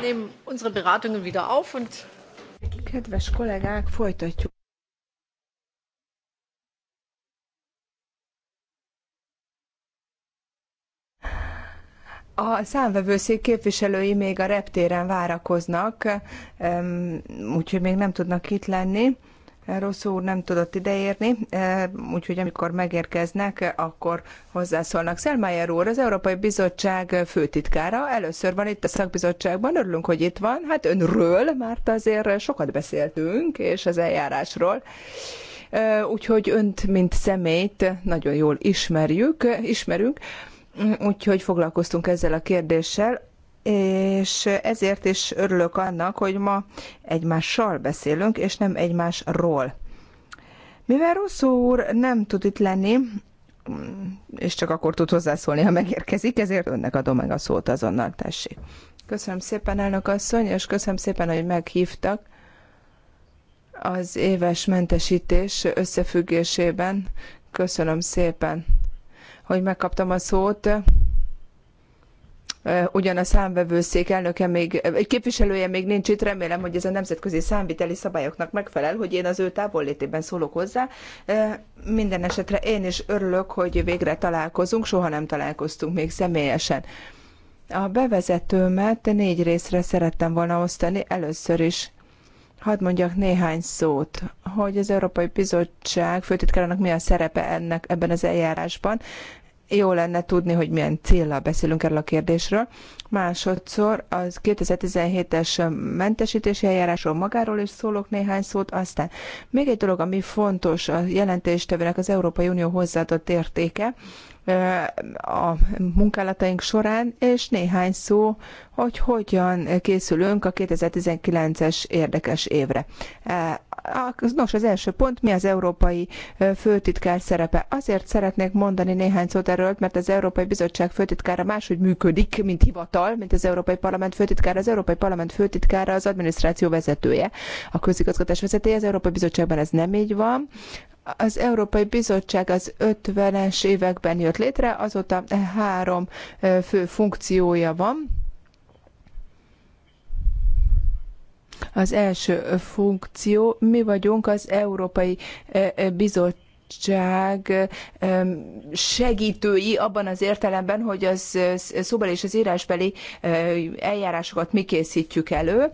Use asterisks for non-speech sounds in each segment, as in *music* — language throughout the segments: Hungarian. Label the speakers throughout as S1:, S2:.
S1: nehmen unsere Beratungen wieder auf und Kedves kollégák, folytatjuk. A számvevőszék képviselői még a reptéren várakoznak, úgyhogy még nem tudnak itt lenni. Rossz úr nem tudott ideérni, eh, úgyhogy amikor megérkeznek, akkor hozzászólnak. Szelmájer úr, az Európai Bizottság főtitkára, először van itt a szakbizottságban, örülünk, hogy itt van. Hát önről, mert azért sokat beszéltünk, és az eljárásról. Eh, úgyhogy önt, mint személyt nagyon jól ismerjük, ismerünk, úgyhogy foglalkoztunk ezzel a kérdéssel és ezért is örülök annak, hogy ma egymással beszélünk, és nem egymásról. Mivel Rosszó úr nem tud itt lenni, és csak akkor tud hozzászólni, ha megérkezik, ezért önnek adom meg a szót azonnal, tessék. Köszönöm szépen, elnök asszony, és köszönöm szépen, hogy meghívtak az éves mentesítés összefüggésében. Köszönöm szépen, hogy megkaptam a szót ugyan a számvevőszék elnöke még, képviselője még nincs itt, remélem, hogy ez a nemzetközi számviteli szabályoknak megfelel, hogy én az ő távollétében szólok hozzá. Minden esetre én is örülök, hogy végre találkozunk, soha nem találkoztunk még személyesen. A bevezetőmet négy részre szerettem volna osztani. Először is hadd mondjak néhány szót, hogy az Európai Bizottság főtitkárának mi a szerepe ennek, ebben az eljárásban jó lenne tudni, hogy milyen célra beszélünk erről a kérdésről. Másodszor az 2017-es mentesítési eljárásról magáról is szólok néhány szót, aztán még egy dolog, ami fontos a jelentéstevőnek az Európai Unió hozzáadott értéke, a munkálataink során, és néhány szó, hogy hogyan készülünk a 2019-es érdekes évre. Nos, az első pont, mi az európai főtitkár szerepe? Azért szeretnék mondani néhány szót erről, mert az Európai Bizottság főtitkára máshogy működik, mint hivatal, mint az Európai Parlament főtitkára. Az Európai Parlament főtitkára az adminisztráció vezetője, a közigazgatás vezetője. Az Európai Bizottságban ez nem így van. Az Európai Bizottság az 50-es években jött létre, azóta három fő funkciója van. Az első funkció, mi vagyunk az Európai Bizottság bizottság segítői abban az értelemben, hogy az szóbeli és az írásbeli eljárásokat mi készítjük elő.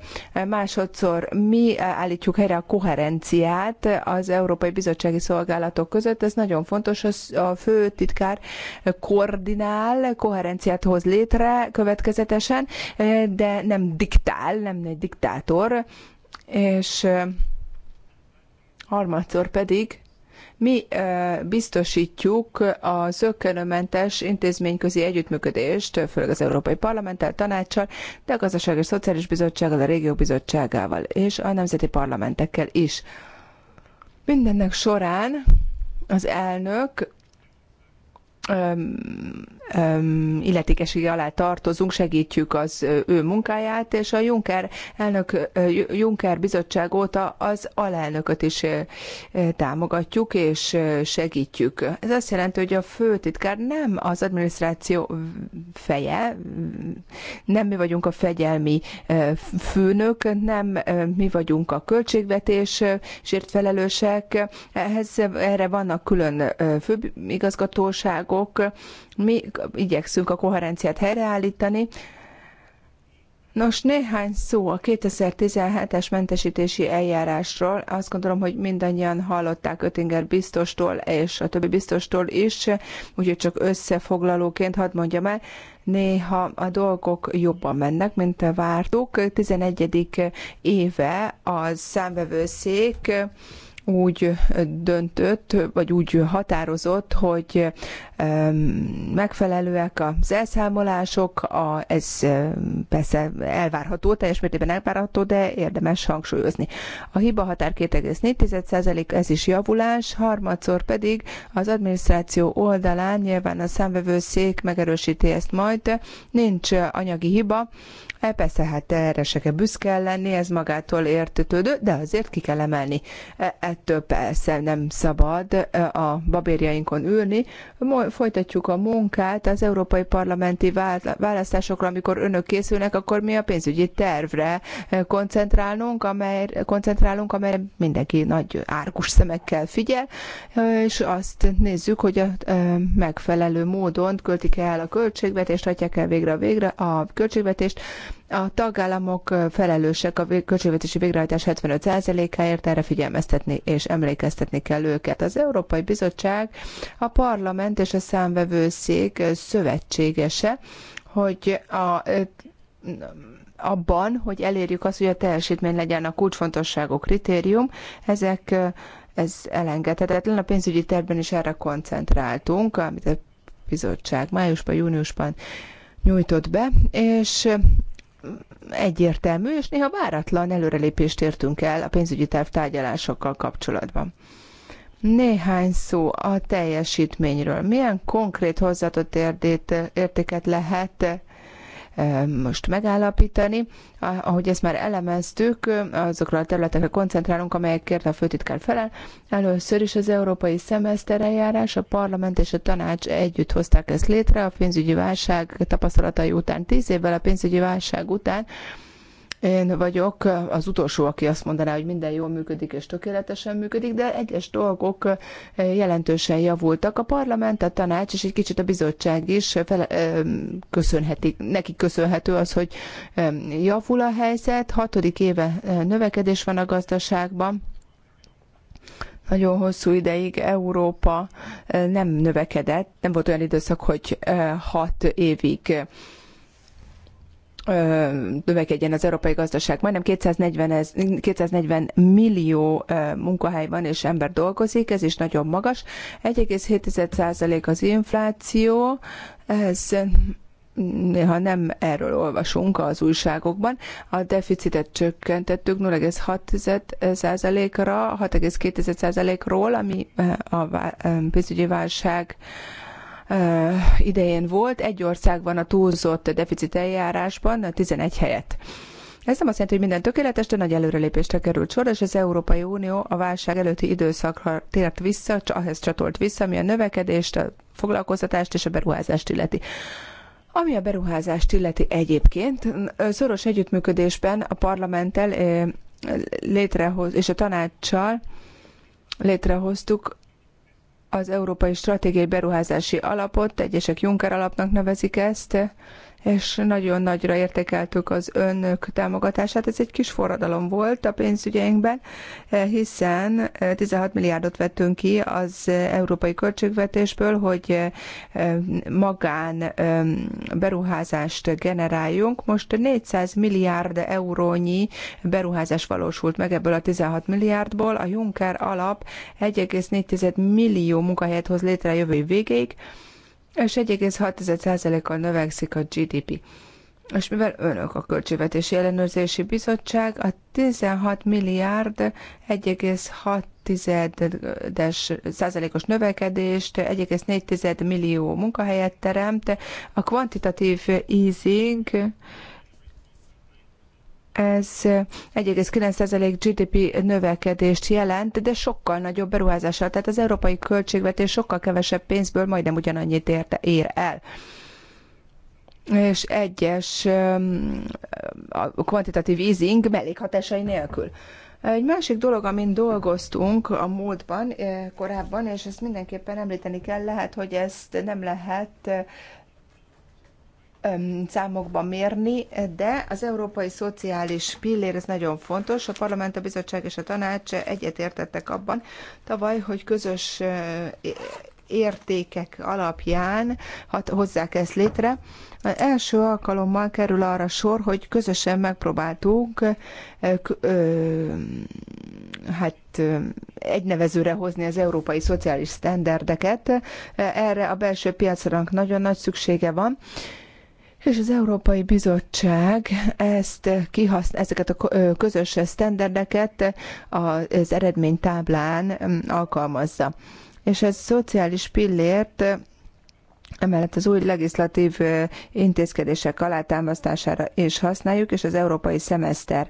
S1: Másodszor mi állítjuk helyre a koherenciát az Európai Bizottsági Szolgálatok között. Ez nagyon fontos, a főtitkár koordinál, koherenciát hoz létre következetesen, de nem diktál, nem egy diktátor, és harmadszor pedig mi biztosítjuk a zöggenőmentes intézményközi együttműködést, főleg az Európai Parlamenttel, Tanácssal, de a Gazdaság és Szociális Bizottsággal, a Régió Bizottságával és a Nemzeti Parlamentekkel is. Mindennek során az elnök illetékesége alá tartozunk, segítjük az ő munkáját, és a Juncker, elnök, Juncker bizottság óta az alelnököt is támogatjuk és segítjük. Ez azt jelenti, hogy a főtitkár nem az adminisztráció feje, nem mi vagyunk a fegyelmi főnök, nem mi vagyunk a költségvetésért felelősek, ehhez erre vannak külön főigazgatóságok, mi igyekszünk a koherenciát helyreállítani. Nos, néhány szó a 2017-es mentesítési eljárásról. Azt gondolom, hogy mindannyian hallották Ötinger biztostól és a többi biztostól is, úgyhogy csak összefoglalóként hadd mondjam el, néha a dolgok jobban mennek, mint vártuk. 11. éve a számvevőszék úgy döntött, vagy úgy határozott, hogy megfelelőek az elszámolások, a, ez persze elvárható, teljes mértékben elvárható, de érdemes hangsúlyozni. A hiba határ 2,4%, ez is javulás, harmadszor pedig az adminisztráció oldalán nyilván a számvevőszék megerősíti ezt majd, nincs anyagi hiba, E, persze, hát erre se kell büszke lenni, ez magától értetődő, de azért ki kell emelni. E, ettől persze nem szabad e, a babérjainkon ülni. Folytatjuk a munkát az európai parlamenti választásokra, amikor önök készülnek, akkor mi a pénzügyi tervre koncentrálunk, amely, koncentrálunk, amely mindenki nagy árkus szemekkel figyel, és azt nézzük, hogy a megfelelő módon költik el a költségvetést, hagyják el végre a végre a költségvetést, a tagállamok felelősek a költségvetési végrehajtás 75%-áért, erre figyelmeztetni és emlékeztetni kell őket. Az Európai Bizottság, a Parlament és a Számvevőszék szövetségese, hogy a abban, hogy elérjük azt, hogy a teljesítmény legyen a kulcsfontosságú kritérium, ezek ez elengedhetetlen. A pénzügyi tervben is erre koncentráltunk, amit a bizottság májusban, júniusban nyújtott be, és egyértelmű, és néha váratlan előrelépést értünk el a pénzügyi terv tárgyalásokkal kapcsolatban. Néhány szó a teljesítményről. Milyen konkrét hozzáadott értéket lehet most megállapítani. Ahogy ezt már elemeztük, azokra a területekre koncentrálunk, amelyekért a főtitkár felel. Először is az európai szemeszter eljárás, a parlament és a tanács együtt hozták ezt létre a pénzügyi válság tapasztalatai után. Tíz évvel a pénzügyi válság után én vagyok az utolsó, aki azt mondaná, hogy minden jól működik és tökéletesen működik, de egyes dolgok eh, jelentősen javultak. A parlament, a tanács és egy kicsit a bizottság is fele, eh, köszönhetik, neki köszönhető az, hogy eh, javul a helyzet, hatodik éve növekedés van a gazdaságban, nagyon hosszú ideig Európa nem növekedett, nem volt olyan időszak, hogy hat évig növekedjen az európai gazdaság. Majdnem 240, ez, 240 millió munkahely van és ember dolgozik, ez is nagyon magas. 1,7% az infláció, ez néha nem erről olvasunk az újságokban. A deficitet csökkentettük 0,6%-ra, 6,2%-ról, ami a pénzügyi válság idején volt, egy országban a túlzott deficit eljárásban, 11 helyett. Ez nem azt jelenti, hogy minden tökéletes, de nagy előrelépésre került sor, és az Európai Unió a válság előtti időszakra tért vissza, ahhez csatolt vissza, ami a növekedést, a foglalkoztatást és a beruházást illeti. Ami a beruházást illeti egyébként, szoros együttműködésben a parlamenttel létrehoz, és a tanácssal létrehoztuk az Európai Stratégiai Beruházási Alapot, egyesek Juncker alapnak nevezik ezt, és nagyon nagyra értékeltük az önök támogatását. Ez egy kis forradalom volt a pénzügyeinkben, hiszen 16 eh, milliárdot vettünk ki az európai költségvetésből, hogy eh, magán eh, beruházást generáljunk. Most 400 milliárd eurónyi beruházás valósult meg ebből a 16 milliárdból. A Juncker alap 1,4 millió munkahelyet hoz létre a jövő végéig és 1,6%-kal növekszik a GDP. És mivel önök a Költségvetési Ellenőrzési Bizottság, a 16 milliárd 1,6 100%-os növekedést, 1,4 millió munkahelyet teremt, a kvantitatív easing ez 1,9% GDP növekedést jelent, de sokkal nagyobb beruházással. Tehát az európai költségvetés sokkal kevesebb pénzből majdnem ugyanannyit érte, ér el és egyes a kvantitatív easing mellékhatásai nélkül. Egy másik dolog, amin dolgoztunk a múltban, eh, korábban, és ezt mindenképpen említeni kell, lehet, hogy ezt nem lehet eh, számokban mérni, de az európai szociális pillér, ez nagyon fontos. A parlament, a bizottság és a tanács egyetértettek abban tavaly, hogy közös értékek alapján hat, hozzák ezt létre. Az első alkalommal kerül arra sor, hogy közösen megpróbáltunk hát egynevezőre hozni az európai szociális sztenderdeket. Erre a belső piacnak nagyon nagy szüksége van, és az Európai Bizottság ezt kihaszn, ezeket a közös sztenderdeket az eredménytáblán mm, alkalmazza. És ez szociális pillért emellett az új legislatív intézkedések alátámasztására is használjuk, és az európai szemeszter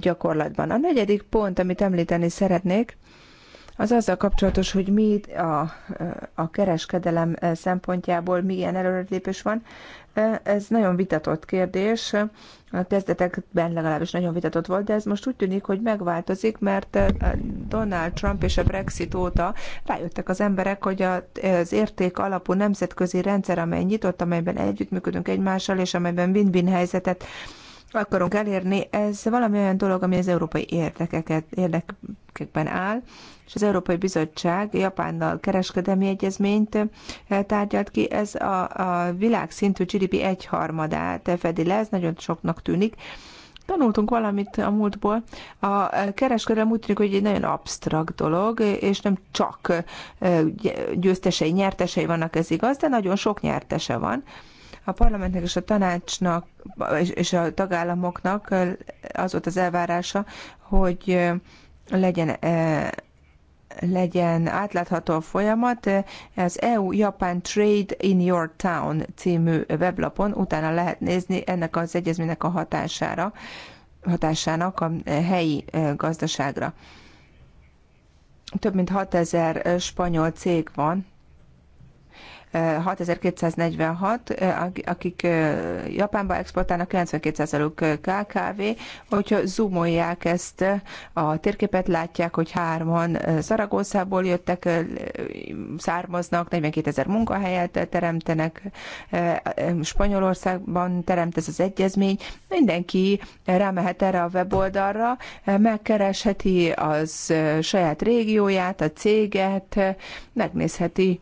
S1: gyakorlatban. A negyedik pont, amit említeni szeretnék, az azzal kapcsolatos, hogy mi a, a kereskedelem szempontjából milyen előrelépés van, ez nagyon vitatott kérdés. A kezdetekben legalábbis nagyon vitatott volt, de ez most úgy tűnik, hogy megváltozik, mert Donald Trump és a Brexit óta rájöttek az emberek, hogy az érték alapú nemzetközi rendszer, amely nyitott, amelyben együttműködünk egymással, és amelyben win-win helyzetet akarunk elérni, ez valami olyan dolog, ami az európai érdekeket, érdekekben áll, és az Európai Bizottság Japánnal kereskedelmi egyezményt eh, tárgyalt ki. Ez a, a világszintű GDP egyharmadát fedi le, ez nagyon soknak tűnik. Tanultunk valamit a múltból. A eh, kereskedelem úgy tűnik, hogy egy nagyon absztrakt dolog, és nem csak eh, győztesei, nyertesei vannak, ez igaz, de nagyon sok nyertese van a parlamentnek és a tanácsnak és a tagállamoknak az volt az elvárása, hogy legyen legyen átlátható a folyamat, az EU Japan Trade in Your Town című weblapon utána lehet nézni ennek az egyezménynek a hatására, hatásának a helyi gazdaságra. Több mint 6000 spanyol cég van, 6246, eh, akik eh, Japánba exportálnak, 92%-uk eh, KKV, hogyha zoomolják ezt a térképet, látják, hogy hárman Szaragószából jöttek, származnak, 42 ezer munkahelyet teremtenek, Spanyolországban teremt ez az egyezmény, mindenki rámehet erre a weboldalra, megkeresheti az saját régióját, a céget, megnézheti,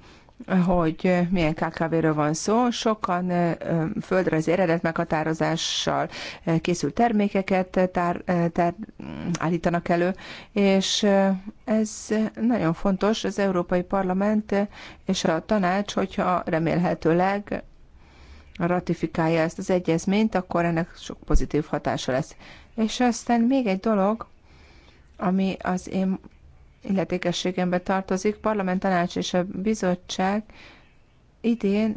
S1: hogy milyen KKV-ről van szó. Sokan földrajzi eredet meghatározással készült termékeket tár, tár, állítanak elő, és ez nagyon fontos az Európai Parlament és a tanács, hogyha remélhetőleg ratifikálja ezt az egyezményt, akkor ennek sok pozitív hatása lesz. És aztán még egy dolog, ami az én illetékességembe tartozik. Parlament, tanács és a bizottság idén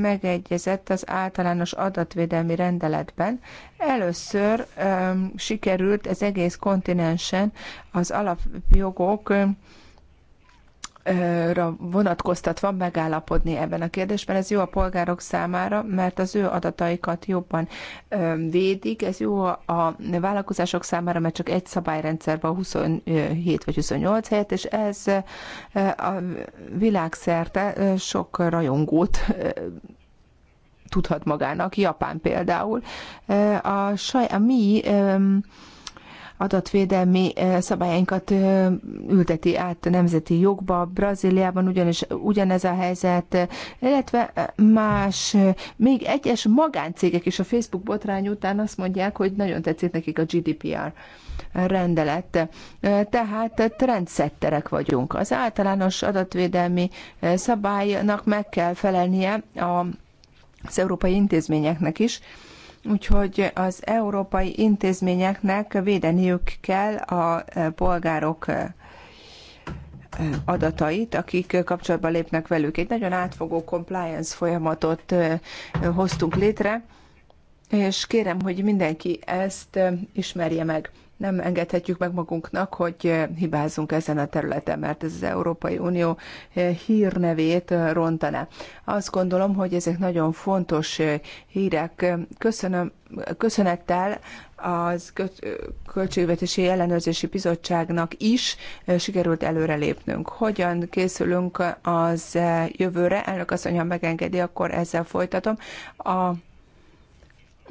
S1: megegyezett az általános adatvédelmi rendeletben. Először um, sikerült az egész kontinensen az alapjogok um, vonatkoztatva megállapodni ebben a kérdésben. Ez jó a polgárok számára, mert az ő adataikat jobban védik, ez jó a vállalkozások számára, mert csak egy szabályrendszerben 27 vagy 28 helyet, és ez a világszerte sok rajongót tudhat magának, Japán például. A, saj, a mi adatvédelmi szabályainkat ülteti át nemzeti jogba. Brazíliában ugyanis ugyanez a helyzet, illetve más, még egyes magáncégek is a Facebook botrány után azt mondják, hogy nagyon tetszik nekik a GDPR rendelet. Tehát trendsetterek vagyunk. Az általános adatvédelmi szabálynak meg kell felelnie a az európai intézményeknek is, Úgyhogy az európai intézményeknek védeniük kell a e, polgárok e, e, adatait, akik kapcsolatba lépnek velük. Egy nagyon átfogó compliance folyamatot hoztunk létre, és kérem, hogy mindenki ezt ismerje meg nem engedhetjük meg magunknak, hogy eh, hibázunk ezen a területen, mert ez az Európai Unió eh, hírnevét eh, rontaná. Azt gondolom, hogy ezek nagyon fontos hírek. Köszönöm, köszönettel az Költségvetési Ellenőrzési Bizottságnak is sikerült előrelépnünk. Hogyan készülünk az jövőre? Elnök asszony, ha megengedi, akkor ezzel folytatom. A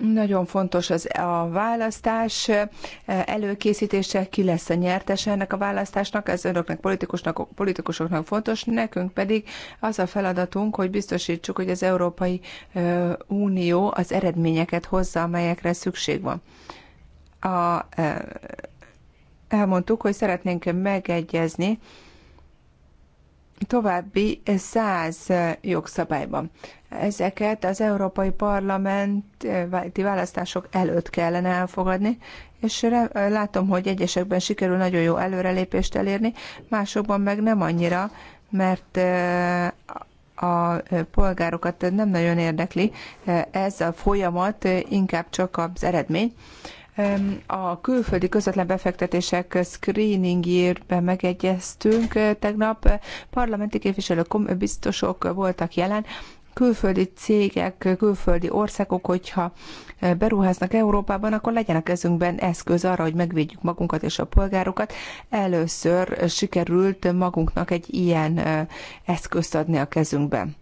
S1: nagyon fontos az a választás e, előkészítése, ki lesz a nyertes ennek a választásnak, ez önöknek, politikusnak, politikusoknak fontos, nekünk pedig az a feladatunk, hogy biztosítsuk, hogy az Európai e, Unió az eredményeket hozza, amelyekre szükség van. A, e, elmondtuk, hogy szeretnénk megegyezni további száz jogszabályban ezeket az Európai Parlamenti eh, választások előtt kellene elfogadni, és látom, hogy egyesekben sikerül nagyon jó előrelépést elérni, másokban meg nem annyira, mert eh, a polgárokat nem nagyon érdekli eh, ez a folyamat, inkább csak az eredmény. A külföldi közvetlen befektetések screeningjében megegyeztünk tegnap. Parlamenti képviselők, biztosok voltak jelen külföldi cégek, külföldi országok, hogyha e, beruháznak Európában, akkor legyen a kezünkben eszköz arra, hogy megvédjük magunkat és a polgárokat. Először sikerült magunknak egy ilyen e, eszközt adni a kezünkben.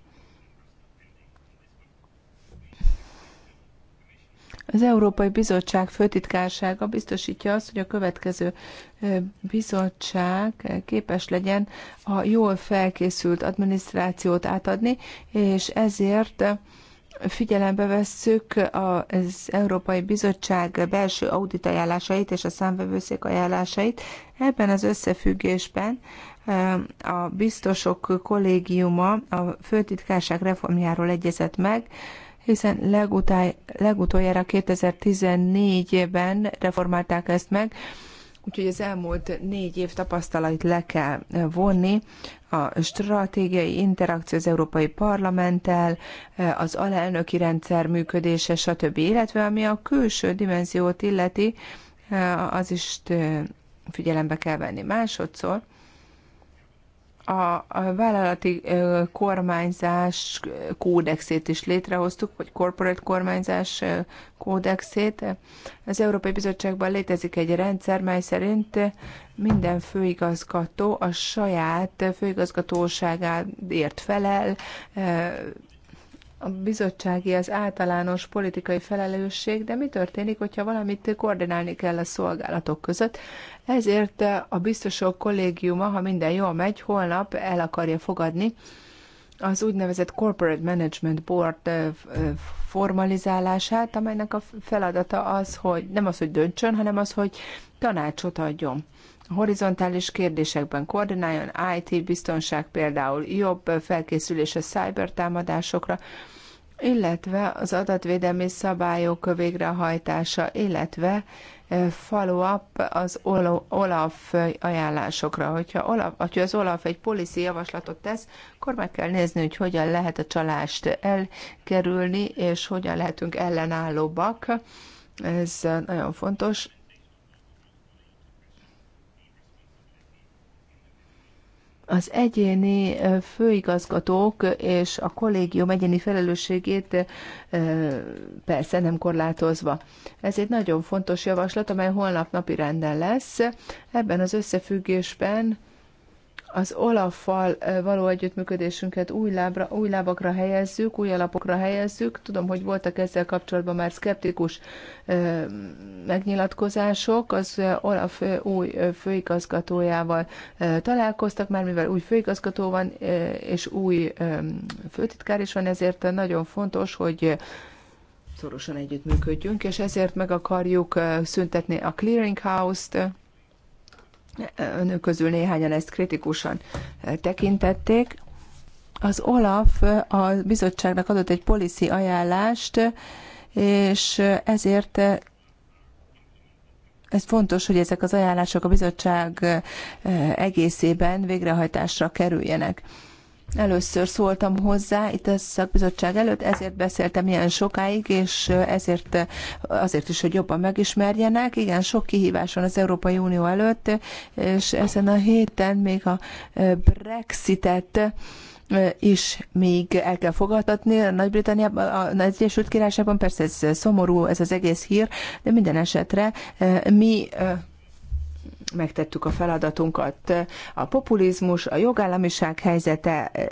S1: Az Európai Bizottság főtitkársága biztosítja azt, hogy a következő bizottság képes legyen a jól felkészült adminisztrációt átadni, és ezért figyelembe vesszük az Európai Bizottság belső audit ajánlásait és a számvevőszék ajánlásait. Ebben az összefüggésben a biztosok kollégiuma a főtitkárság reformjáról egyezett meg, hiszen legutáj, legutoljára 2014-ben reformálták ezt meg, úgyhogy az elmúlt négy év tapasztalait le kell vonni, a stratégiai interakció az Európai Parlamenttel, az alelnöki rendszer működése, stb. Illetve ami a külső dimenziót illeti, az is figyelembe kell venni másodszor a, a vállalati ö, kormányzás kódexét is létrehoztuk, vagy corporate kormányzás ö, kódexét. Az Európai Bizottságban létezik egy rendszer, mely szerint minden főigazgató a saját főigazgatóságáért felel, ö, a bizottsági az általános politikai felelősség, de mi történik, hogyha valamit koordinálni kell a szolgálatok között? Ezért a biztosok kollégiuma, ha minden jól megy, holnap el akarja fogadni az úgynevezett Corporate Management Board formalizálását, amelynek a feladata az, hogy nem az, hogy döntsön, hanem az, hogy tanácsot adjon. A horizontális kérdésekben koordináljon, IT biztonság például jobb felkészülés a cyber támadásokra, illetve az adatvédelmi szabályok végrehajtása, illetve follow-up az Olaf ajánlásokra. Hogyha, Olaf, hogyha az Olaf egy policy javaslatot tesz, akkor meg kell nézni, hogy hogyan lehet a csalást elkerülni, és hogyan lehetünk ellenállóbbak. Ez nagyon fontos. az egyéni főigazgatók és a kollégium egyéni felelősségét persze nem korlátozva. Ez egy nagyon fontos javaslat, amely holnap renden lesz. Ebben az összefüggésben az Olaffal való együttműködésünket új, lábra, új lábakra helyezzük, új alapokra helyezzük. Tudom, hogy voltak ezzel kapcsolatban már szkeptikus megnyilatkozások. Az Olaf új főigazgatójával találkoztak már, mivel új főigazgató van, és új főtitkár is van, ezért nagyon fontos, hogy szorosan együttműködjünk, és ezért meg akarjuk szüntetni a clearinghouse-t, önök közül néhányan ezt kritikusan eh, tekintették. Az OLAF eh, a bizottságnak adott egy policy ajánlást, és eh, ezért ez fontos, hogy ezek az ajánlások a bizottság egészében végrehajtásra kerüljenek. Először szóltam hozzá itt a szakbizottság előtt, ezért beszéltem ilyen sokáig, és ezért azért is, hogy jobban megismerjenek. Igen, sok kihívás van az Európai Unió előtt, és ezen a héten még a Brexitet is még el kell fogadtatni. A Nagy-Britanniában, a Egyesült Királyságban persze ez szomorú, ez az egész hír, de minden esetre mi megtettük a feladatunkat. A populizmus, a jogállamiság helyzete eh,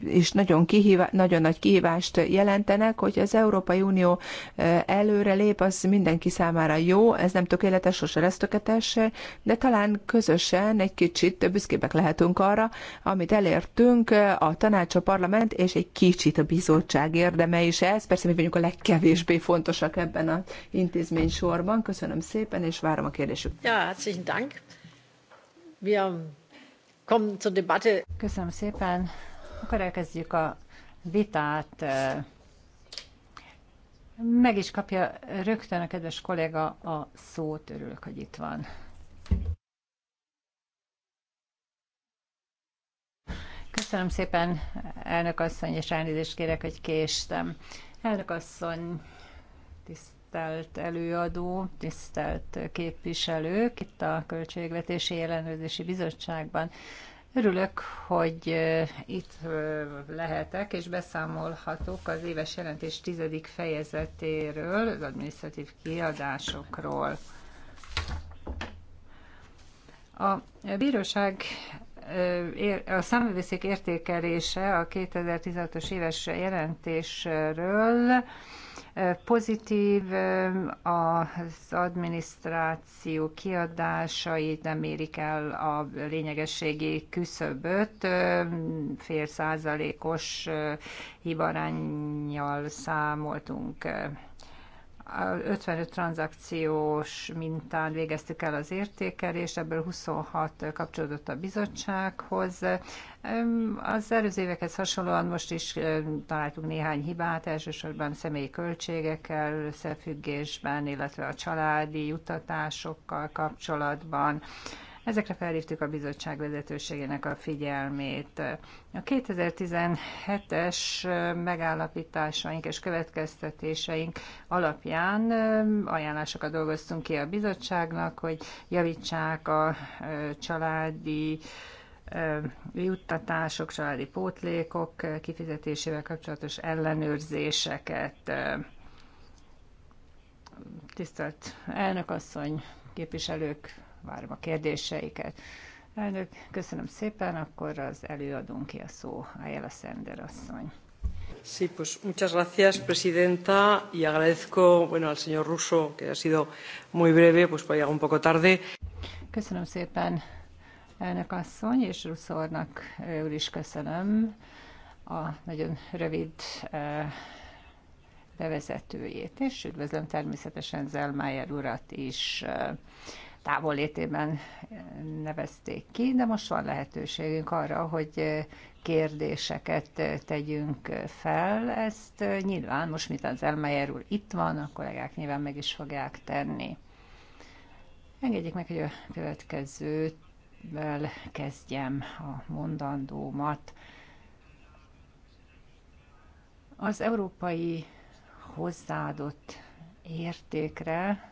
S1: is nagyon, kihívá, nagyon nagy kihívást jelentenek, hogy az Európai Unió eh, előre lép, az mindenki számára jó, ez nem tökéletes, sose lesz tökéletes, de talán közösen egy kicsit büszkébek lehetünk arra, amit elértünk, eh, a tanács, a parlament és egy kicsit a bizottság érdeme is ez. Persze mi vagyunk a legkevésbé fontosak ebben az intézmény sorban. Köszönöm szépen, és várom a kérdésüket. Ja, herzlichen
S2: Dank. Köszönöm szépen. Akkor elkezdjük a vitát. Meg is kapja rögtön a kedves kolléga a szót. Örülök, hogy itt van. Köszönöm szépen, elnök asszony, és elnézést kérek, hogy késtem. Elnök asszony, tiszt tisztelt előadó, tisztelt képviselők itt a Költségvetési Ellenőrzési Bizottságban. Örülök, hogy itt lehetek és beszámolhatok az éves jelentés tizedik fejezetéről, az administratív kiadásokról. A bíróság a számvevőszék értékelése a 2016-os éves jelentésről Pozitív az adminisztráció kiadásai nem érik el a lényegességi küszöböt, fél százalékos hibarányjal számoltunk 55 tranzakciós mintán végeztük el az értékelést, ebből 26 kapcsolódott a bizottsághoz. Az előző évekhez hasonlóan most is találtunk néhány hibát, elsősorban személyi költségekkel összefüggésben, illetve a családi jutatásokkal kapcsolatban Ezekre felhívtuk a bizottság vezetőségének a figyelmét. A 2017-es megállapításaink és következtetéseink alapján ajánlásokat dolgoztunk ki a bizottságnak, hogy javítsák a családi juttatások, családi pótlékok kifizetésével kapcsolatos ellenőrzéseket. Tisztelt asszony, képviselők, várom a kérdéseiket. Elnök, köszönöm szépen, akkor az előadónk ki a szó, Ayala Sender asszony.
S1: Sí, pues muchas gracias, presidenta, y agradezco bueno, al señor Russo, que ha sido muy breve, pues para llegar un poco tarde.
S2: Köszönöm szépen, elnök asszony, és Russzornak eh, úr is köszönöm a nagyon rövid eh, bevezetőjét, és üdvözlöm természetesen Zellmeyer urat is. Uh, távollétében eh, nevezték ki, de most van lehetőségünk arra, hogy eh, kérdéseket eh, tegyünk fel. Ezt nyilván most, mint az Elmeyer úr itt van, a kollégák nyilván meg is fogják tenni. Engedjék meg, hogy a következővel kezdjem a mondandómat. Az európai hozzáadott értékre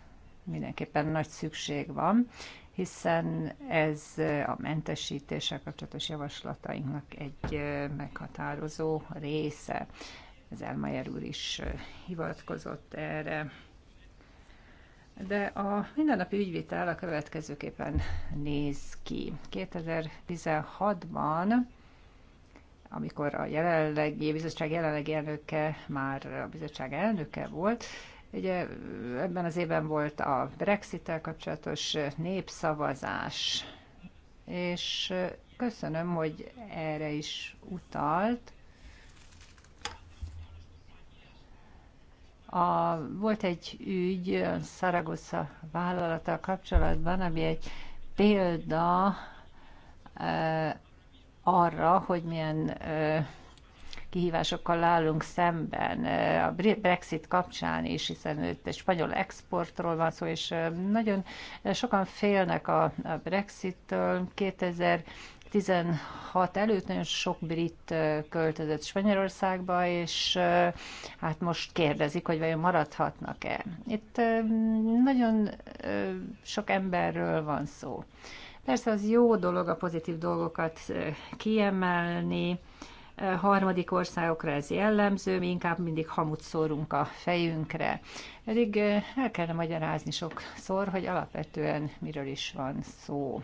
S2: mindenképpen nagy szükség van, hiszen ez a mentesítéssel kapcsolatos javaslatainknak egy meghatározó része. Az Elmajer úr is hivatkozott erre. De a mindennapi ügyvitel a következőképpen néz ki. 2016-ban amikor a jelenlegi a bizottság jelenlegi elnöke már a bizottság elnöke volt, Ugye ebben az évben volt a Brexit-tel kapcsolatos népszavazás, és köszönöm, hogy erre is utalt. A, volt egy ügy Szaragosza vállalata kapcsolatban, ami egy példa e, arra, hogy milyen e, kihívásokkal állunk szemben a Brexit kapcsán is, hiszen itt egy spanyol exportról van szó, és nagyon sokan félnek a Brexit-től. 2000 16 előtt nagyon sok brit költözött Spanyolországba, és hát most kérdezik, hogy vajon maradhatnak-e. Itt nagyon sok emberről van szó. Persze az jó dolog a pozitív dolgokat kiemelni, harmadik országokra ez jellemző, mi inkább mindig hamut szórunk a fejünkre. Pedig eh, el kellene magyarázni sokszor, hogy alapvetően miről is van szó.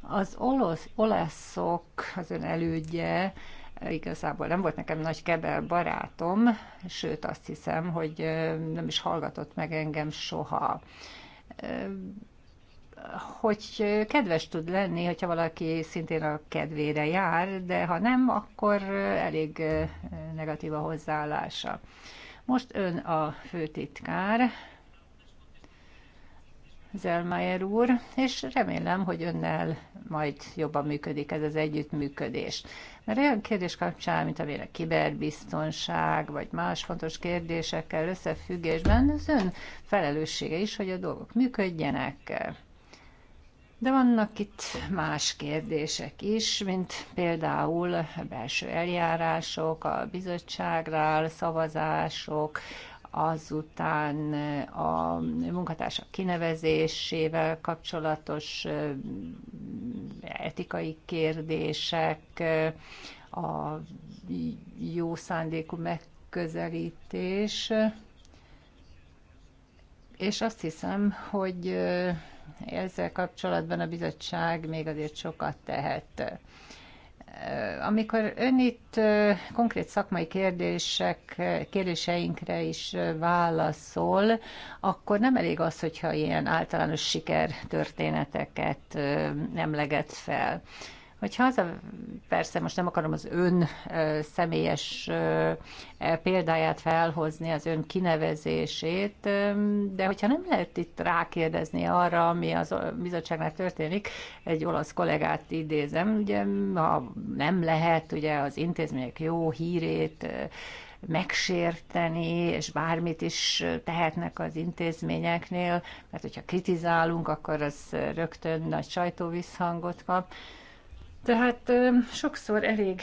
S2: Az olasz, olaszok, az ön elődje, eh, igazából nem volt nekem nagy kebel barátom, sőt azt hiszem, hogy eh, nem is hallgatott meg engem soha hogy kedves tud lenni, hogyha valaki szintén a kedvére jár, de ha nem, akkor elég negatív a hozzáállása. Most ön a főtitkár, Zelmayer úr, és remélem, hogy önnel majd jobban működik ez az együttműködés. Mert olyan kérdés kapcsán, mint amilyen a kiberbiztonság, vagy más fontos kérdésekkel összefüggésben, az ön felelőssége is, hogy a dolgok működjenek de vannak itt más kérdések is, mint például a belső eljárások, a bizottságrál szavazások, azután a munkatársak kinevezésével kapcsolatos etikai kérdések, a jó szándékú megközelítés, és azt hiszem, hogy ezzel kapcsolatban a bizottság még azért sokat tehet. Amikor ön itt konkrét szakmai kérdések, kérdéseinkre is válaszol, akkor nem elég az, hogyha ilyen általános sikertörténeteket emleget fel hogy az a, persze most nem akarom az ön személyes e, példáját felhozni, az ön kinevezését, de hogyha nem lehet itt rákérdezni arra, ami az bizottságnál történik, egy olasz kollégát idézem, ugye ha nem lehet ugye az intézmények jó hírét megsérteni, és bármit is tehetnek az intézményeknél, mert hogyha kritizálunk, akkor az rögtön nagy sajtóvisszhangot kap. Tehát sokszor elég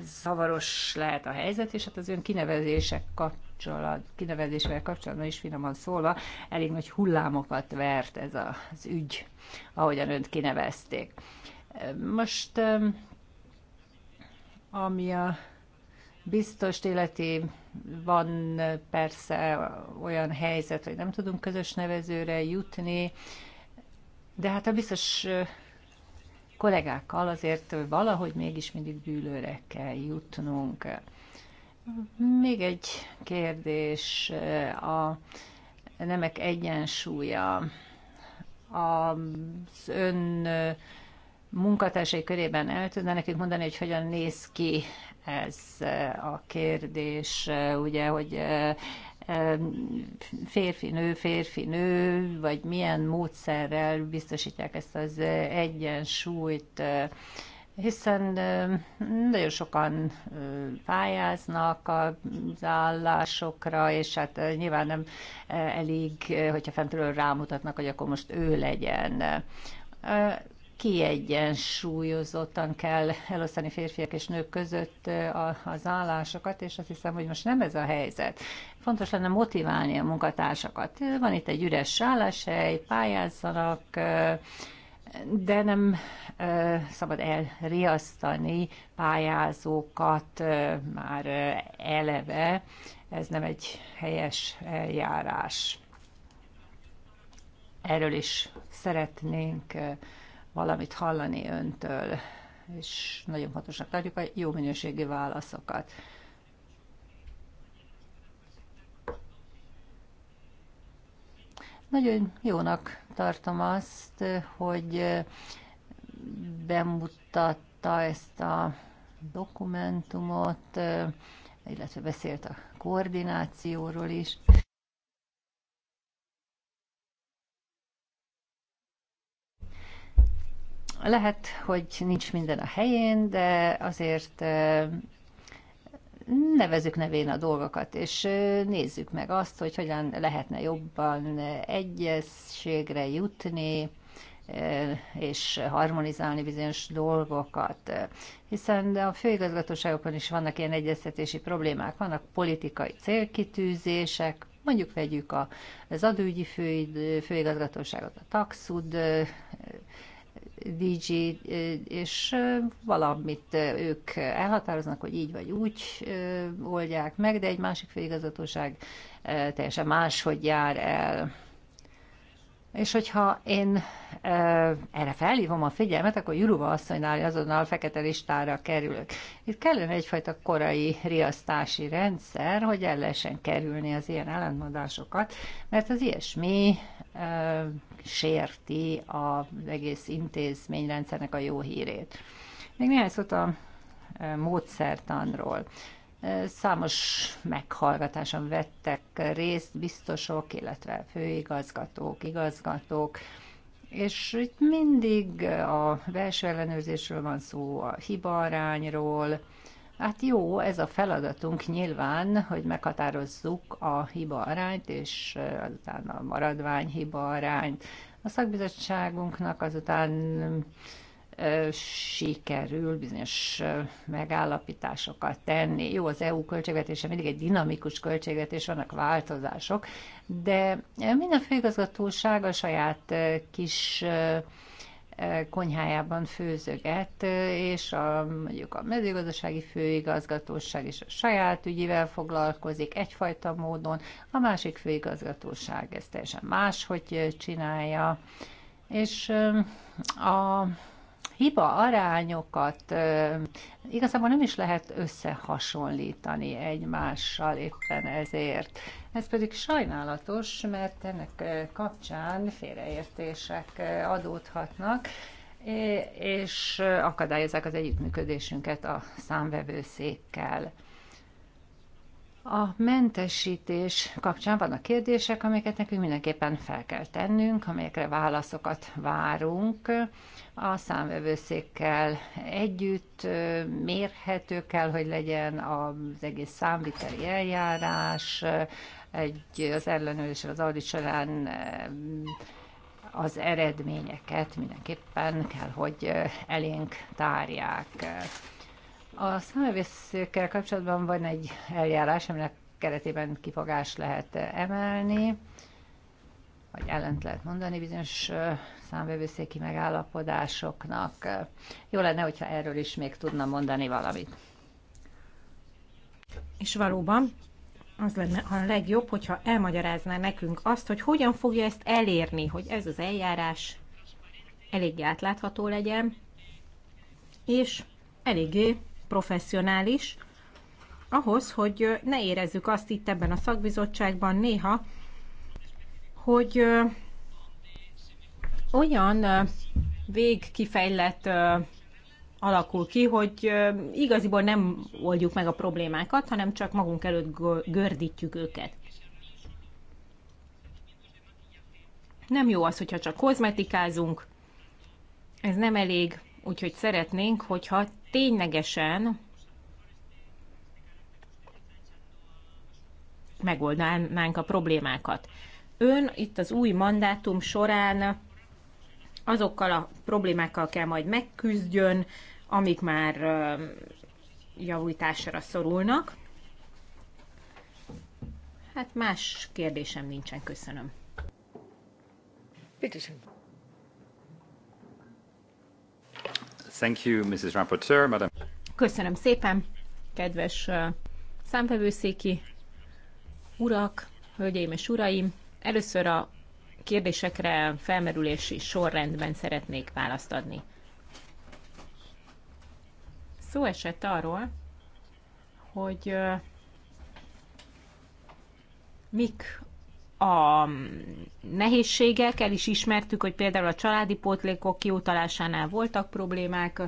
S2: zavaros lehet a helyzet, és hát az ön kinevezések kapcsolat, kinevezésvel kapcsolatban is finoman szólva elég nagy hullámokat vert ez az ügy, ahogyan önt kinevezték. Most ami a biztos életi van persze olyan helyzet, hogy nem tudunk közös nevezőre jutni, de hát a biztos kollégákkal azért valahogy mégis mindig bűlőre kell jutnunk. Még egy kérdés, eh, a nemek egyensúlya. Az ön eh, munkatársai körében el tudna nekünk mondani, hogy hogyan néz ki ez eh, a kérdés, ugye, hogy férfi-nő, férfi-nő, vagy milyen módszerrel biztosítják ezt az egyensúlyt, hiszen nagyon sokan pályáznak az állásokra, és hát nyilván nem elég, hogyha fentről rámutatnak, hogy akkor most ő legyen kiegyensúlyozottan kell elosztani férfiak és nők között az állásokat, és azt hiszem, hogy most nem ez a helyzet. Fontos lenne motiválni a munkatársakat. Van itt egy üres álláshely, pályázzanak, de nem szabad elriasztani pályázókat már eleve, ez nem egy helyes eljárás. Erről is szeretnénk valamit hallani öntől, és nagyon fontosnak tartjuk a jó minőségi válaszokat. Nagyon jónak tartom azt, hogy bemutatta ezt a dokumentumot, illetve beszélt a koordinációról is. Lehet, hogy nincs minden a helyén, de azért nevezük nevén a dolgokat, és nézzük meg azt, hogy hogyan lehetne jobban egyességre jutni, és harmonizálni bizonyos dolgokat. Hiszen a főigazgatóságokon is vannak ilyen egyeztetési problémák, vannak politikai célkitűzések, mondjuk vegyük az adőgyi fő, főigazgatóságot, a taxud DJ, és valamit ők elhatároznak, hogy így vagy úgy oldják meg, de egy másik főigazgatóság teljesen máshogy jár el. És hogyha én e, erre felhívom a figyelmet, akkor Juruva asszonynál azonnal fekete listára kerülök. Itt kellene egyfajta korai riasztási rendszer, hogy el lehessen kerülni az ilyen ellentmondásokat, mert az ilyesmi e, sérti az egész intézményrendszernek a jó hírét. Még néhány szót a e, módszertanról. E, számos meghallgatáson vettek részt biztosok, illetve főigazgatók, igazgatók, és itt mindig a belső ellenőrzésről van szó, a hibaarányról, Hát jó, ez a feladatunk nyilván, hogy meghatározzuk a hiba arányt, és eh, azután a maradvány hiba arányt. A szakbizottságunknak azután eh, sikerül bizonyos eh, megállapításokat tenni. Jó, az EU költségvetése mindig egy dinamikus költségvetés, vannak változások, de minden főigazgatóság a saját kis konyhájában főzöget, és a, mondjuk a mezőgazdasági főigazgatóság is a saját ügyivel foglalkozik egyfajta módon, a másik főigazgatóság ezt teljesen máshogy csinálja, és a hiba arányokat igazából nem is lehet összehasonlítani egymással éppen ezért. Ez pedig sajnálatos, mert ennek kapcsán félreértések adódhatnak, és akadályozzák az együttműködésünket a számvevőszékkel. A mentesítés kapcsán vannak kérdések, amiket nekünk mindenképpen fel kell tennünk, amelyekre válaszokat várunk. A számvevőszékkel együtt mérhető kell, hogy legyen az egész számviteli eljárás, egy, az ellenőrzés az audit során az eredményeket mindenképpen kell, hogy elénk tárják. A számövőszékkel kapcsolatban van egy eljárás, aminek keretében kifogás lehet emelni, vagy ellent lehet mondani bizonyos számvevőszéki megállapodásoknak. Jó lenne, hogyha erről is még tudna
S3: mondani valamit. És valóban az lenne a legjobb, hogyha elmagyarázná nekünk azt, hogy hogyan fogja ezt elérni, hogy ez az eljárás eléggé átlátható legyen, és eléggé professzionális, ahhoz, hogy ne érezzük azt itt ebben a szakbizottságban néha, hogy olyan végkifejlett alakul ki, hogy igaziból nem oldjuk meg a problémákat, hanem csak magunk előtt gördítjük őket. Nem jó az, hogyha csak kozmetikázunk, ez nem elég, úgyhogy szeretnénk, hogyha ténylegesen megoldanánk a problémákat. Ön itt az új mandátum során azokkal a problémákkal kell majd megküzdjön, amik már javításra szorulnak. Hát más kérdésem nincsen, köszönöm. Bitte schön.
S1: Thank you, Mrs. Rapporteur, Madam.
S3: Köszönöm szépen, kedves uh, számvevőszéki urak, hölgyeim és uraim. Először a kérdésekre felmerülési sorrendben szeretnék választ adni. Szó esett arról, hogy uh, mik a nehézségek, el is ismertük, hogy például a családi pótlékok kiutalásánál voltak problémák,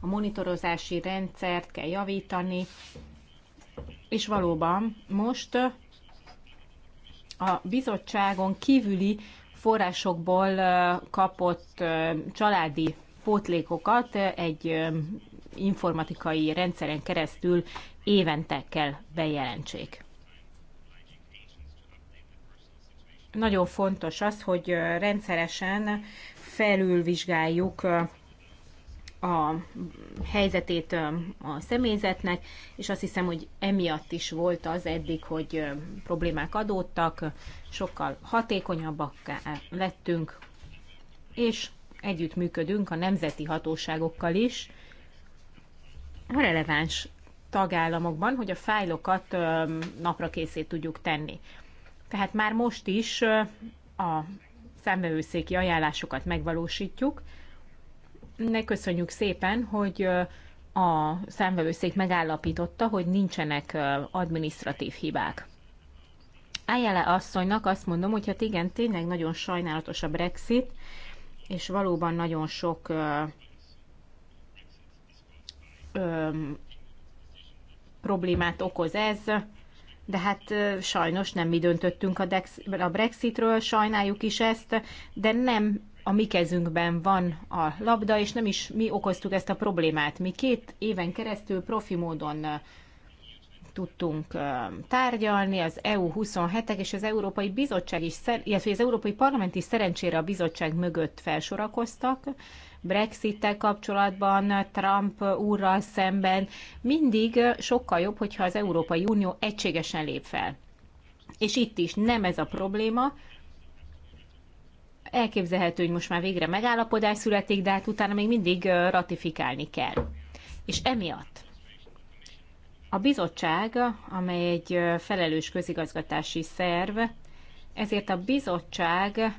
S3: a monitorozási rendszert kell javítani, és valóban most a bizottságon kívüli forrásokból kapott családi pótlékokat egy informatikai rendszeren keresztül évente kell bejelentsék. nagyon fontos az, hogy rendszeresen felülvizsgáljuk a helyzetét a személyzetnek, és azt hiszem, hogy emiatt is volt az eddig, hogy problémák adódtak, sokkal hatékonyabbak lettünk, és együttműködünk a nemzeti hatóságokkal is, a releváns tagállamokban, hogy a fájlokat napra készét tudjuk tenni. Tehát már most is a számvevőszéki ajánlásokat megvalósítjuk. Ne köszönjük szépen, hogy a számvevőszék megállapította, hogy nincsenek administratív hibák. Ájjele asszonynak azt mondom, hogy hát igen, tényleg nagyon sajnálatos a Brexit, és valóban nagyon sok ö, ö, problémát okoz ez, de hát sajnos nem mi döntöttünk a, a Brexitről, sajnáljuk is ezt, de nem a mi kezünkben van a labda, és nem is mi okoztuk ezt a problémát. Mi két éven keresztül profi módon tudtunk tárgyalni, az EU 27-ek és az Európai Bizottság is, illetve az Európai Parlament is szerencsére a bizottság mögött felsorakoztak, Brexittel kapcsolatban, Trump úrral szemben. Mindig sokkal jobb, hogyha az Európai Unió egységesen lép fel. És itt is nem ez a probléma, elképzelhető, hogy most már végre megállapodás születik, de hát utána még mindig ratifikálni kell. És emiatt a bizottság, amely egy felelős közigazgatási szerv, ezért a bizottság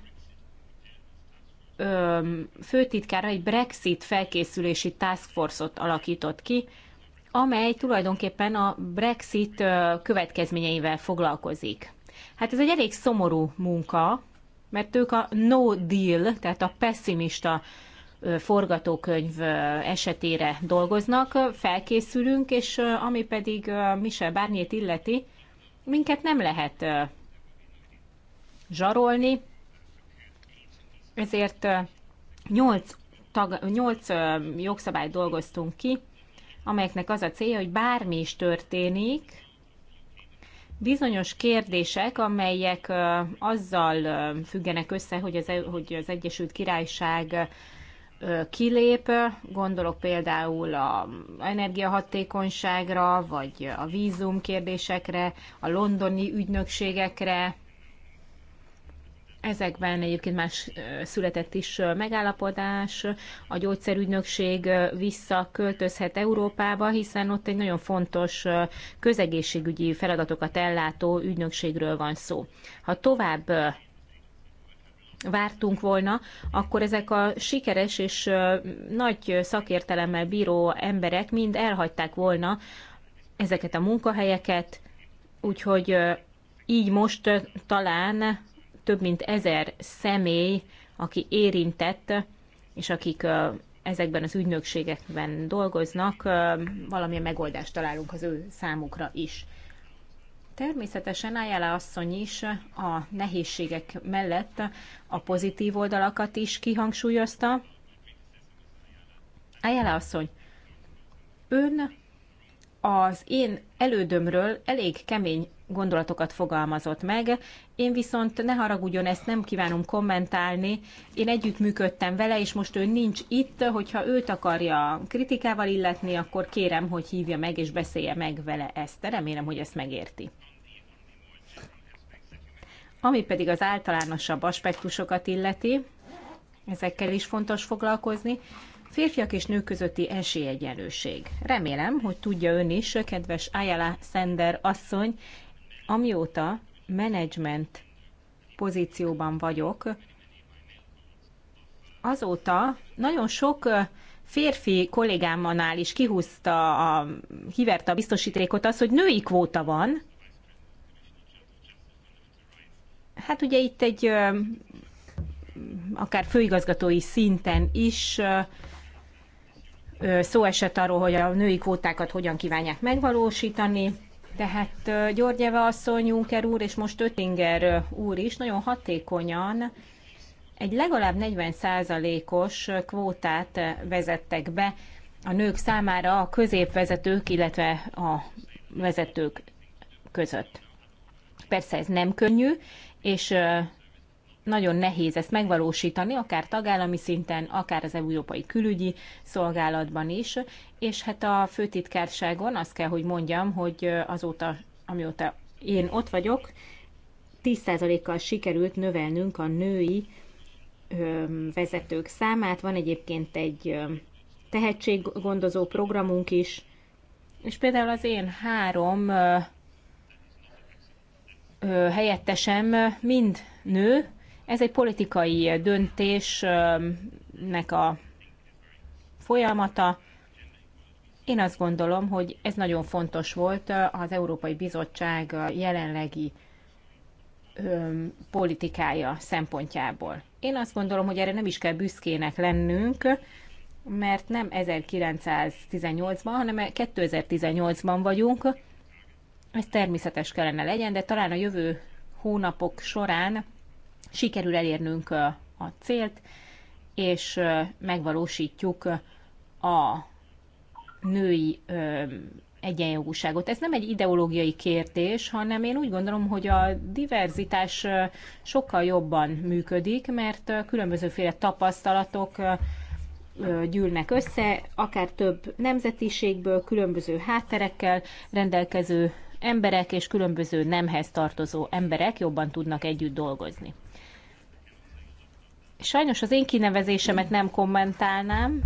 S3: főtitkára egy Brexit felkészülési task force-ot alakított ki, amely tulajdonképpen a Brexit következményeivel foglalkozik. Hát ez egy elég szomorú munka, mert ők a no deal, tehát a pessimista forgatókönyv esetére dolgoznak, felkészülünk, és ami pedig Michel Barnier illeti, minket nem lehet zsarolni, ezért 8, tag, 8 jogszabályt dolgoztunk ki, amelyeknek az a célja, hogy bármi is történik, bizonyos kérdések, amelyek azzal függenek össze, hogy az, e-, hogy az Egyesült Királyság kilép, gondolok például a energiahatékonyságra, vagy a vízum kérdésekre, a londoni ügynökségekre, Ezekben egyébként más született is megállapodás, a gyógyszerügynökség visszaköltözhet Európába, hiszen ott egy nagyon fontos közegészségügyi feladatokat ellátó ügynökségről van szó. Ha tovább vártunk volna, akkor ezek a sikeres és nagy szakértelemmel bíró emberek mind elhagyták volna ezeket a munkahelyeket, úgyhogy így most talán több mint ezer személy, aki érintett, és akik ezekben az ügynökségekben dolgoznak, valamilyen megoldást találunk az ő számukra is. Természetesen Ayala asszony is a nehézségek mellett a pozitív oldalakat is kihangsúlyozta. Ayala asszony, ön az én elődömről elég kemény gondolatokat fogalmazott meg. Én viszont ne haragudjon, ezt nem kívánom kommentálni. Én együttműködtem vele, és most ő nincs itt, hogyha őt akarja kritikával illetni, akkor kérem, hogy hívja meg és beszélje meg vele ezt. Remélem, hogy ezt megérti. Ami pedig az általánosabb aspektusokat illeti, ezekkel is fontos foglalkozni, férfiak és nők közötti esélyegyenlőség. Remélem, hogy tudja ön is, kedves Ayala Sender asszony, Amióta menedzsment pozícióban vagyok, azóta nagyon sok férfi kollégámmal is kihúzta, a, hiverte a biztosítékot az, hogy női kvóta van. Hát ugye itt egy akár főigazgatói szinten is szó esett arról, hogy a női kvótákat hogyan kívánják megvalósítani. Tehát Györgyeve asszony, Juncker úr és most Öttinger úr is nagyon hatékonyan egy legalább 40%-os kvótát vezettek be a nők számára a középvezetők, illetve a vezetők között. Persze ez nem könnyű, és nagyon nehéz ezt megvalósítani, akár tagállami szinten, akár az Európai Külügyi Szolgálatban is, és hát a főtitkárságon azt kell, hogy mondjam, hogy azóta, amióta én ott vagyok, 10%-kal sikerült növelnünk a női vezetők számát. Van egyébként egy tehetséggondozó programunk is, és például az én három helyettesem mind nő, ez egy politikai döntésnek a folyamata. Én azt gondolom, hogy ez nagyon fontos volt az Európai Bizottság jelenlegi politikája szempontjából. Én azt gondolom, hogy erre nem is kell büszkének lennünk, mert nem 1918-ban, hanem 2018-ban vagyunk. Ez természetes kellene legyen, de talán a jövő hónapok során sikerül elérnünk a célt, és megvalósítjuk a női egyenjogúságot. Ez nem egy ideológiai kérdés, hanem én úgy gondolom, hogy a diverzitás sokkal jobban működik, mert különbözőféle tapasztalatok gyűlnek össze, akár több nemzetiségből, különböző hátterekkel rendelkező emberek és különböző nemhez tartozó emberek jobban tudnak együtt dolgozni. Sajnos az én kinevezésemet nem kommentálnám,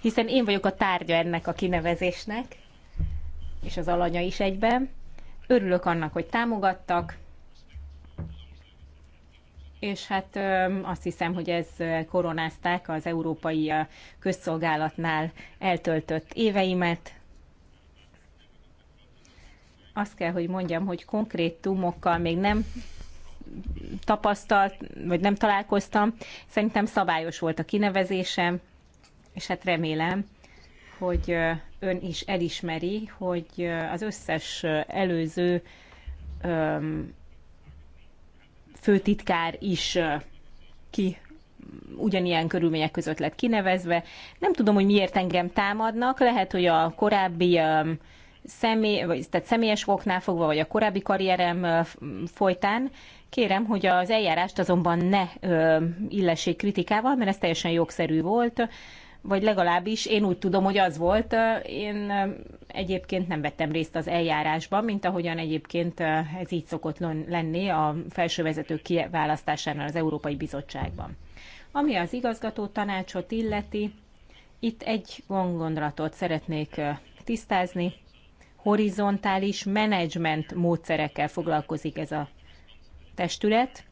S3: hiszen én vagyok a tárgya ennek a kinevezésnek, és az alanya is egyben. Örülök annak, hogy támogattak, és hát azt hiszem, hogy ez koronázták az európai közszolgálatnál eltöltött éveimet. Azt kell, hogy mondjam, hogy konkrétumokkal még nem tapasztalt, vagy nem találkoztam. Szerintem szabályos volt a kinevezésem, és hát remélem, hogy ön is elismeri, hogy az összes előző főtitkár is ki ugyanilyen körülmények között lett kinevezve. Nem tudom, hogy miért engem támadnak, lehet, hogy a korábbi személy, vagy, tehát személyes oknál fogva, vagy a korábbi karrierem folytán, Kérem, hogy az eljárást azonban ne ö, illessék kritikával, mert ez teljesen jogszerű volt, vagy legalábbis én úgy tudom, hogy az volt. Én egyébként nem vettem részt az eljárásban, mint ahogyan egyébként ez így szokott lenni a felsővezetők kiválasztásánál az Európai Bizottságban. Ami az igazgató tanácsot illeti, itt egy gondolatot szeretnék tisztázni. Horizontális menedzsment módszerekkel foglalkozik ez a testület,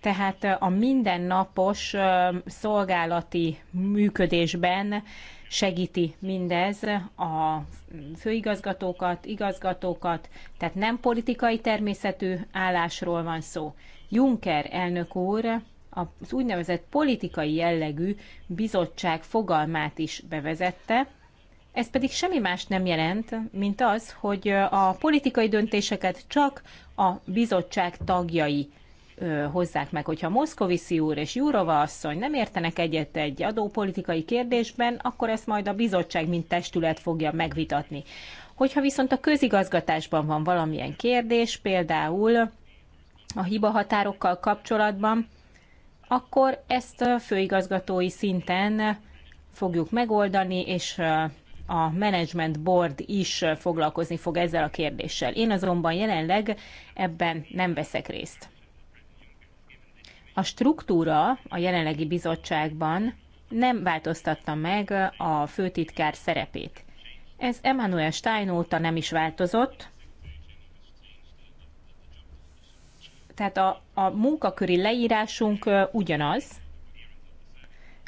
S3: tehát a mindennapos szolgálati működésben segíti mindez a főigazgatókat, igazgatókat, tehát nem politikai természetű állásról van szó. Juncker elnök úr az úgynevezett politikai jellegű bizottság fogalmát is bevezette, ez pedig semmi más nem jelent, mint az, hogy a politikai döntéseket csak a bizottság tagjai hozzák meg. Hogyha Moszkoviszi úr és Jurova asszony nem értenek egyet egy adópolitikai kérdésben, akkor ezt majd a bizottság mint testület fogja megvitatni. Hogyha viszont a közigazgatásban van valamilyen kérdés, például a hibahatárokkal kapcsolatban, akkor ezt a főigazgatói szinten fogjuk megoldani, és a Management Board is foglalkozni fog ezzel a kérdéssel. Én azonban jelenleg ebben nem veszek részt. A struktúra a jelenlegi bizottságban nem változtatta meg a főtitkár szerepét. Ez Emmanuel Stein óta nem is változott, tehát a, a munkaköri leírásunk ugyanaz,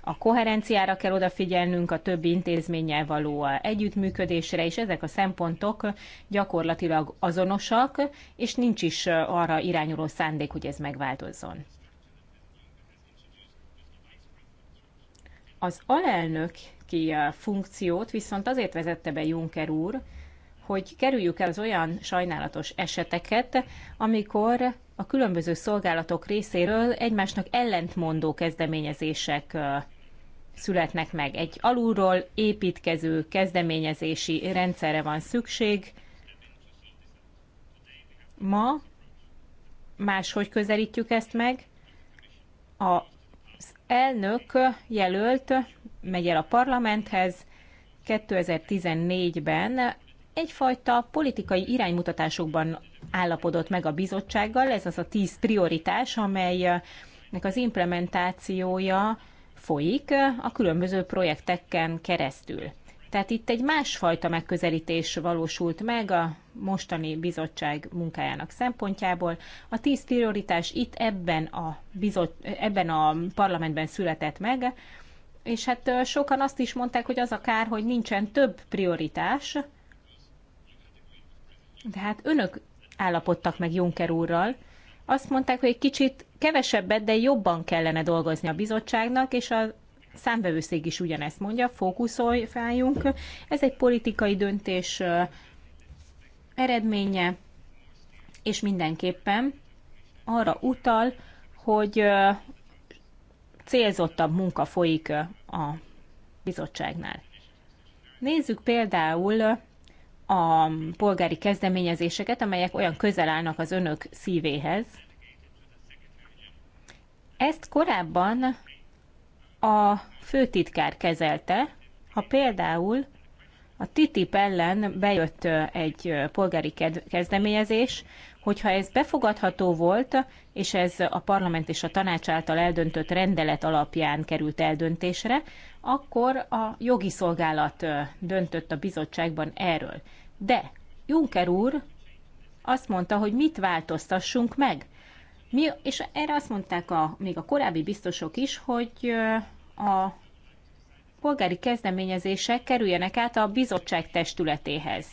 S3: a koherenciára kell odafigyelnünk, a többi intézménnyel való együttműködésre, és ezek a szempontok gyakorlatilag azonosak, és nincs is arra irányuló szándék, hogy ez megváltozzon. Az alelnöki funkciót viszont azért vezette be Juncker úr, hogy kerüljük el az olyan sajnálatos eseteket, amikor a különböző szolgálatok részéről egymásnak ellentmondó kezdeményezések születnek meg. Egy alulról építkező kezdeményezési rendszerre van szükség. Ma máshogy közelítjük ezt meg. Az elnök jelölt megy el a parlamenthez 2014-ben egyfajta politikai iránymutatásokban állapodott meg a bizottsággal. Ez az a tíz prioritás, amelynek az implementációja folyik a különböző projekteken keresztül. Tehát itt egy másfajta megközelítés valósult meg a mostani bizottság munkájának szempontjából. A tíz prioritás itt ebben a, bizot, ebben a parlamentben született meg, és hát sokan azt is mondták, hogy az a kár, hogy nincsen több prioritás, de hát önök állapodtak meg Juncker úrral, azt mondták, hogy egy kicsit kevesebbet, de jobban kellene dolgozni a bizottságnak, és a számvevőszék is ugyanezt mondja, Fókuszolj feljünk. Ez egy politikai döntés eredménye, és mindenképpen arra utal, hogy célzottabb munka folyik a bizottságnál. Nézzük például a polgári kezdeményezéseket, amelyek olyan közel állnak az önök szívéhez. Ezt korábban a főtitkár kezelte, ha például a TTIP ellen bejött egy polgári kezdeményezés, hogyha ez befogadható volt, és ez a parlament és a tanács által eldöntött rendelet alapján került eldöntésre, akkor a jogi szolgálat döntött a bizottságban erről. De Juncker úr azt mondta, hogy mit változtassunk meg. Mi, és erre azt mondták a, még a korábbi biztosok is, hogy a polgári kezdeményezések kerüljenek át a bizottság testületéhez.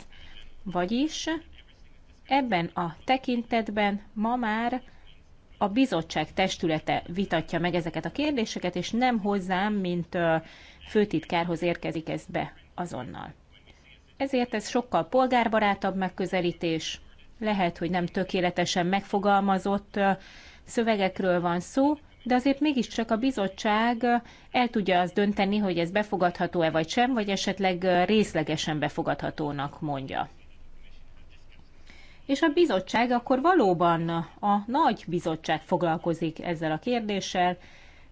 S3: Vagyis Ebben a tekintetben ma már a bizottság testülete vitatja meg ezeket a kérdéseket, és nem hozzám, mint főtitkárhoz érkezik ez be azonnal. Ezért ez sokkal polgárbarátabb megközelítés, lehet, hogy nem tökéletesen megfogalmazott szövegekről van szó, de azért mégiscsak a bizottság el tudja azt dönteni, hogy ez befogadható-e vagy sem, vagy esetleg részlegesen befogadhatónak mondja és a bizottság akkor valóban a nagy bizottság foglalkozik ezzel a kérdéssel,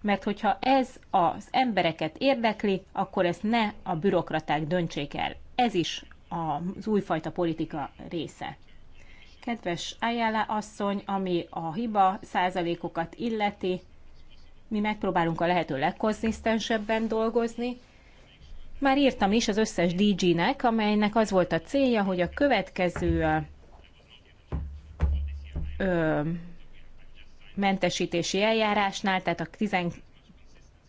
S3: mert hogyha ez az embereket érdekli, akkor ezt ne a bürokraták döntsék el. Ez is az újfajta politika része. Kedves Ayala asszony, ami a hiba százalékokat illeti, mi megpróbálunk a lehető legkonzisztensebben dolgozni. Már írtam is az összes DG-nek, amelynek az volt a célja, hogy a következő ö, mentesítési eljárásnál, tehát a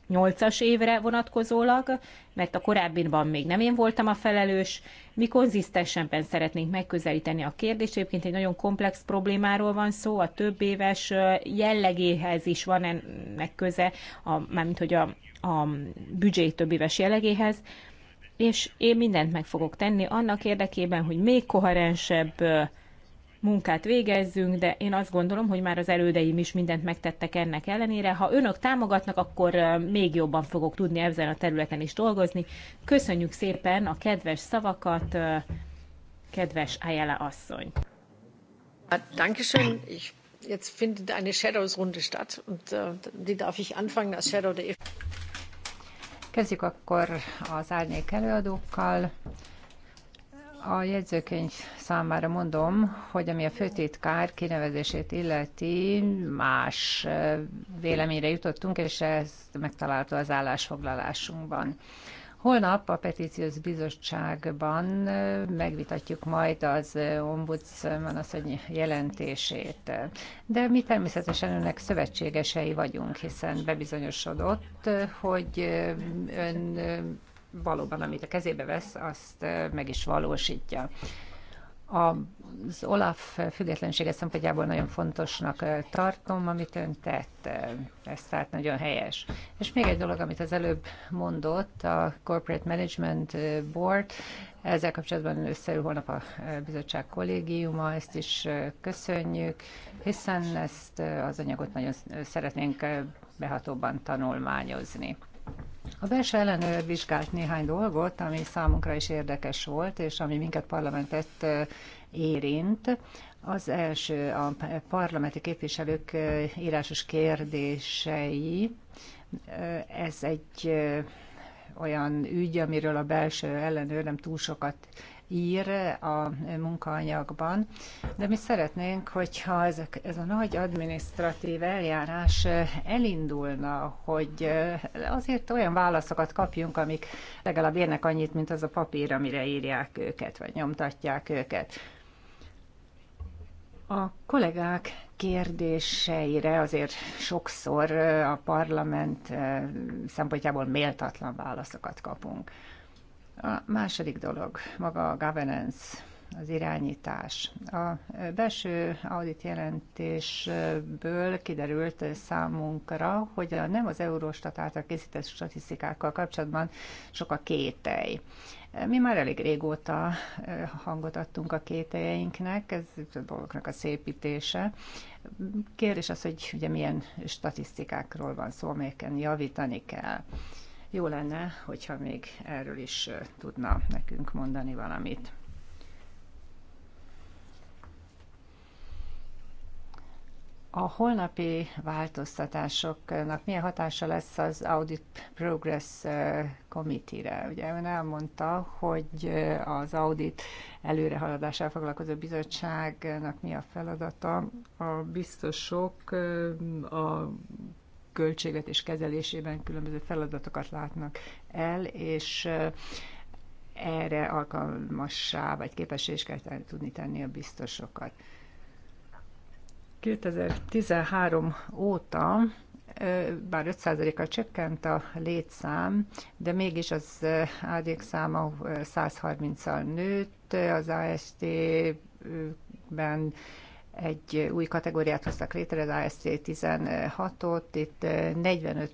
S3: 18-as évre vonatkozólag, mert a korábbiban még nem én voltam a felelős, mi konzisztensenben szeretnénk megközelíteni a kérdést. Egyébként egy nagyon komplex problémáról van szó, a több éves jellegéhez is van ennek köze, a, mármint hogy a, a büdzsé több éves jellegéhez, és én mindent meg fogok tenni annak érdekében, hogy még koherensebb munkát végezzünk, de én azt gondolom, hogy már az elődeim is mindent megtettek ennek ellenére. Ha önök támogatnak, akkor még jobban fogok tudni ezen a területen is dolgozni. Köszönjük szépen a kedves szavakat, kedves Ayala asszony. Ah,
S2: Dankeschön. Ich Jetzt findet eine Shadows-Runde statt, und äh, die darf ich anfangen als Shadow der Kezdjük akkor az árnyék előadókkal. A jegyzőkönyv számára mondom, hogy ami a főtitkár kinevezését illeti, más véleményre jutottunk, és ez megtalálható az állásfoglalásunkban. Holnap a Petíciós Bizottságban megvitatjuk majd az ombudsman asszony jelentését. De mi természetesen önnek szövetségesei vagyunk, hiszen bebizonyosodott, hogy ön valóban, amit a kezébe vesz, azt meg is valósítja. Az Olaf függetlensége szempontjából nagyon fontosnak tartom, amit ön tett. Ez tehát nagyon helyes. És még egy dolog, amit az előbb mondott, a Corporate Management Board, ezzel kapcsolatban összeül holnap a bizottság kollégiuma, ezt is köszönjük, hiszen ezt az anyagot nagyon szeretnénk behatóban tanulmányozni. A belső ellenőr vizsgált néhány dolgot, ami számunkra is érdekes volt, és ami minket parlamentet érint. Az első a parlamenti képviselők írásos kérdései. Ez egy olyan ügy, amiről a belső ellenőr nem túl sokat ír a munkaanyagban, de mi szeretnénk, hogyha ezek ez a nagy administratív eljárás elindulna, hogy azért olyan válaszokat kapjunk, amik legalább érnek annyit, mint az a papír, amire írják őket, vagy nyomtatják őket. A kollégák kérdéseire azért sokszor a parlament szempontjából méltatlan válaszokat kapunk. A második dolog, maga a governance, az irányítás. A belső audit jelentésből kiderült számunkra, hogy nem az Euróstat által készített statisztikákkal kapcsolatban sok a kételj. Mi már elég régóta hangot adtunk a kételjeinknek, ez a dolgoknak a szépítése. Kérdés az, hogy ugye milyen statisztikákról van szó, amelyeken javítani kell. Jó lenne, hogyha még erről is tudna nekünk mondani valamit. A holnapi változtatásoknak milyen hatása lesz az Audit Progress Committee-re? Ugye ön elmondta, hogy az audit előrehaladásával foglalkozó bizottságnak mi a feladata. A biztosok a költséget és kezelésében különböző feladatokat látnak el, és eh, erre alkalmassá vagy képessé is kell tudni tenni a biztosokat. 2013 óta eh, bár 5%-kal csökkent a létszám, de mégis az ADX eh, száma 130-al nőtt, az AST ben egy új kategóriát hoztak létre, az ASC 16-ot, itt 45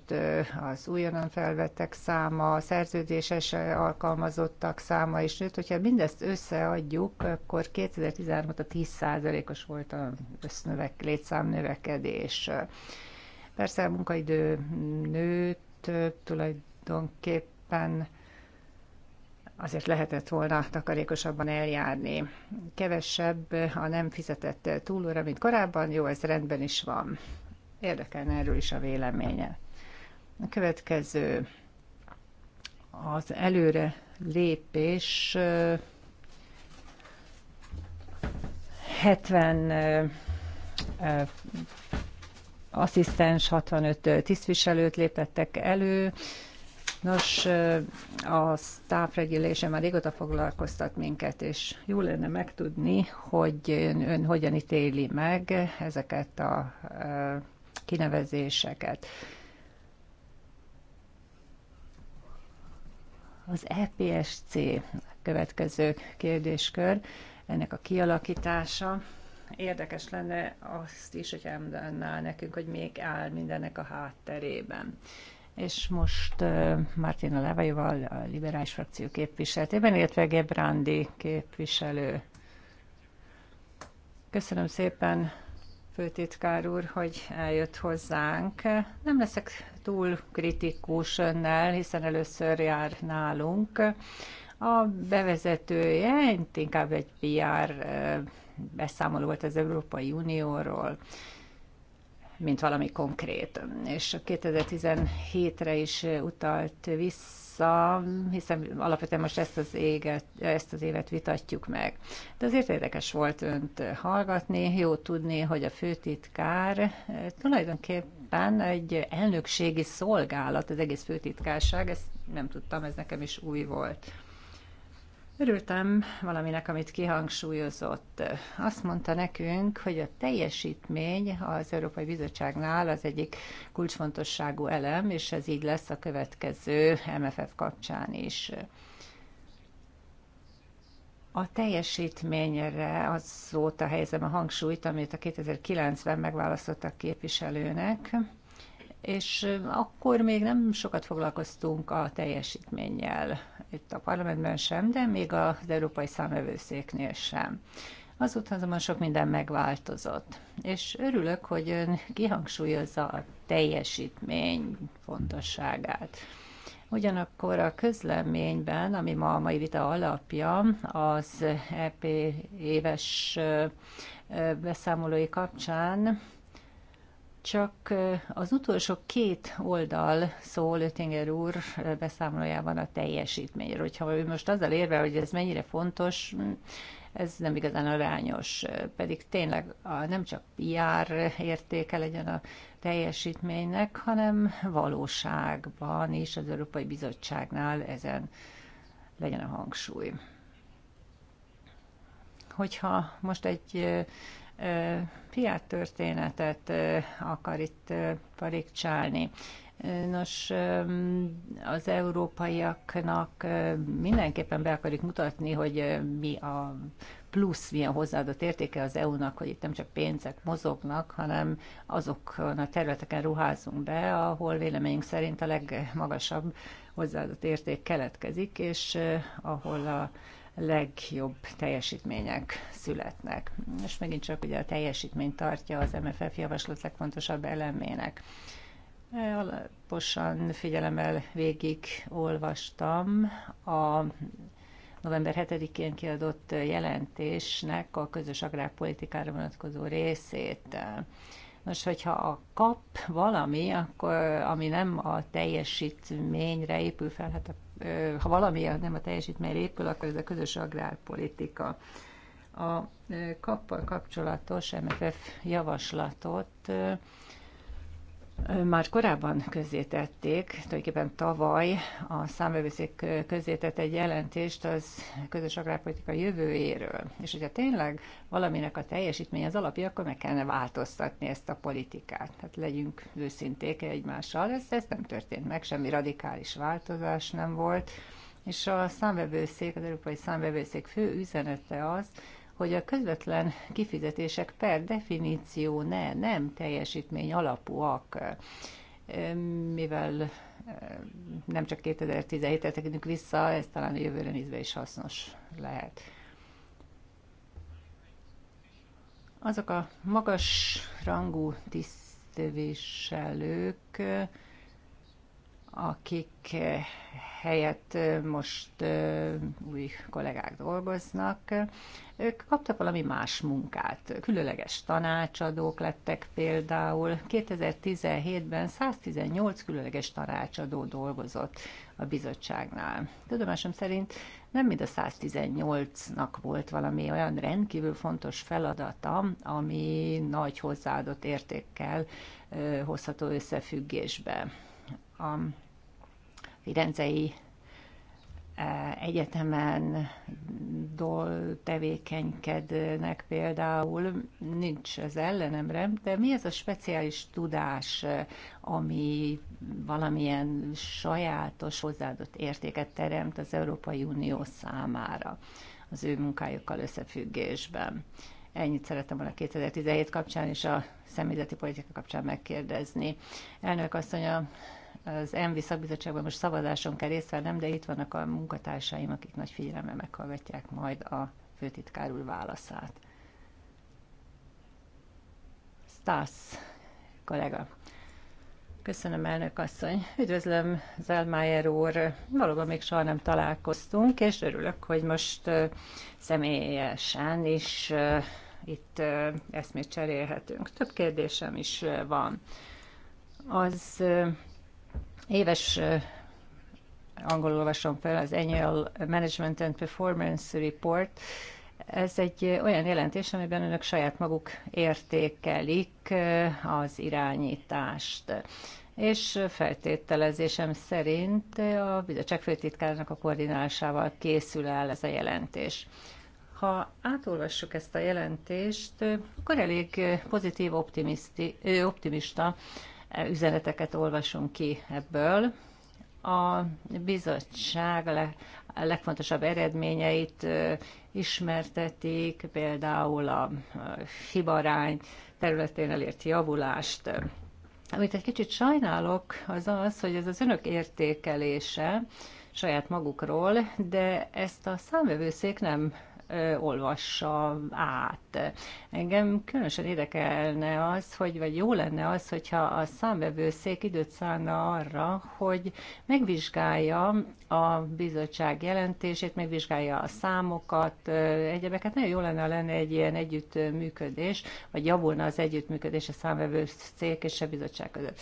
S2: az újonnan felvettek száma, szerződéses alkalmazottak száma is nőtt, hogyha mindezt összeadjuk, akkor 2016 a 10%-os volt a össznövek, létszám növekedés. Persze a munkaidő nőtt tulajdonképpen azért lehetett volna takarékosabban eljárni. Kevesebb a nem fizetett túlóra, mint korábban, jó, ez rendben is van. Érdekelne erről is a véleménye. A következő az előre lépés 70 asszisztens, 65 tisztviselőt lépettek elő, Nos, a staff regulation már régóta foglalkoztat minket, és jó lenne megtudni, hogy ön, ön hogyan ítéli meg ezeket a kinevezéseket. Az EPSC következő kérdéskör, ennek a kialakítása. Érdekes lenne azt is, hogy elmondaná nekünk, hogy még áll mindennek a hátterében és most Martina Levajval, a liberális frakció képviseltében, illetve Gebrandi képviselő. Köszönöm szépen, főtitkár úr, hogy eljött hozzánk. Nem leszek túl kritikus önnel, hiszen először jár nálunk. A bevezetője inkább egy PR beszámoló volt az Európai Unióról mint valami konkrét. És 2017-re is utalt vissza, hiszen alapvetően most ezt az, éget, ezt az évet vitatjuk meg. De azért érdekes volt önt hallgatni, jó tudni, hogy a főtitkár tulajdonképpen egy elnökségi szolgálat, az egész főtitkárság, ezt nem tudtam, ez nekem is új volt. Örültem valaminek, amit kihangsúlyozott. Azt mondta nekünk, hogy a teljesítmény az Európai Bizottságnál az egyik kulcsfontosságú elem, és ez így lesz a következő MFF kapcsán is. A teljesítményre azóta helyezem a hangsúlyt, amit a 2009-ben megválasztottak képviselőnek, és akkor még nem sokat foglalkoztunk a teljesítménnyel itt a parlamentben sem, de még az Európai Számövőszéknél sem. Azóta azonban sok minden megváltozott, és örülök, hogy ön kihangsúlyozza a teljesítmény fontosságát. Ugyanakkor a közleményben, ami ma a mai vita alapja, az EP éves beszámolói kapcsán csak az utolsó két oldal szól Ötinger úr beszámolójában a teljesítményről. Hogyha ő most azzal érve, hogy ez mennyire fontos, ez nem igazán arányos, pedig tényleg a, nem csak PR értéke legyen a teljesítménynek, hanem valóságban is az Európai Bizottságnál ezen legyen a hangsúly. Hogyha most egy fiát történetet akar itt parikcsálni. Nos, az európaiaknak mindenképpen be akarjuk mutatni, hogy mi a plusz, milyen hozzáadott értéke az EU-nak, hogy itt nem csak pénzek mozognak, hanem azokon a területeken ruházunk be, ahol véleményünk szerint a legmagasabb hozzáadott érték keletkezik, és ahol a legjobb teljesítmények születnek. És megint csak ugye a teljesítmény tartja az MFF javaslat legfontosabb elemének. Alaposan figyelemmel végig olvastam a november 7-én kiadott jelentésnek a közös agrárpolitikára vonatkozó részét. Most, hogyha a kap valami, akkor, ami nem a teljesítményre épül fel, hát ha valami nem a teljesítmény épül, akkor ez a közös agrárpolitika. A kappal kapcsolatos MFF javaslatot már korábban közzétették, tulajdonképpen tavaly a számvevőszék közzétett egy jelentést az közös agrárpolitika jövőjéről. És hogyha tényleg valaminek a teljesítmény az alapja, akkor meg kellene változtatni ezt a politikát. Hát legyünk őszinték egymással, ez, ez nem történt meg, semmi radikális változás nem volt. És a számvevőszék, az Európai Számvevőszék fő üzenete az, hogy a közvetlen kifizetések per definíció ne, nem teljesítmény alapúak, mivel eh, nem csak 2017-re tekintünk vissza, ez talán a jövőre nézve is hasznos lehet. Azok a magas rangú tisztviselők, eh, akik eh, helyett eh, most eh, új kollégák dolgoznak, ők kaptak valami más munkát. Különleges tanácsadók lettek például. 2017-ben 118 különleges tanácsadó dolgozott a bizottságnál. Tudomásom szerint nem mind a 118-nak volt valami olyan rendkívül fontos feladata, ami nagy hozzáadott értékkel hozható összefüggésbe a Firenzei e, egyetemen dol tevékenykednek például, nincs ez ellenemre, de mi ez a speciális tudás, e, ami valamilyen sajátos hozzáadott értéket teremt az Európai Unió számára az ő munkájukkal összefüggésben? Ennyit szerettem volna 2017 kapcsán és a személyzeti politika kapcsán megkérdezni. Elnök asszony, a az MV szakbizottságban most szavazáson kell részt vennem, de itt vannak a munkatársaim, akik nagy figyelemmel meghallgatják majd a főtitkár úr válaszát. Stasz, kollega. Köszönöm, elnök asszony. Üdvözlöm, Zelmájer úr. Valóban még soha nem találkoztunk, és örülök, hogy most személyesen is itt eszmét cserélhetünk. Több kérdésem is van. Az éves angolul olvasom fel, az Annual Management and Performance Report. Ez egy olyan jelentés, amiben önök saját maguk értékelik az irányítást. És feltételezésem szerint a bizottság főtitkárnak a koordinálásával készül el ez a jelentés. Ha átolvassuk ezt a jelentést, akkor elég pozitív, optimista üzeneteket olvasunk ki ebből. A bizottság legfontosabb eredményeit ismertetik, például a hibarány területén elért javulást. Amit egy kicsit sajnálok, az az, hogy ez az önök értékelése saját magukról, de ezt a számvevőszék nem olvassa át. Engem különösen érdekelne az, hogy vagy jó lenne az, hogyha a számvevőszék időt szállna arra, hogy megvizsgálja a bizottság jelentését, megvizsgálja a számokat, egyebeket. Nagyon jó lenne, ha lenne egy ilyen együttműködés, vagy javulna az együttműködés a számvevőszék és a bizottság között.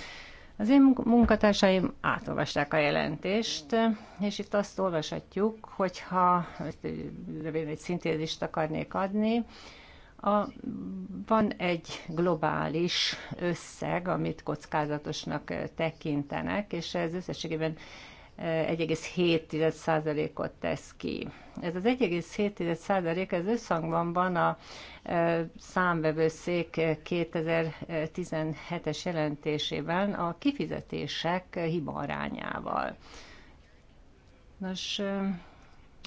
S2: Az én munkatársaim átolvasták a jelentést, és itt azt olvashatjuk, hogyha röviden egy szintézist akarnék adni, a, van egy globális összeg, amit kockázatosnak tekintenek, és ez összességében 1,7%-ot tesz ki. Ez az 1,7% ez összhangban van a számvevőszék 2017-es jelentésében a kifizetések arányával. Nos,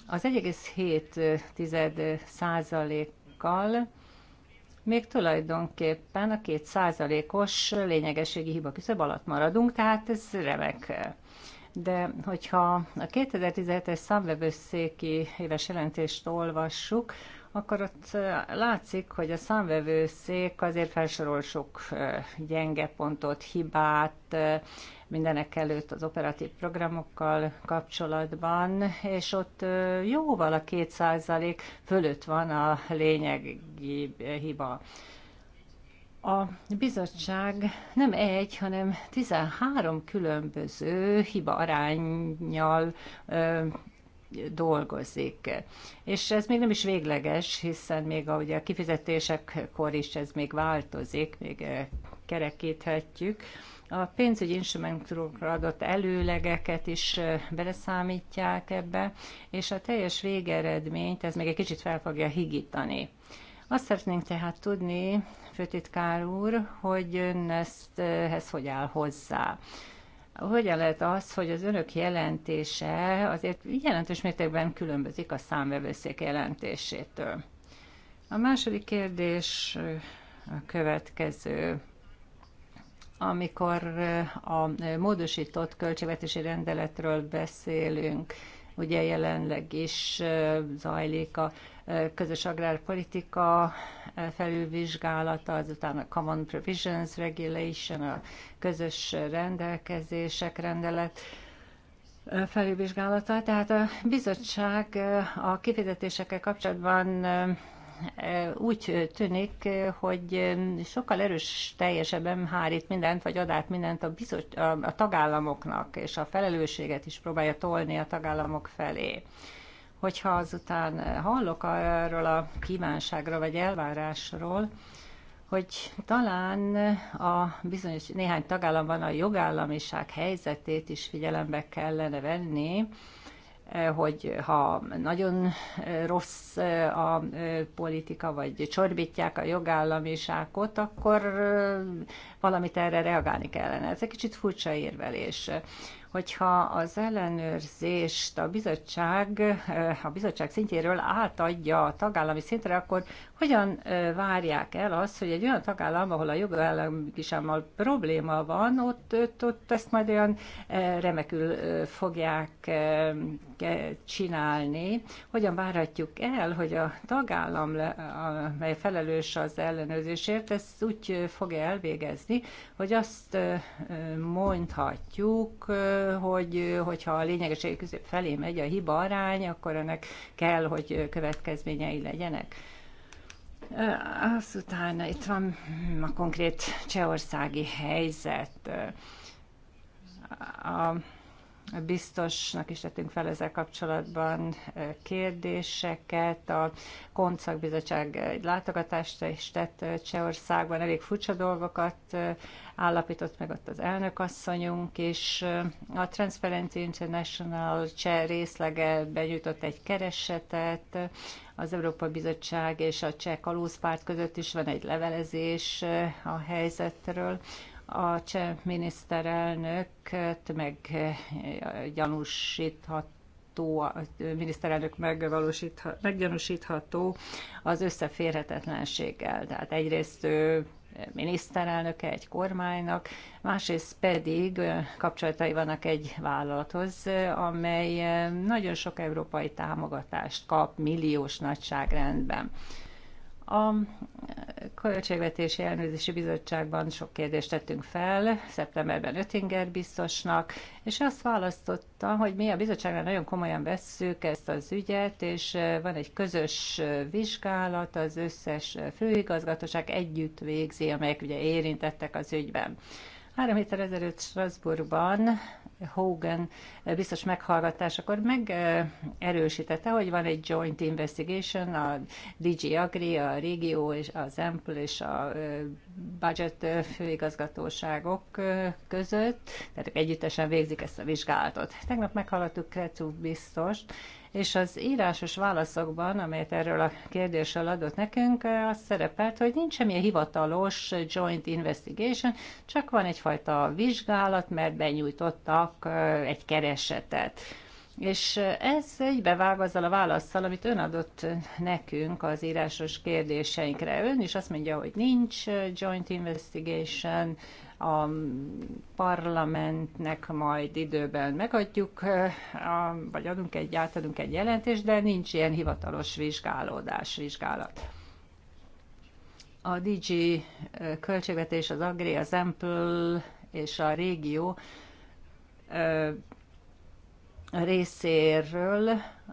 S2: az 1,7 kal még tulajdonképpen a két százalékos lényegességi hiba küszöb alatt maradunk, tehát ez remek de hogyha a 2017-es számvevőszéki éves jelentést olvassuk, akkor ott látszik, hogy a számvevőszék azért felsorol sok gyenge pontot, hibát, mindenek előtt az operatív programokkal kapcsolatban, és ott jóval a két százalék fölött van a lényegi hiba a bizottság nem egy, hanem 13 különböző hiba arányjal dolgozik. És ez még nem is végleges, hiszen még a, ugye a kifizetésekkor is ez még változik, még kerekíthetjük. A pénzügyi instrumentumokra adott előlegeket is beleszámítják ebbe, és a teljes végeredményt ez még egy kicsit fel fogja higítani. Azt szeretnénk tehát tudni, főtitkár úr, hogy ön ezt, eh, ehhez hogy áll hozzá. Hogyan lehet az, hogy az önök jelentése azért jelentős mértékben különbözik a számvevőszék jelentésétől? A második kérdés eh, a következő amikor eh, a módosított költségvetési rendeletről beszélünk, Ugye jelenleg is zajlik a közös agrárpolitika felülvizsgálata, azután a Common Provisions Regulation, a közös rendelkezések rendelet felülvizsgálata. Tehát a bizottság a kifizetésekkel kapcsolatban úgy tűnik, hogy sokkal erős teljesebben hárít mindent, vagy ad át mindent a, bizot, a, a tagállamoknak, és a felelősséget is próbálja tolni a tagállamok felé. Hogyha azután hallok arról a kívánságra, vagy elvárásról, hogy talán a bizonyos néhány tagállamban a jogállamiság helyzetét is figyelembe kellene venni, hogy ha nagyon rossz a politika, vagy csorbítják a jogállamiságot, akkor valamit erre reagálni kellene. Ez egy kicsit furcsa érvelés hogyha az ellenőrzést a bizottság, a bizottság szintjéről átadja a tagállami szintre, akkor hogyan várják el azt, hogy egy olyan tagállam, ahol a jogállamisággal probléma van, ott, ott, ott ezt majd olyan remekül fogják csinálni, hogyan várhatjuk el, hogy a tagállam, amely felelős az ellenőrzésért, ezt úgy fogja elvégezni, hogy azt mondhatjuk, hogy hogyha a lényegeség közép felé megy a hiba arány, akkor ennek kell, hogy következményei legyenek. Azután itt van a konkrét csehországi helyzet. A, biztosnak is tettünk fel ezzel kapcsolatban eh, kérdéseket. A koncakbizottság Bizottság egy látogatást is tett eh, Csehországban, elég furcsa dolgokat eh, állapított meg ott az elnökasszonyunk, és a Transparency International cseh részlege benyújtott egy keresetet, az Európai Bizottság és a Cseh Kalózpárt között is van egy levelezés a helyzetről a cseh meg meggyanúsíthat eh, a eh, miniszterelnök meggyanúsítható az összeférhetetlenséggel. Tehát egyrészt ő miniszterelnöke egy kormánynak, másrészt pedig eh, kapcsolatai vannak egy vállalathoz, amely nagyon sok európai támogatást kap milliós nagyságrendben. A Költségvetési Ellenőrzési Bizottságban sok kérdést tettünk fel, szeptemberben Ötinger biztosnak, és azt választotta, hogy mi a bizottságnál nagyon komolyan vesszük ezt az ügyet, és van egy közös vizsgálat, az összes főigazgatóság együtt végzi, amelyek ugye érintettek az ügyben. Három héttel ezelőtt Strasbourgban Hogan biztos meghallgatásakor megerősítette, hogy van egy joint investigation, a DG Agri, a régió és az Ample és a budget főigazgatóságok között, tehát együttesen végzik ezt a vizsgálatot. Tegnap meghallottuk Krecu biztost, és az írásos válaszokban, amelyet erről a kérdéssel adott nekünk, az szerepelt, hogy nincs semmilyen hivatalos joint investigation, csak van egyfajta vizsgálat, mert benyújtottak egy keresetet. És ez egy bevág azzal a válaszsal, amit ön adott nekünk az írásos kérdéseinkre. Ön is azt mondja, hogy nincs joint investigation, a parlamentnek majd időben megadjuk, vagy adunk egy, átadunk egy jelentést, de nincs ilyen hivatalos vizsgálódás, vizsgálat. A DG költségvetés, az Agri, az Ample és a régió részéről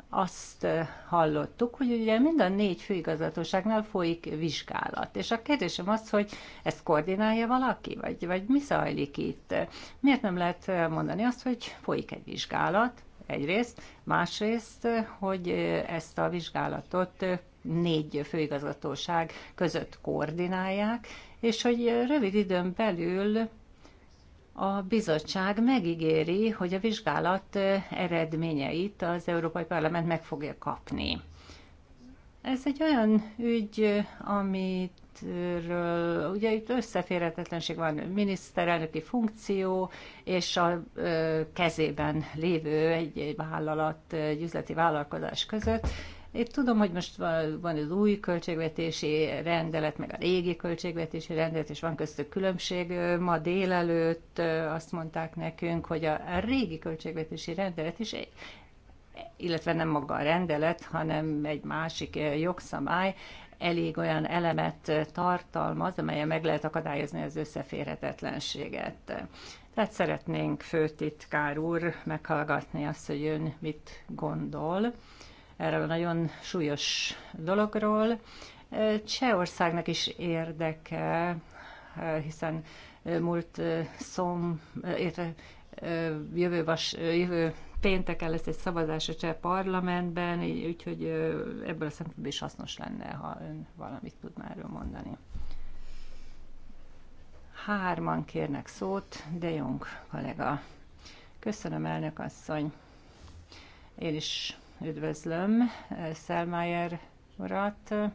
S2: azt eh, hallottuk, hogy ugye mind a négy főigazgatóságnál folyik vizsgálat. És a kérdésem az, hogy ezt koordinálja valaki, vagy, vagy mi zajlik itt? Miért nem lehet mondani azt, hogy folyik egy vizsgálat, egyrészt, másrészt, eh, hogy eh, ezt a vizsgálatot négy főigazgatóság között koordinálják, és hogy rövid időn belül a bizottság megígéri, hogy a vizsgálat eredményeit az Európai Parlament meg fogja kapni. Ez egy olyan ügy, amit ről, ugye itt összeférhetetlenség van, miniszterelnöki funkció, és a kezében lévő egy, egy vállalat, egy üzleti vállalkozás között, én tudom, hogy most van az új költségvetési rendelet, meg a régi költségvetési rendelet, és van köztük különbség. Ma délelőtt azt mondták nekünk, hogy a régi költségvetési rendelet is illetve nem maga a rendelet, hanem egy másik jogszabály, elég olyan elemet tartalmaz, amelyen meg lehet akadályozni az összeférhetetlenséget. Tehát szeretnénk főtitkár úr meghallgatni azt, hogy ön mit gondol erről a nagyon súlyos dologról. Csehországnak is érdeke, hiszen múlt szom, jövő, vas, jövő pénteken lesz egy szavazás a cseh parlamentben, így, úgyhogy ebből a szempontból is hasznos lenne, ha ön valamit tudná erről mondani. Hárman kérnek szót, de Jong kollega. Köszönöm, elnök asszony. Én is üdvözlöm eh, Szelmájer urat. Eh,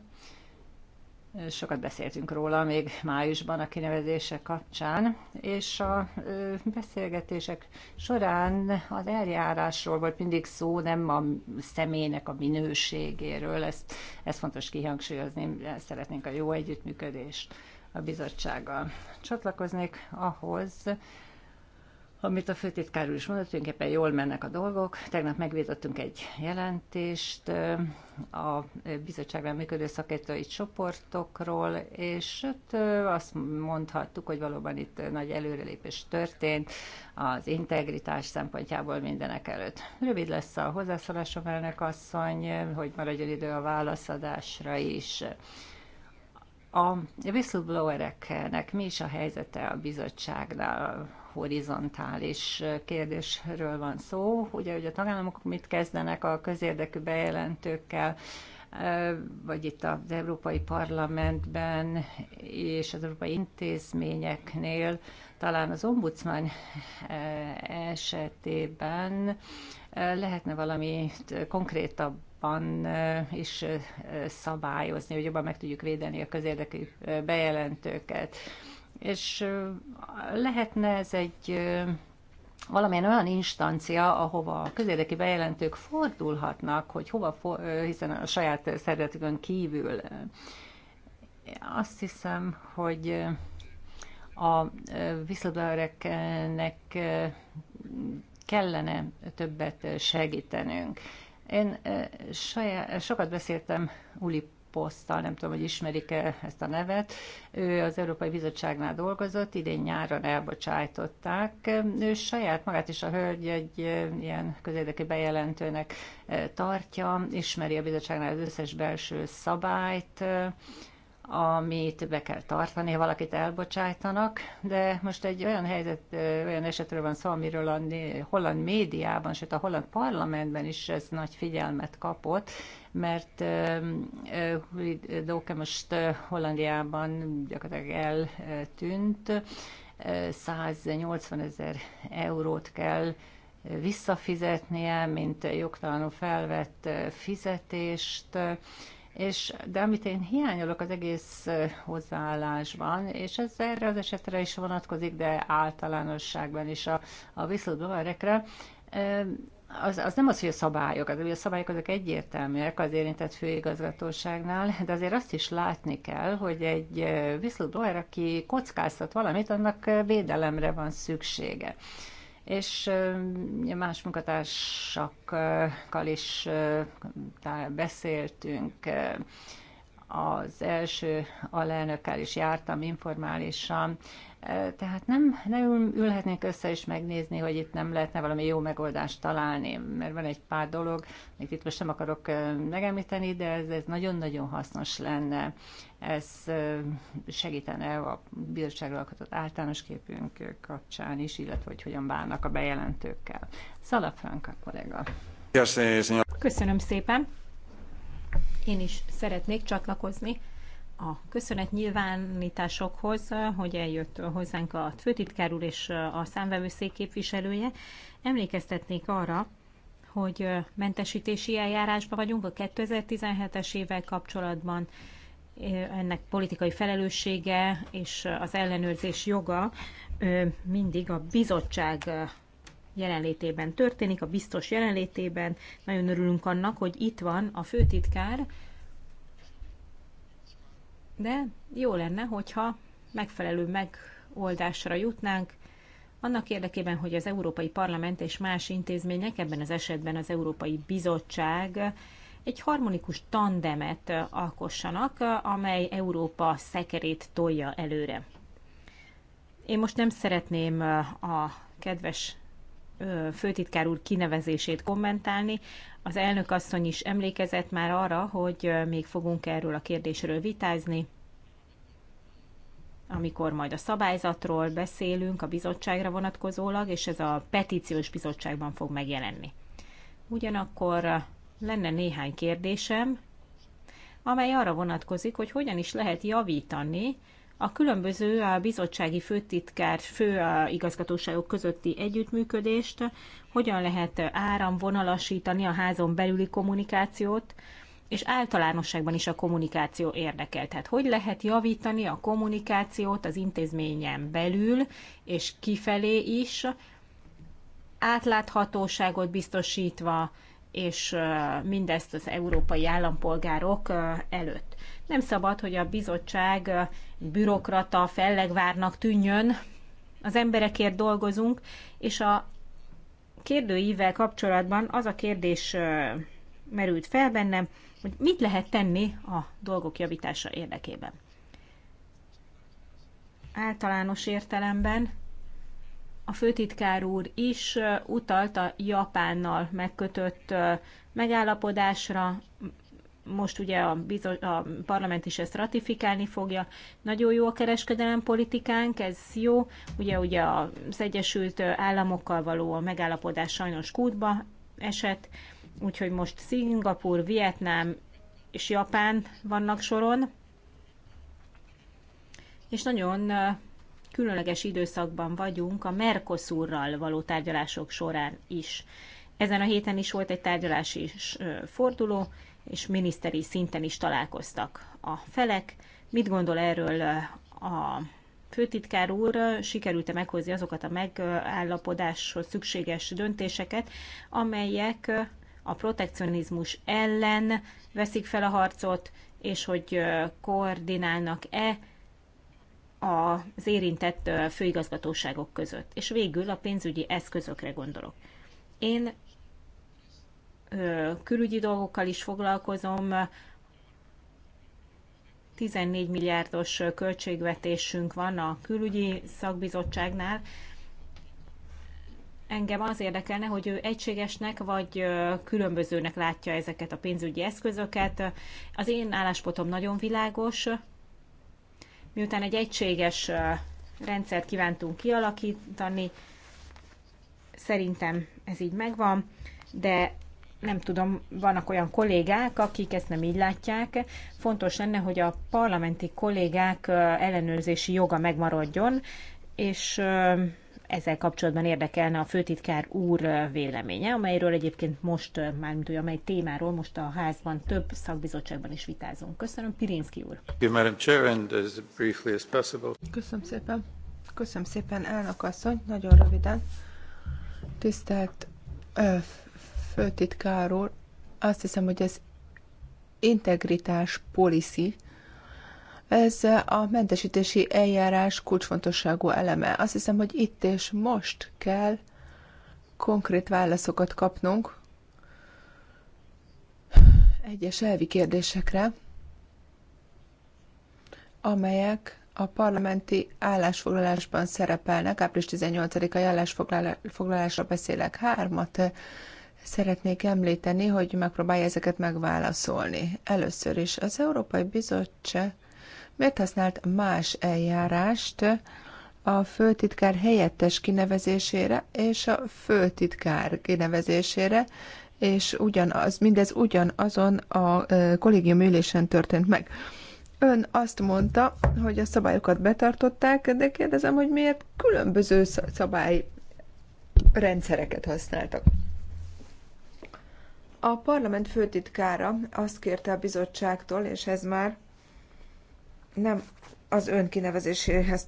S2: sokat beszéltünk róla még májusban a kinevezése kapcsán, és a eh, beszélgetések során az eljárásról volt mindig szó, nem a személynek a minőségéről, ezt, ezt fontos kihangsúlyozni, szeretnénk a jó együttműködést a bizottsággal. Csatlakoznék ahhoz, amit a főtitkár úr is mondott, tulajdonképpen jól mennek a dolgok. Tegnap megvédettünk egy jelentést a bizottságban működő szakértői csoportokról, és ott azt mondhattuk, hogy valóban itt nagy előrelépés történt az integritás szempontjából mindenek előtt. Rövid lesz a hozzászólásom elnök asszony, hogy maradjon idő a válaszadásra is. A whistleblowereknek mi is a helyzete a bizottságnál? horizontális kérdésről van szó, ugye, hogy a tagállamok mit kezdenek a közérdekű bejelentőkkel, vagy itt az Európai Parlamentben és az európai intézményeknél, talán az ombudsman esetében lehetne valami konkrétabb és szabályozni, hogy jobban meg tudjuk védeni a közérdekű bejelentőket és lehetne ez egy valamilyen olyan instancia, ahova a közérdeki bejelentők fordulhatnak, hogy hova, for, hiszen a saját szervezetükön kívül. Azt hiszem, hogy a whistleblowereknek kellene többet segítenünk. Én saját, sokat beszéltem Uli poszttal, nem tudom, hogy ismerik-e ezt a nevet. Ő az Európai Bizottságnál dolgozott, idén nyáron elbocsájtották. Ő saját magát is a hölgy egy ilyen közérdekű bejelentőnek tartja, ismeri a bizottságnál az összes belső szabályt, amit be kell tartani, ha valakit elbocsájtanak, de most egy olyan helyzet, olyan esetről van szó, amiről a holland médiában, sőt a holland parlamentben is ez nagy figyelmet kapott, mert Dóke most Hollandiában gyakorlatilag eltűnt, 180 ezer eurót kell visszafizetnie, mint jogtalanul felvett fizetést, és, de amit én hiányolok az egész hozzáállásban, és ez erre az esetre is vonatkozik, de általánosságban is a, a whistleblowerekre, az, az nem az, hogy a szabályok, az, hogy a szabályok azok egyértelműek az érintett főigazgatóságnál, de azért azt is látni kell, hogy egy whistleblower, aki kockáztat valamit, annak védelemre van szüksége. És más munkatársakkal is beszéltünk, az első alelnökkel is jártam informálisan, tehát nem, nem ülhetnénk össze és megnézni, hogy itt nem lehetne valami jó megoldást találni, mert van egy pár dolog, amit itt most sem akarok megemlíteni, de ez nagyon-nagyon hasznos lenne. Ez segítene a bíróságra alkotott általános képünk kapcsán is, illetve hogy hogyan bánnak a bejelentőkkel.
S3: Szalafránk a kollega. Köszönöm szépen. Én is szeretnék csatlakozni a köszönet nyilvánításokhoz, hogy eljött hozzánk a főtitkár úr és a számvevőszék képviselője. Emlékeztetnék arra, hogy mentesítési eljárásban vagyunk a 2017-es évvel kapcsolatban, ennek politikai felelőssége és az ellenőrzés joga mindig a bizottság jelenlétében történik, a biztos jelenlétében. Nagyon örülünk annak, hogy itt van a főtitkár, de jó lenne, hogyha megfelelő megoldásra jutnánk, annak érdekében, hogy az Európai Parlament és más intézmények, ebben az esetben az Európai Bizottság egy harmonikus tandemet alkossanak, amely Európa szekerét tolja előre. Én most nem szeretném a kedves főtitkár úr kinevezését kommentálni. Az elnök asszony is emlékezett már arra, hogy még fogunk erről a kérdésről vitázni, amikor majd a szabályzatról beszélünk a bizottságra vonatkozólag, és ez a petíciós bizottságban fog megjelenni. Ugyanakkor lenne néhány kérdésem, amely arra vonatkozik, hogy hogyan is lehet javítani a különböző a bizottsági főtitkár, fő igazgatóságok közötti együttműködést, hogyan lehet áramvonalasítani a házon belüli kommunikációt, és általánosságban is a kommunikáció érdekel. Tehát hogy lehet javítani a kommunikációt az intézményen belül és kifelé is, átláthatóságot biztosítva, és mindezt az európai állampolgárok előtt. Nem szabad, hogy a bizottság bürokrata fellegvárnak tűnjön. Az emberekért dolgozunk, és a kérdőívvel kapcsolatban az a kérdés merült fel bennem, hogy mit lehet tenni a dolgok javítása érdekében. Általános értelemben a főtitkár úr is utalt a Japánnal megkötött megállapodásra, most ugye a, bizony, a parlament is ezt ratifikálni fogja. Nagyon jó a kereskedelem politikánk, ez jó. Ugye, ugye az Egyesült Államokkal való a megállapodás sajnos kútba esett, úgyhogy most Szingapur, Vietnám és Japán vannak soron. És nagyon különleges időszakban vagyunk a Mercosurral való tárgyalások során is. Ezen a héten is volt egy tárgyalási forduló, és miniszteri szinten is találkoztak a felek. Mit gondol erről a főtitkár úr, sikerült-e meghozni azokat a megállapodáshoz szükséges döntéseket, amelyek a protekcionizmus ellen veszik fel a harcot, és hogy koordinálnak-e az érintett főigazgatóságok között. És végül a pénzügyi eszközökre gondolok. Én külügyi dolgokkal is foglalkozom. 14 milliárdos költségvetésünk van a külügyi szakbizottságnál. Engem az érdekelne, hogy ő egységesnek vagy különbözőnek látja ezeket a pénzügyi eszközöket. Az én álláspontom nagyon világos. Miután egy egységes rendszert kívántunk kialakítani, szerintem ez így megvan, de nem tudom, vannak olyan kollégák, akik ezt nem így látják. Fontos lenne, hogy a parlamenti kollégák ellenőrzési joga megmaradjon, és ezzel kapcsolatban érdekelne a főtitkár úr véleménye, amelyről egyébként most, mármint olyan amely témáról most a házban több szakbizottságban
S1: is vitázunk. Köszönöm, Pirinszki úr. Köszönöm szépen. Köszönöm szépen, elnök asszony, nagyon röviden. Tisztelt főtitkáról, azt hiszem, hogy az integritás policy, ez a mentesítési eljárás kulcsfontosságú eleme. Azt hiszem, hogy itt és most kell konkrét válaszokat kapnunk egyes elvi kérdésekre, amelyek a parlamenti állásfoglalásban szerepelnek, április 18-ai állásfoglalásra beszélek, hármat Szeretnék említeni, hogy megpróbálja ezeket megválaszolni. Először is az Európai Bizottság miért használt más eljárást a főtitkár helyettes kinevezésére és a főtitkár kinevezésére, és ugyanaz, mindez ugyanazon a kollégium ülésen történt meg. Ön azt mondta, hogy a szabályokat betartották, de kérdezem, hogy miért különböző szabály rendszereket használtak. A parlament főtitkára azt kérte a bizottságtól, és ez már nem az ön kinevezéséhez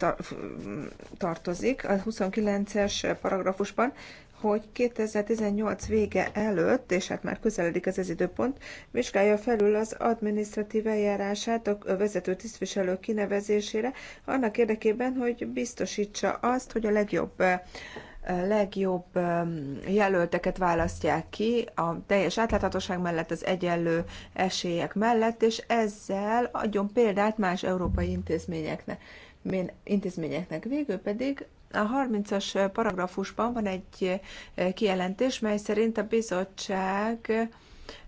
S1: tartozik, a 29-es paragrafusban, hogy 2018 vége előtt, és hát már közeledik ez az időpont, vizsgálja felül az adminisztratív eljárását a vezető tisztviselő kinevezésére, annak érdekében, hogy biztosítsa azt, hogy a legjobb legjobb jelölteket választják ki a teljes átláthatóság mellett, az egyenlő esélyek mellett, és ezzel adjon példát más európai intézményeknek. intézményeknek. Végül pedig a 30-as paragrafusban van egy kijelentés, mely szerint a bizottság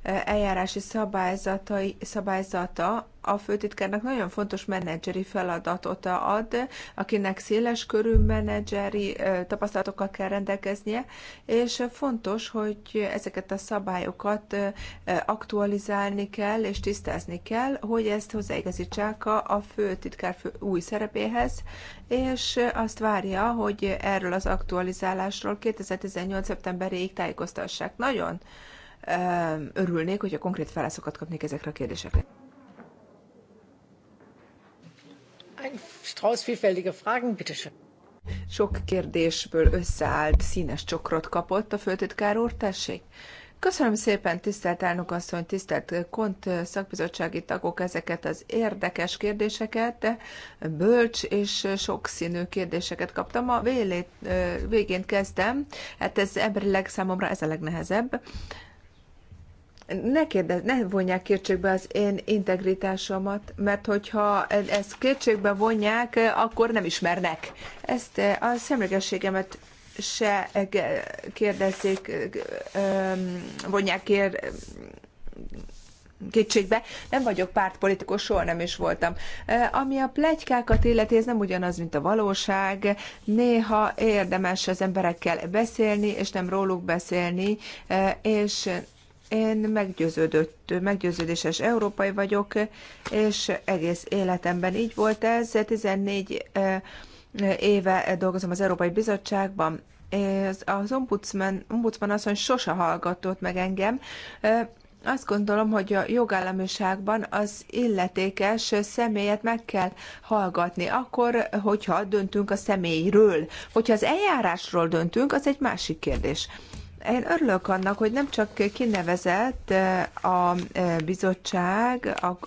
S1: eljárási szabályzatai, szabályzata a főtitkárnak nagyon fontos menedzseri feladatot ad, akinek széles körű menedzseri tapasztalatokkal kell rendelkeznie, és fontos, hogy ezeket a szabályokat aktualizálni kell és tisztázni kell, hogy ezt hozzáigazítsák a főtitkár fő új szerepéhez, és azt várja, hogy erről az aktualizálásról 2018. szeptemberéig tájékoztassák. Nagyon örülnék, hogyha konkrét válaszokat kapnék ezekre a kérdésekre. ein Strauß vielfältiger Fragen, bitteschön. Sok kérdésből összeállt színes csokrot kapott a főtitkár úr, tessék. Köszönöm szépen, tisztelt elnök asszony, tisztelt kont szakbizottsági tagok ezeket az érdekes kérdéseket, bölcs és sokszínű kérdéseket kaptam. A vélét, végén kezdem, hát ez emberileg számomra ez a legnehezebb ne, kérdez, ne vonják kétségbe az én integritásomat, mert hogyha ezt kétségbe vonják, akkor nem ismernek. Ezt a szemlegességemet se kérdezzék, vonják kér, kétségbe. Nem vagyok pártpolitikus, soha nem is voltam. Ami a plegykákat illeti, ez nem ugyanaz, mint a valóság. Néha érdemes az emberekkel beszélni, és nem róluk beszélni, és én meggyőződött, meggyőződéses európai vagyok, és egész életemben így volt ez. 14 éve dolgozom az Európai Bizottságban, az ombudsman, ombudsman asszony sose hallgatott meg engem. Azt gondolom, hogy a jogállamiságban az illetékes személyet meg kell hallgatni, akkor, hogyha döntünk a személyről. Hogyha az eljárásról döntünk, az egy másik kérdés. Én örülök annak, hogy nem csak kinevezett eh, a eh, bizottság, a,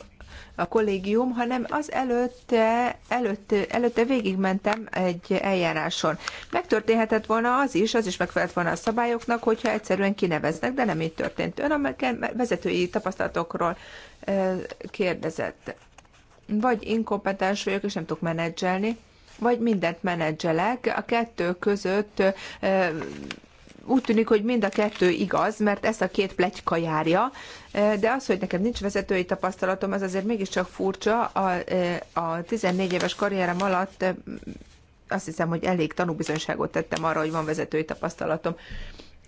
S1: a kollégium, hanem az előtte, előtte, előtte végigmentem egy eljáráson. Megtörténhetett volna az is, az is megfelelt volna a szabályoknak, hogyha egyszerűen kineveznek, de nem így történt. Ön a vezetői tapasztalatokról eh, kérdezett. Vagy inkompetens vagyok, és nem tudok menedzselni, vagy mindent menedzselek. A kettő között úgy tűnik, hogy mind a kettő igaz, mert ezt a két pletyka járja, e, de az, hogy nekem nincs vezetői tapasztalatom, az azért mégiscsak furcsa. A, e, a 14 éves karrierem alatt e, azt hiszem, hogy elég tanúbizonyságot tettem arra, hogy van vezetői tapasztalatom.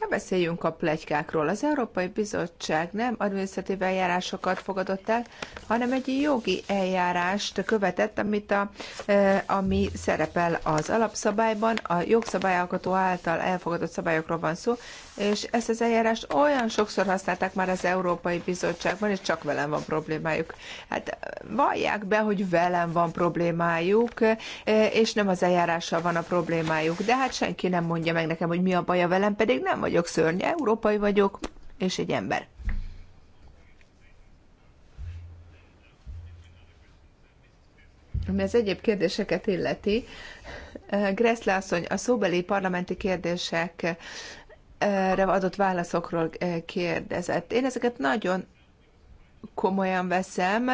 S1: Ne beszéljünk a plegykákról. Az Európai Bizottság nem adminisztratív eljárásokat fogadott el, hanem egy jogi eljárást követett, amit a, e, ami szerepel az alapszabályban. A jogszabályalkotó által elfogadott szabályokról van szó, és ezt az eljárást olyan sokszor használták már az Európai Bizottságban, és csak velem van problémájuk. Hát eh, vallják be, hogy velem van problémájuk, eh, és nem az eljárással van a problémájuk. De hát senki nem mondja meg nekem, hogy mi a baja velem, pedig nem vagyok szörny, európai vagyok, és egy ember. Ami az egyéb kérdéseket illeti, eh, Gressz asszony, a szóbeli parlamenti kérdések adott válaszokról kérdezett. Én ezeket nagyon komolyan veszem,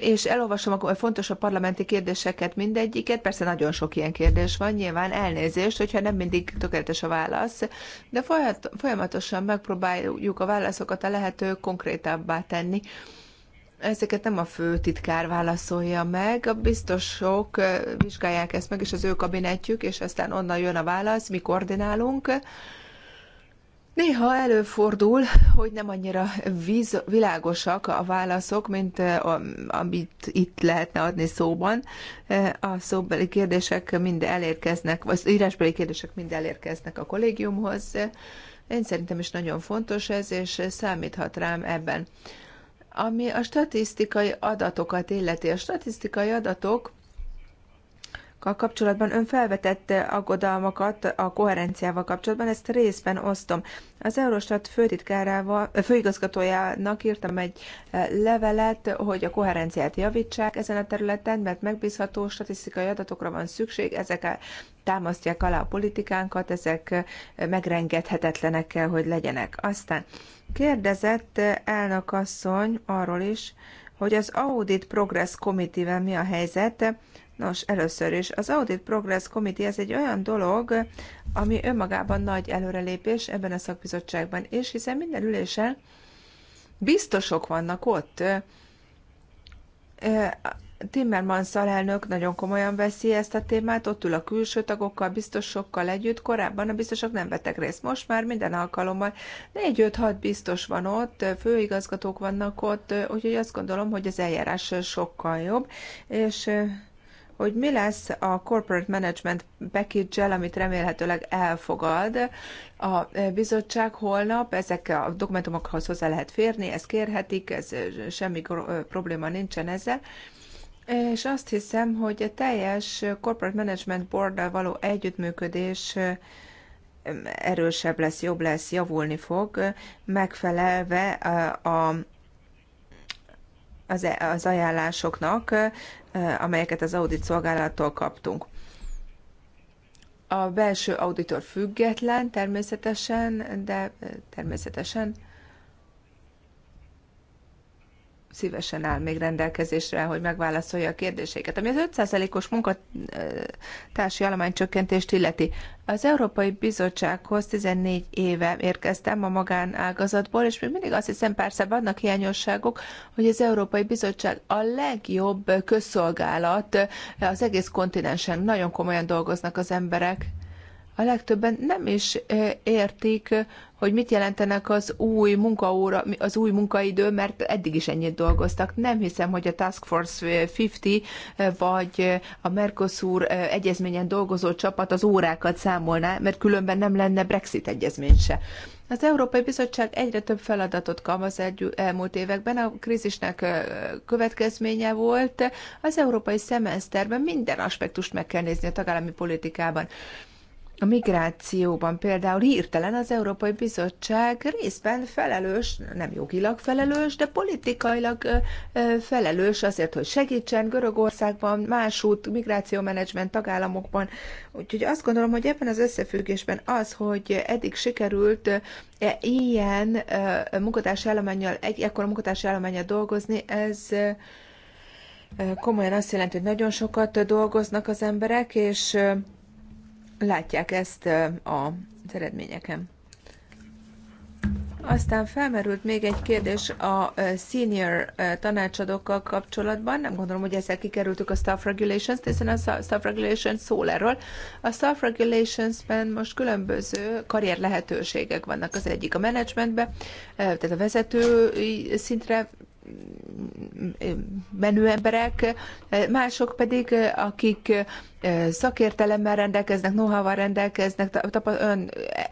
S1: és elolvasom a a parlamenti kérdéseket mindegyiket. Persze nagyon sok ilyen kérdés van, nyilván elnézést, hogyha nem mindig tökéletes a válasz, de folyamatosan megpróbáljuk a válaszokat a lehető konkrétabbá tenni. Ezeket nem a fő titkár válaszolja meg, a biztosok vizsgálják ezt meg, és az ő kabinetjük, és aztán onnan jön a válasz, mi koordinálunk Néha előfordul, hogy nem annyira víz, világosak a válaszok, mint eh, a, amit itt lehetne adni szóban. Eh, a szóbeli kérdések mind elérkeznek, vagy az írásbeli kérdések mind elérkeznek a kollégiumhoz. Én szerintem is nagyon fontos ez, és számíthat rám ebben. Ami a statisztikai adatokat illeti, a statisztikai adatok kapcsolatban ön felvetette aggodalmakat a koherenciával kapcsolatban, ezt részben osztom. Az Eurostat főtitkárával, főigazgatójának írtam egy e, levelet, hogy a koherenciát javítsák ezen a területen, mert megbízható statisztikai adatokra van szükség, ezek támasztják alá a politikánkat, ezek e, megrengethetetlenek, kell, hogy legyenek. Aztán kérdezett elnök asszony arról is, hogy az Audit Progress Committee-vel mi a helyzet. Nos, először is az Audit Progress Committee ez egy olyan dolog, ami önmagában nagy előrelépés ebben a szakbizottságban, és hiszen minden ülésen biztosok vannak ott. Timmermans alelnök nagyon komolyan veszi ezt a témát, ott ül a külső tagokkal, biztosokkal együtt, korábban a biztosok nem vettek részt, most már minden alkalommal 4-5-6 biztos van ott, főigazgatók vannak ott, úgyhogy azt gondolom, hogy az eljárás sokkal jobb, és hogy mi lesz a corporate management package amit remélhetőleg elfogad a bizottság holnap. Ezek a dokumentumokhoz hozzá lehet férni, ezt kérhetik, ez semmi probléma nincsen ezzel. És azt hiszem, hogy a teljes corporate management board való együttműködés erősebb lesz, jobb lesz, javulni fog, megfelelve a az, e- az ajánlásoknak, amelyeket az audit szolgálattól kaptunk. A belső auditor független természetesen, de természetesen szívesen áll még rendelkezésre, hogy megválaszolja a kérdéseket. Ami az 5%-os munkatársi alománycsökkentést illeti. Az Európai Bizottsághoz 14 éve érkeztem a magánágazatból, és még mindig azt hiszem, persze vannak hiányosságok, hogy az Európai Bizottság a legjobb közszolgálat az egész kontinensen. Nagyon komolyan dolgoznak az emberek a legtöbben nem is értik, hogy mit jelentenek az új munkaóra, az új munkaidő, mert eddig is ennyit dolgoztak. Nem hiszem, hogy a Task Force 50 vagy a Mercosur egyezményen dolgozó csapat az órákat számolná, mert különben nem lenne Brexit egyezmény se. Az Európai Bizottság egyre több feladatot kap az elmúlt években, a krízisnek következménye volt. Az európai szemeszterben minden aspektust meg kell nézni a tagállami politikában. A migrációban például hirtelen az Európai Bizottság részben felelős, nem jogilag felelős, de politikailag felelős azért, hogy segítsen Görögországban, másút, migrációmenedzsment tagállamokban. Úgyhogy azt gondolom, hogy ebben az összefüggésben az, hogy eddig sikerült ilyen munkatársi állományjal, egy ekkora munkatársi állományjal dolgozni, ez komolyan azt jelenti, hogy nagyon sokat dolgoznak az emberek, és látják ezt az eredményeken. Aztán felmerült még egy kérdés a senior tanácsadókkal kapcsolatban. Nem gondolom, hogy ezzel kikerültük a staff regulations, hiszen a staff regulations szól erről. A staff regulationsben most különböző karrier lehetőségek vannak. Az egyik a managementbe, tehát a vezető szintre menő emberek, mások pedig, akik eh, szakértelemmel rendelkeznek, know-how-val rendelkeznek, olyan eh,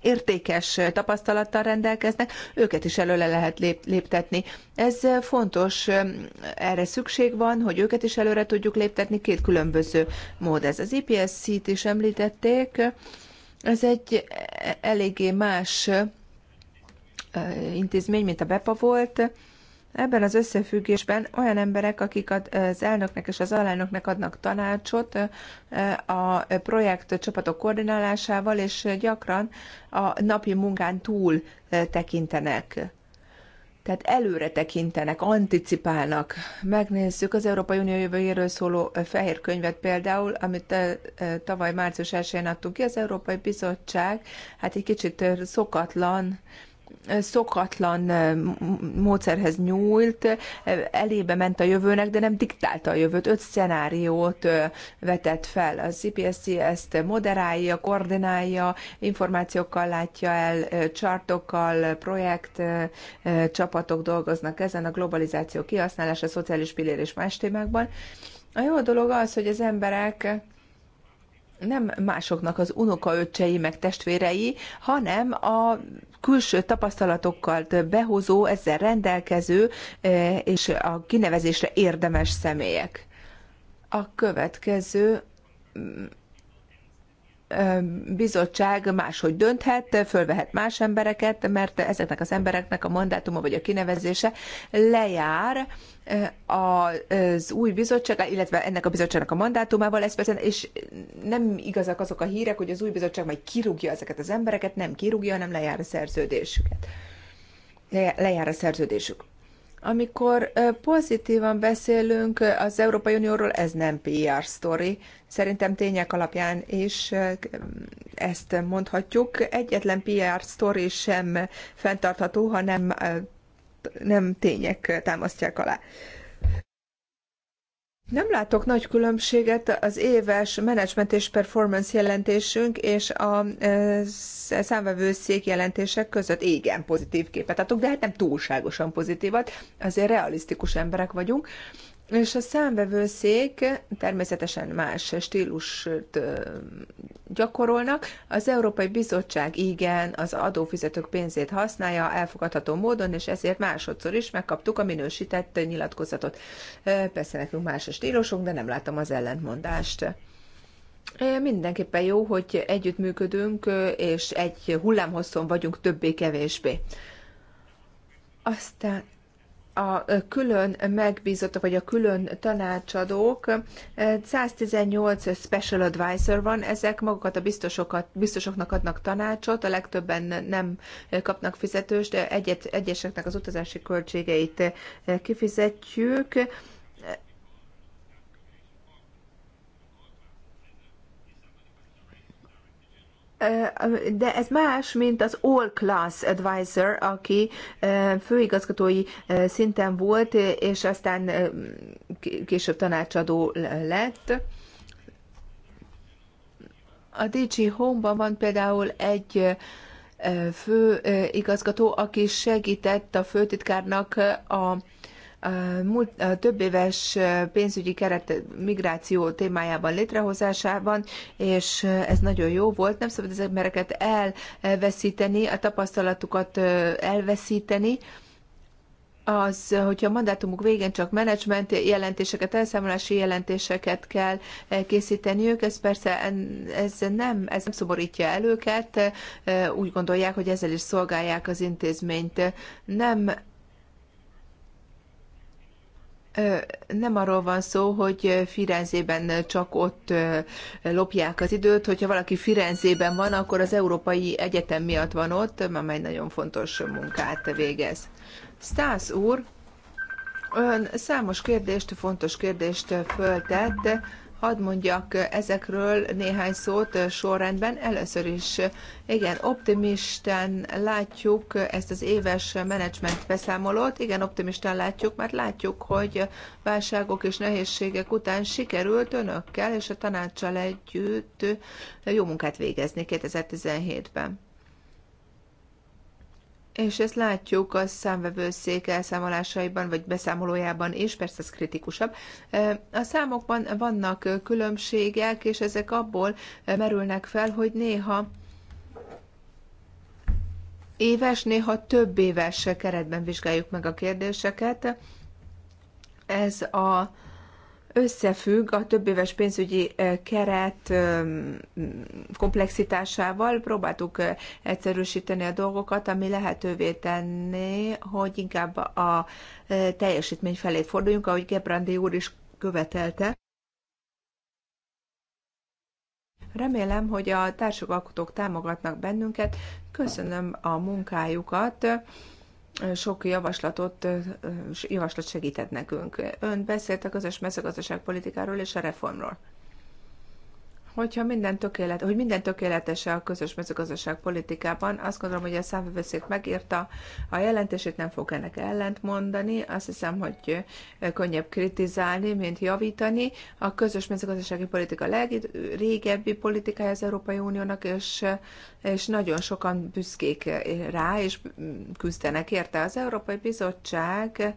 S1: értékes tapasztalattal rendelkeznek, őket is előle lehet lép, léptetni. Ez fontos, eh, erre szükség van, hogy őket is előre tudjuk léptetni, két különböző mód ez. Az IPSC-t is említették, ez egy eléggé más intézmény, mint a BEPA volt. Ebben az összefüggésben olyan emberek, akik az elnöknek és az alelnöknek adnak tanácsot a projekt csapatok koordinálásával, és gyakran a napi munkán túl tekintenek. Tehát előre tekintenek, anticipálnak. Megnézzük az Európai Unió jövőjéről szóló fehér könyvet például, amit tavaly március 1-én adtunk ki. Az Európai Bizottság hát egy kicsit szokatlan szokatlan eh, módszerhez nyúlt, eh, elébe ment a jövőnek, de nem diktálta a jövőt. Öt szenáriót eh, vetett fel. A CPSC ezt moderálja, koordinálja, információkkal látja el, csartokkal, projekt csapatok dolgoznak ezen, a globalizáció kihasználása, a szociális pillér és más témákban. A jó dolog az, hogy az emberek nem másoknak az unokaöccsei meg testvérei, hanem a külső tapasztalatokkal behozó, ezzel rendelkező e, és a kinevezésre érdemes személyek. A következő bizottság máshogy dönthet, fölvehet más embereket, mert ezeknek az embereknek a mandátuma vagy a kinevezése lejár az új bizottság, illetve ennek a bizottságnak a mandátumával, ez persze, és nem igazak azok a hírek, hogy az új bizottság majd kirúgja ezeket az embereket, nem kirúgja, hanem lejár a szerződésüket. Lejár a szerződésük. Amikor pozitívan beszélünk az Európai Unióról, ez nem PR story. Szerintem tények alapján is ezt mondhatjuk. Egyetlen PR story sem fenntartható, hanem nem tények támasztják alá. Nem látok nagy különbséget az éves menedzsment és performance jelentésünk és a e, e, számvevőszék jelentések között. Igen, pozitív képet adok, de hát nem túlságosan pozitívat, azért realisztikus emberek vagyunk. És a számvevőszék természetesen más stílust gyakorolnak. Az Európai Bizottság igen, az adófizetők pénzét használja elfogadható módon, és ezért másodszor is megkaptuk a minősített nyilatkozatot. Persze nekünk más a stílusunk, de nem látom az ellentmondást. Mindenképpen jó, hogy együttműködünk, és egy hullámhosszon vagyunk többé-kevésbé. Aztán a külön megbízott vagy a külön tanácsadók, 118 special advisor van, ezek magukat a biztosokat, biztosoknak adnak tanácsot, a legtöbben nem kapnak fizetőst, egyet, egyeseknek az utazási költségeit kifizetjük, de ez más, mint az All Class Advisor, aki főigazgatói szinten volt, és aztán később tanácsadó lett. A DG Home-ban van például egy főigazgató, aki segített a főtitkárnak a több éves pénzügyi keret migráció témájában létrehozásában, és ez nagyon jó volt. Nem szabad ezek mereket elveszíteni, a tapasztalatukat elveszíteni, az, hogyha a mandátumuk végén csak menedzsment jelentéseket, elszámolási jelentéseket kell készíteniük, ez persze ez nem, ez nem szomorítja el őket, úgy gondolják, hogy ezzel is szolgálják az intézményt. Nem nem arról van szó, hogy Firenzében csak ott lopják az időt, hogyha valaki Firenzében van, akkor az Európai Egyetem miatt van ott, amely nagyon fontos munkát végez. Stász úr, ön számos kérdést, fontos kérdést föltett, Hadd mondjak ezekről néhány szót sorrendben. Először is, igen, optimistán látjuk ezt az éves menedzsment beszámolót. Igen, optimistán látjuk, mert látjuk, hogy válságok és nehézségek után sikerült önökkel és a tanácssal együtt jó munkát végezni 2017-ben. És ezt látjuk a számvevőszék elszámolásaiban, vagy beszámolójában is, persze ez kritikusabb. A számokban vannak különbségek, és ezek abból merülnek fel, hogy néha éves, néha több éves keretben vizsgáljuk meg a kérdéseket. Ez a összefügg a több éves pénzügyi keret komplexitásával. Próbáltuk egyszerűsíteni a dolgokat, ami lehetővé tenné, hogy inkább a teljesítmény felé forduljunk, ahogy Gebrandi úr is követelte. Remélem, hogy a alkotók támogatnak bennünket. Köszönöm a munkájukat sok javaslatot, javaslat segített nekünk. Ön beszélt a közös mezőgazdaságpolitikáról és a reformról. Hogyha minden tökélet, hogy minden tökéletes a közös mezőgazdaság politikában, azt gondolom, hogy a számvevőszék megírta a jelentését, nem fog ennek ellent mondani. Azt hiszem, hogy könnyebb kritizálni, mint javítani. A közös mezőgazdasági politika legrégebbi politikája az Európai Uniónak, és és nagyon sokan büszkék rá, és küzdenek érte. Az Európai Bizottság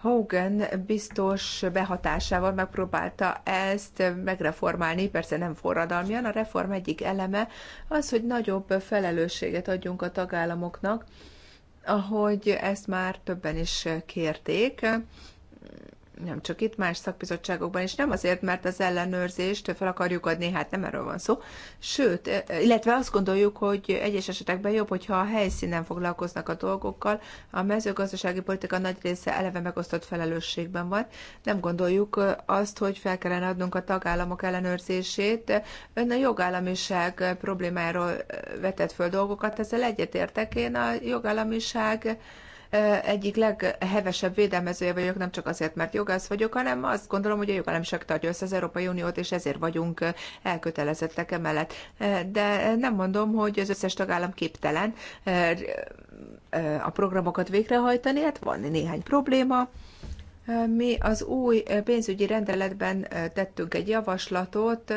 S1: Hogan biztos behatásával megpróbálta ezt megreformálni, persze nem forradalmian. A reform egyik eleme az, hogy nagyobb felelősséget adjunk a tagállamoknak, ahogy ezt már többen is kérték nem csak itt, más szakbizottságokban is, nem azért, mert az ellenőrzést fel akarjuk adni, hát nem erről van szó. Sőt, e, illetve azt gondoljuk, hogy egyes esetekben jobb, hogyha a helyszínen foglalkoznak a dolgokkal, a mezőgazdasági politika nagy része eleve megosztott felelősségben van. Nem gondoljuk azt, hogy fel kellene adnunk a tagállamok ellenőrzését. Ön a jogállamiság problémáról vetett föl dolgokat, ezzel egyetértek. Én a jogállamiság egyik leghevesebb védelmezője vagyok, nem csak azért, mert jogász vagyok, hanem azt gondolom, hogy a jogállamiság tartja össze az Európai Uniót, és ezért vagyunk elkötelezettek emellett. De nem mondom, hogy az összes tagállam képtelen a programokat végrehajtani, hát van néhány probléma, mi az új pénzügyi rendeletben tettünk egy javaslatot,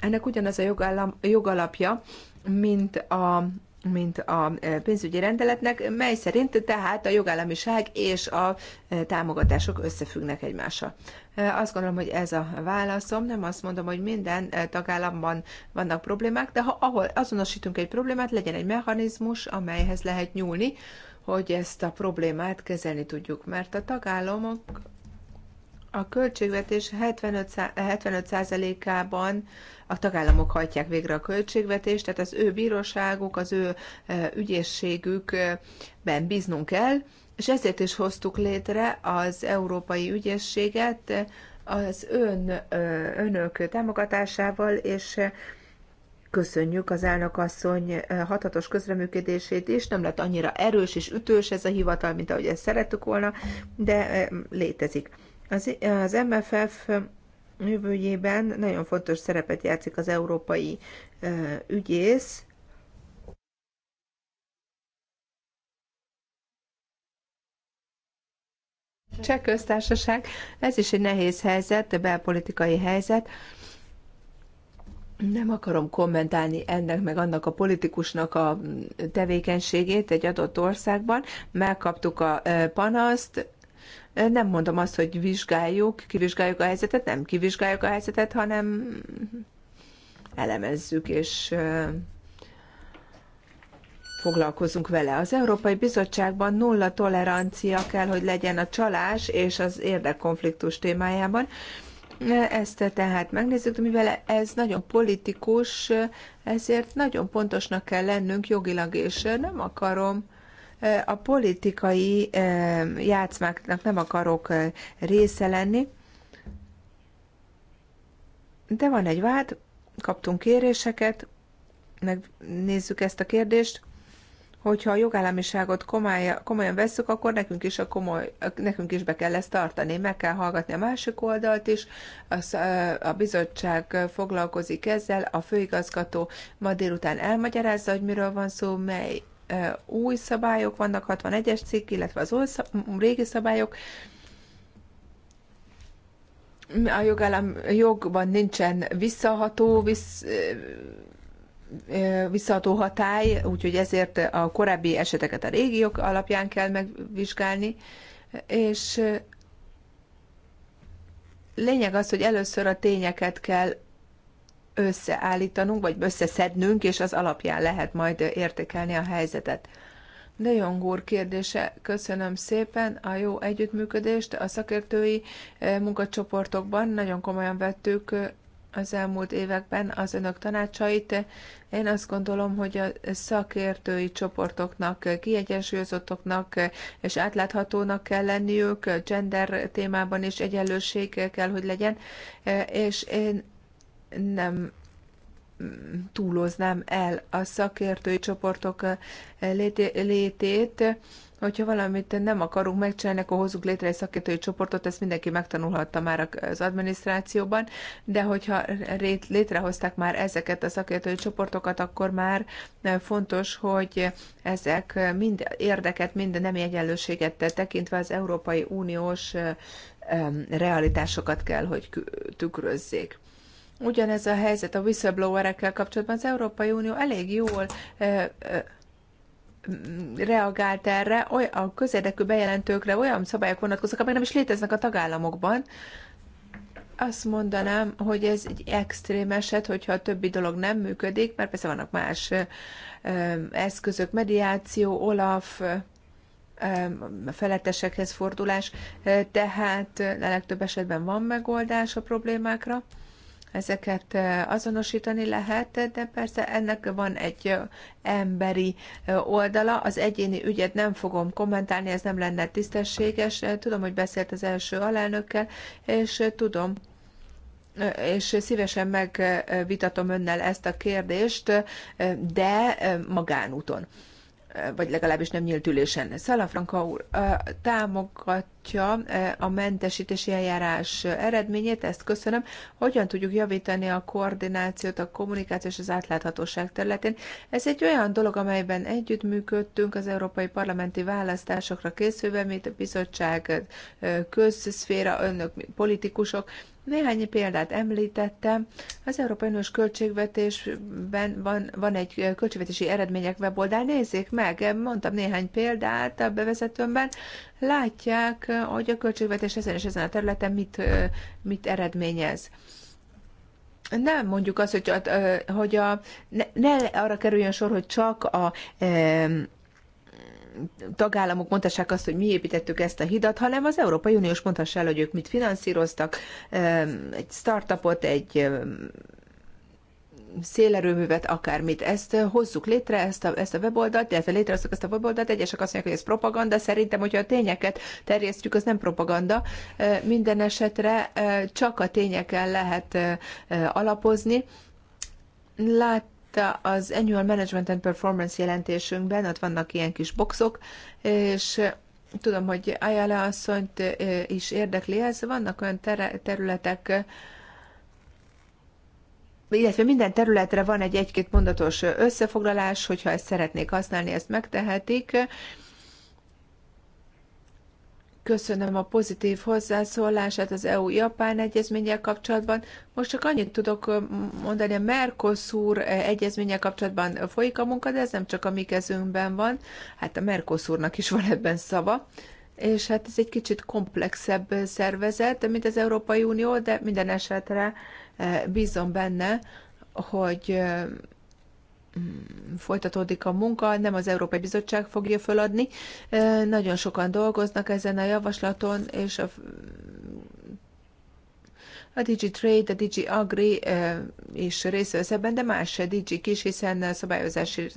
S1: ennek ugyanaz a jogállam, jogalapja, mint a mint a e, pénzügyi rendeletnek, mely szerint tehát a jogállamiság és a e, támogatások összefüggnek egymással. E, azt gondolom, hogy ez a válaszom. Nem azt mondom, hogy minden tagállamban vannak problémák, de ha ahol azonosítunk egy problémát, legyen egy mechanizmus, amelyhez lehet nyúlni, hogy ezt a problémát kezelni tudjuk, mert a tagállamok a költségvetés 75%-ában a tagállamok hajtják végre a költségvetést, tehát az ő bíróságuk, az ő e, ügyészségükben bíznunk kell, és ezért is hoztuk létre az Európai Ügyészséget az ön, e, önök támogatásával, és Köszönjük az elnökasszony e, hatatos közreműködését is, nem lett annyira erős és ütős ez a hivatal, mint ahogy ezt szerettük volna, de létezik. Az, az MFF jövőjében nagyon fontos szerepet játszik az európai ügyész, Cseh köztársaság, ez is egy nehéz helyzet, belpolitikai helyzet. Nem akarom kommentálni ennek meg annak a politikusnak a tevékenységét egy adott országban. Megkaptuk a panaszt, nem mondom azt, hogy vizsgáljuk, kivizsgáljuk a helyzetet, nem kivizsgáljuk a helyzetet, hanem elemezzük és foglalkozunk vele. Az Európai Bizottságban nulla tolerancia kell, hogy legyen a csalás és az érdekkonfliktus témájában. Ezt tehát megnézzük, mivel ez nagyon politikus, ezért nagyon pontosnak kell lennünk jogilag, és nem akarom a politikai játszmáknak nem akarok része lenni, de van egy vád, kaptunk kéréseket, megnézzük ezt a kérdést, hogyha a jogállamiságot komolyan veszük, akkor nekünk is, a komoly, nekünk is be kell ezt tartani, meg kell hallgatni a másik oldalt is, a, a bizottság foglalkozik ezzel, a főigazgató ma délután elmagyarázza, hogy miről van szó, mely új szabályok vannak, 61-es cikk, illetve az old szab- régi szabályok. A jogállam jogban nincsen visszaható, vissz, visszaható hatály, úgyhogy ezért a korábbi eseteket a régi jog alapján kell megvizsgálni, és lényeg az, hogy először a tényeket kell összeállítanunk, vagy összeszednünk, és az alapján lehet majd értékelni a helyzetet. De Jongúr kérdése, köszönöm szépen a jó együttműködést a szakértői e, munkacsoportokban. Nagyon komolyan vettük e, az elmúlt években az önök tanácsait. Én azt gondolom, hogy a szakértői csoportoknak, kiegyensúlyozottoknak e, és átláthatónak kell lenniük, gender témában is egyenlőség kell, hogy legyen, és én nem mm, túloznám el a szakértői csoportok eh, létét. Hogyha valamit nem akarunk megcsinálni, akkor hozzuk létre egy szakértői csoportot, ezt mindenki megtanulhatta már az adminisztrációban, de hogyha létrehozták már ezeket a szakértői csoportokat, akkor már eh, fontos, hogy ezek mind érdeket, mind nem egyenlőséget tekintve az Európai Uniós eh, realitásokat kell, hogy tükrözzék. Ugyanez a helyzet a whistleblowerekkel kapcsolatban. Az Európai Unió elég jól reagált erre, a közérdekű bejelentőkre olyan szabályok vonatkoznak, amelyek nem is léteznek a tagállamokban. Azt mondanám, hogy ez egy extrém eset, hogyha a többi dolog nem működik, mert persze vannak más eszközök, mediáció, Olaf, felettesekhez fordulás, tehát a legtöbb esetben van megoldás a problémákra ezeket azonosítani lehet, de persze ennek van egy emberi oldala. Az egyéni ügyet nem fogom kommentálni, ez nem lenne tisztességes. Tudom, hogy beszélt az első alelnökkel, és tudom, és szívesen megvitatom önnel ezt a kérdést, de magánúton vagy legalábbis nem nyílt ülésen. Szalafranka úr, támogat, javítja e, a mentesítési eljárás eredményét, ezt köszönöm. Hogyan tudjuk javítani a koordinációt, a kommunikáció és az átláthatóság területén? Ez egy olyan dolog, amelyben együttműködtünk az európai parlamenti választásokra készülve, mint a bizottság, e, közszféra, önök, politikusok, néhány példát említettem. Az Európai Uniós Költségvetésben van, van egy költségvetési eredmények weboldal, nézzék meg, mondtam néhány példát a bevezetőmben, látják, hogy a költségvetés ezen és ezen a területen mit, mit eredményez. Nem mondjuk azt, hogy, a, hogy a, ne, ne arra kerüljön sor, hogy csak a e, tagállamok mondhassák azt, hogy mi építettük ezt a hidat, hanem az Európai Uniós mondhassa el, hogy ők mit finanszíroztak, egy startupot, egy szélerőművet, akármit. Ezt eh, hozzuk létre, ezt a, ezt a weboldalt, a létre ezt a weboldalt, egyesek azt mondják, hogy ez propaganda, szerintem, hogyha a tényeket terjesztjük, az nem propaganda. Eh, minden esetre eh, csak a tényeken lehet alapozni. Lát de az Annual Management and Performance jelentésünkben, ott vannak ilyen kis boxok, és tudom, hogy Ayala asszonyt is érdekli ez, vannak olyan területek, illetve minden területre van egy egy-két mondatos összefoglalás, hogyha ezt szeretnék használni, ezt megtehetik. Köszönöm a pozitív hozzászólását az EU-Japán egyezménnyel kapcsolatban. Most csak annyit tudok mondani, a Mercosur egyezménnyel kapcsolatban folyik a munka, de ez nem csak a mi kezünkben van, hát a Mercosurnak is van ebben szava. És hát ez egy kicsit komplexebb szervezet, mint az Európai Unió, de minden esetre Bízom benne, hogy mm, folytatódik a munka, nem az Európai Bizottság fogja föladni. Nagyon sokan dolgoznak ezen a javaslaton, és a a trade, a Digi Agri is részt vesz ebben, de más se Digi is, hiszen szabályozási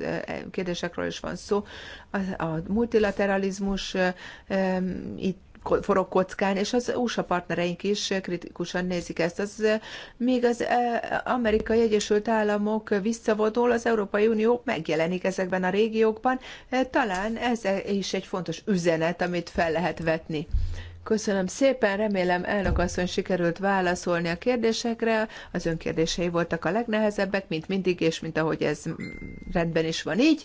S1: kérdésekről is van szó. A, a multilateralizmus itt forog kockán, és az USA partnereink is kritikusan nézik ezt. Az, eh, még az eh, amerikai Egyesült Államok visszavonul, az Európai Unió megjelenik ezekben a régiókban. Eh, talán ez is egy fontos üzenet, amit fel lehet vetni. Köszönöm szépen, remélem elnök asszony sikerült válaszolni a kérdésekre. Az ön kérdései voltak a legnehezebbek, mint mindig, és mint ahogy ez rendben is van így.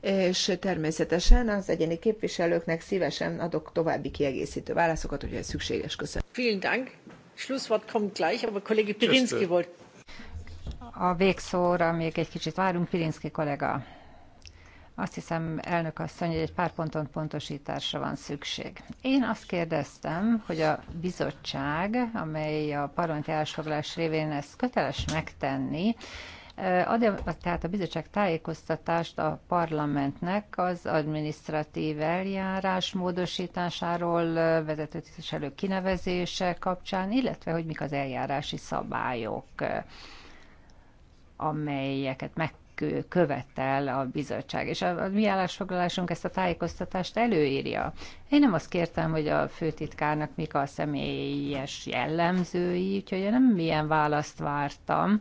S1: És természetesen az egyéni képviselőknek szívesen adok további kiegészítő válaszokat, hogyha ez szükséges. Köszönöm.
S2: Vielen Dank. Schlusswort kommt gleich, aber Kollege Pirinski volt. A végszóra még egy kicsit várunk, Pirinski kollega. Azt hiszem, elnök asszony, hogy egy pár ponton pontosításra van szükség. Én azt kérdeztem, hogy a bizottság, amely a parlamenti állásfoglalás révén ezt köteles megtenni, ad, tehát a bizottság tájékoztatást a parlamentnek az adminisztratív eljárás módosításáról, vezetőtisztviselő kinevezése kapcsán, illetve hogy mik az eljárási szabályok amelyeket meg követel a bizottság, és a, a mi állásfoglalásunk ezt a tájékoztatást előírja. Én nem azt kértem, hogy a főtitkárnak mik a személyes jellemzői, úgyhogy én nem milyen választ vártam,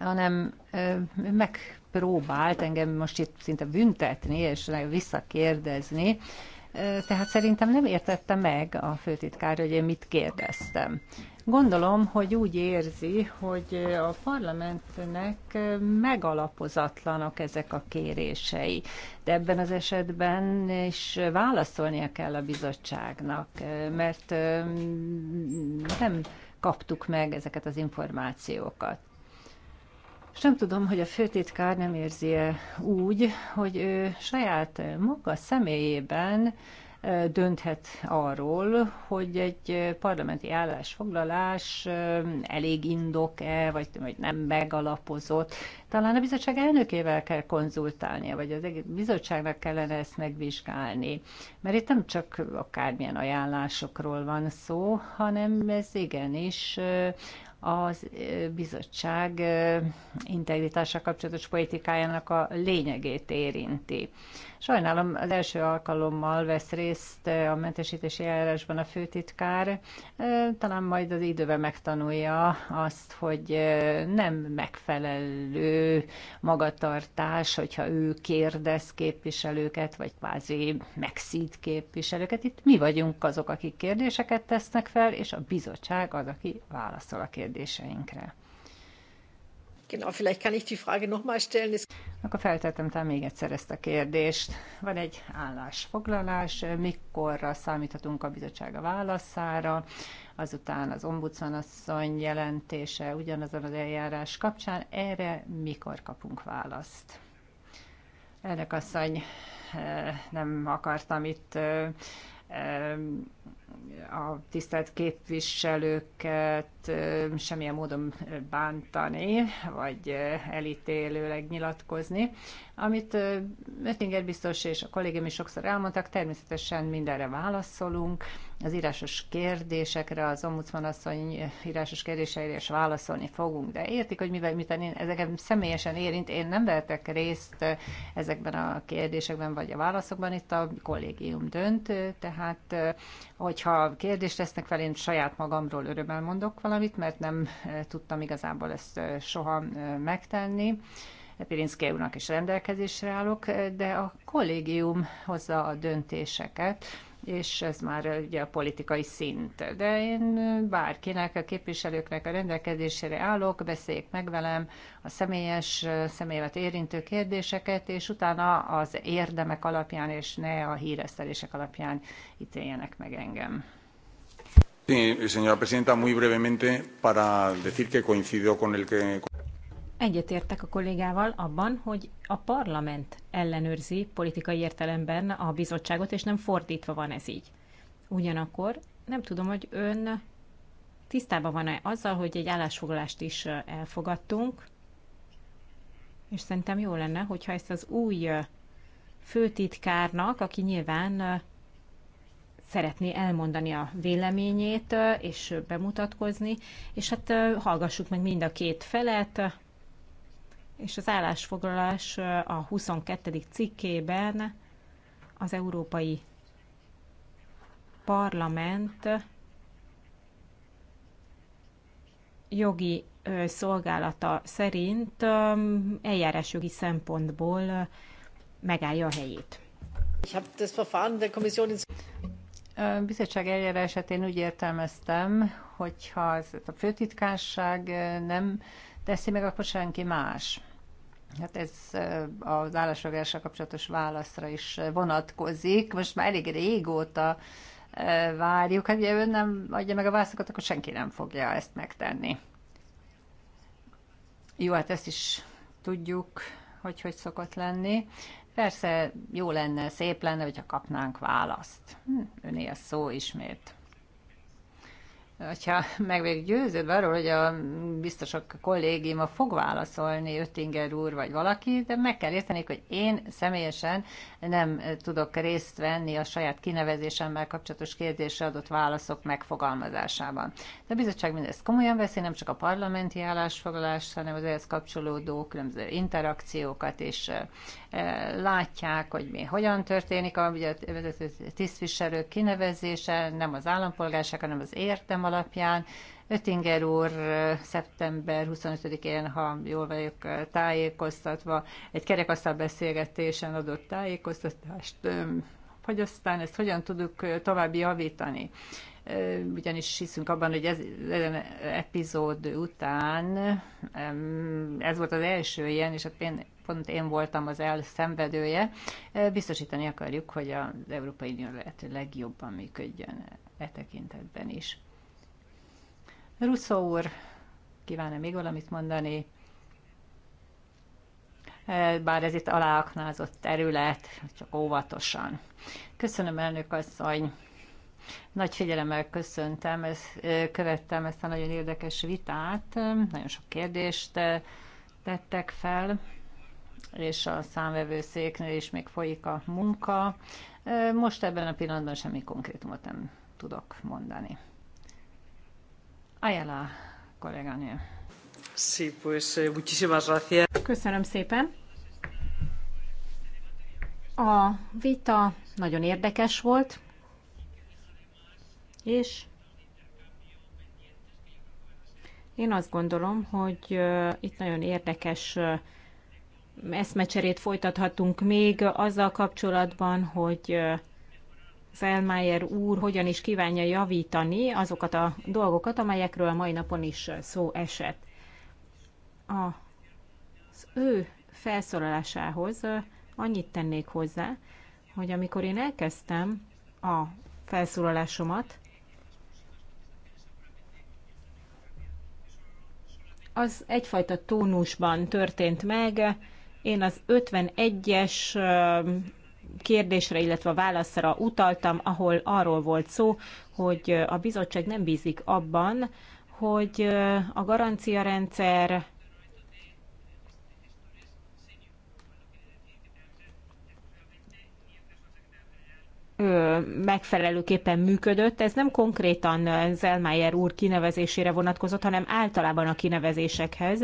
S2: hanem ö, megpróbált engem most itt szinte büntetni és visszakérdezni, tehát szerintem nem értette meg a főtitkár, hogy én mit kérdeztem. Gondolom, hogy úgy érzi, hogy a parlamentnek megalapozatlanak ezek a kérései, de ebben az esetben is válaszolnia kell a bizottságnak, mert nem kaptuk meg ezeket az információkat. És nem tudom, hogy a főtitkár nem érzi -e úgy, hogy ő saját maga személyében dönthet arról, hogy egy parlamenti állásfoglalás elég indok-e, vagy, vagy nem megalapozott. Talán a bizottság elnökével kell konzultálnia, vagy az egész bizottságnak kellene ezt megvizsgálni. Mert itt nem csak akármilyen ajánlásokról van szó, hanem ez igenis az bizottság integritása kapcsolatos politikájának a lényegét érinti. Sajnálom, az első alkalommal vesz részt a mentesítési eljárásban a főtitkár. Talán majd az idővel megtanulja azt, hogy nem megfelelő magatartás, hogyha ő kérdez képviselőket, vagy kvázi megszít képviselőket. Itt mi vagyunk azok, akik kérdéseket tesznek fel, és a bizottság az, aki válaszol a kérdéseinkre. Genau, vielleicht kann ich die Frage nochmal stellen. Akkor feltettem talán még egyszer ezt a kérdést. Van egy állásfoglalás, mikorra számíthatunk a bizottság a válaszára, azután az ombudsman asszony jelentése ugyanazon az eljárás kapcsán, erre mikor kapunk választ? Elnök asszony, eh, nem akartam itt eh, eh, a tisztelt képviselőket semmilyen módon bántani, vagy elítélőleg nyilatkozni. Amit Öttinger biztos és a kollégém is sokszor elmondtak, természetesen mindenre válaszolunk. Az írásos kérdésekre, az ombudsman asszony írásos kérdéseire is válaszolni fogunk, de értik, hogy mivel miután én ezeket személyesen érint, én nem vehetek részt ezekben a kérdésekben vagy a válaszokban, itt a kollégium dönt, tehát Hogyha kérdést tesznek fel, én saját magamról örömmel mondok valamit, mert nem e, tudtam igazából ezt e, soha e, megtenni. Pirinszke úrnak is rendelkezésre állok, de a kollégium hozza a döntéseket, és ez már eh, ugye a politikai szint. De én eh, bárkinek, a képviselőknek a rendelkezésére állok, beszéljék meg velem a személyes, eh, személyvet érintő kérdéseket, és utána az érdemek alapján, és ne a híresztelések alapján ítéljenek meg engem. Sí, señora presidenta, muy brevemente para decir que coincido con
S3: el que. Egyetértek a kollégával abban, hogy a parlament ellenőrzi politikai értelemben a bizottságot, és nem fordítva van ez így. Ugyanakkor nem tudom, hogy ön tisztában van-e azzal, hogy egy állásfoglalást is elfogadtunk, és szerintem jó lenne, hogyha ezt az új főtitkárnak, aki nyilván szeretné elmondani a véleményét és bemutatkozni, és hát hallgassuk meg mind a két felet, és az állásfoglalás a 22. cikkében az Európai Parlament jogi szolgálata szerint eljárásjogi szempontból megállja a helyét. bizottság
S2: eljárását én úgy értelmeztem, hogyha a főtitkárság nem teszi meg, akkor senki más. Hát ez az állásfoglalással kapcsolatos válaszra is vonatkozik. Most már elég régóta várjuk. Hát ugye ön nem adja meg a válaszokat, akkor senki nem fogja ezt megtenni. Jó, hát ezt is tudjuk, hogy hogy szokott lenni. Persze jó lenne, szép lenne, hogyha kapnánk választ. Hm, öné a szó ismét hogyha *laughs* meg vagyok győződve arról, hogy a biztosok a fog válaszolni Öttinger úr vagy valaki, de meg kell érteni, hogy én személyesen nem tudok részt venni a saját kinevezésemmel kapcsolatos kérdésre adott válaszok megfogalmazásában. De a bizottság mindezt komolyan veszi, nem csak a parlamenti állásfoglalást, hanem az ehhez kapcsolódó különböző interakciókat és E, látják, hogy mi hogyan történik, a, ugye, a tisztviselők kinevezése nem az állampolgárság, hanem az értem alapján. Öttinger úr e, szeptember 25-én, ha jól vagyok e, tájékoztatva, egy kerekasztal beszélgetésen adott tájékoztatást, hogy aztán ezt hogyan tudjuk tovább javítani ugyanis hiszünk abban, hogy ez, ezen epizód után ez volt az első ilyen, és hát én, pont én voltam az elszenvedője. Biztosítani akarjuk, hogy az Európai Unió lehető legjobban működjön e tekintetben is. Russzó úr, kíván-e még valamit mondani? Bár ez itt aláaknázott terület, csak óvatosan. Köszönöm, elnök asszony! Nagy figyelemmel köszöntem, ez, követtem ezt a nagyon érdekes vitát, nagyon sok kérdést tettek fel, és a számvevőszéknél is még folyik a munka. Most ebben a pillanatban semmi konkrétumot nem tudok mondani. Ajala, kolléganő. Sí, pues, eh, muchísimas gracias.
S3: Köszönöm szépen. A vita nagyon érdekes volt. És én azt gondolom, hogy itt nagyon érdekes eszmecserét folytathatunk még azzal kapcsolatban, hogy Felmeyer úr hogyan is kívánja javítani azokat a dolgokat, amelyekről a mai napon is szó esett. A, az ő felszólalásához annyit tennék hozzá, hogy amikor én elkezdtem a felszólalásomat, az egyfajta tónusban történt meg. Én az 51-es kérdésre, illetve a válaszra utaltam, ahol arról volt szó, hogy a bizottság nem bízik abban, hogy a garanciarendszer ö, megfelelőképpen működött. Ez nem konkrétan Zelmayer úr kinevezésére vonatkozott, hanem általában a kinevezésekhez.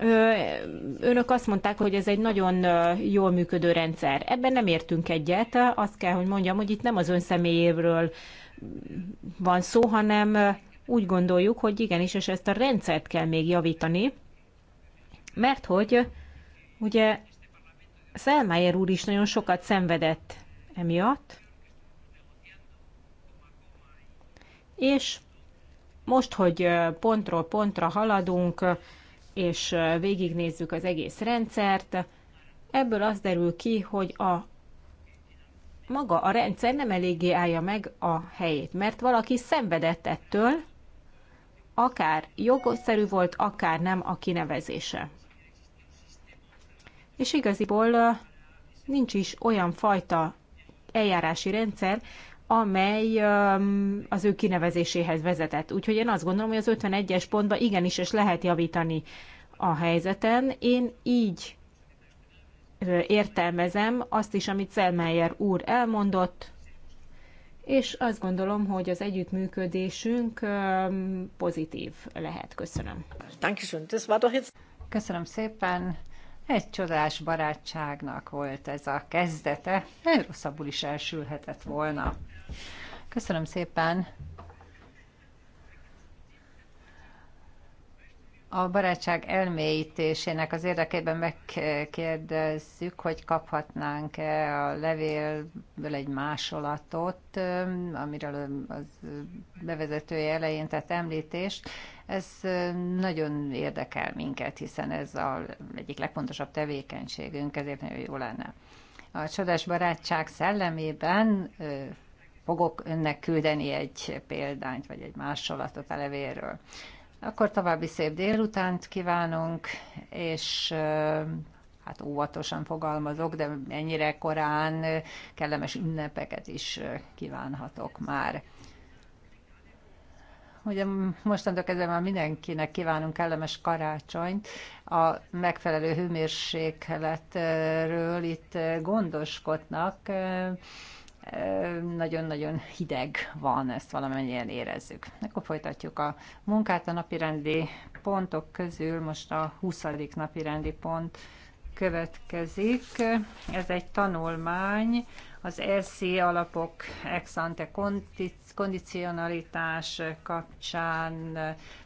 S3: Ö, önök azt mondták, hogy ez egy nagyon jól működő rendszer. Ebben nem értünk egyet. Azt kell, hogy mondjam, hogy itt nem az ön személyéről van szó, hanem úgy gondoljuk, hogy igenis, és ezt a rendszert kell még javítani, mert hogy ugye Szelmájer úr is nagyon sokat szenvedett emiatt. És most, hogy pontról pontra haladunk, és végignézzük az egész rendszert, ebből az derül ki, hogy a maga a rendszer nem eléggé állja meg a helyét, mert valaki szenvedett ettől, akár jogszerű volt, akár nem a kinevezése. És igaziból nincs is olyan fajta eljárási rendszer, amely az ő kinevezéséhez vezetett. Úgyhogy én azt gondolom, hogy az 51-es pontban igenis és lehet javítani a helyzeten. Én így értelmezem azt is, amit Szelmeyer úr elmondott, és azt gondolom, hogy az együttműködésünk pozitív lehet. Köszönöm.
S2: Köszönöm szépen. Egy csodás barátságnak volt ez a kezdete, el rosszabbul is elsülhetett volna. Köszönöm szépen! A barátság elmélyítésének az érdekében megkérdezzük, hogy kaphatnánk-e a levélből egy másolatot, amiről az bevezetője elején tett említést. Ez nagyon érdekel minket, hiszen ez a egyik legfontosabb tevékenységünk, ezért nagyon jó lenne. A csodás barátság szellemében fogok önnek küldeni egy példányt, vagy egy másolatot a levéről. Akkor további szép délutánt kívánunk, és hát óvatosan fogalmazok, de ennyire korán kellemes ünnepeket is kívánhatok már. Ugye mostantól kezdve már mindenkinek kívánunk kellemes karácsonyt, a megfelelő hőmérsékletről itt gondoskodnak, nagyon-nagyon hideg van, ezt valamennyien érezzük. Akkor folytatjuk a munkát a napirendi pontok közül, most a 20. napirendi pont következik. Ez egy tanulmány, az ESZI alapok ex ante kondicionalitás kapcsán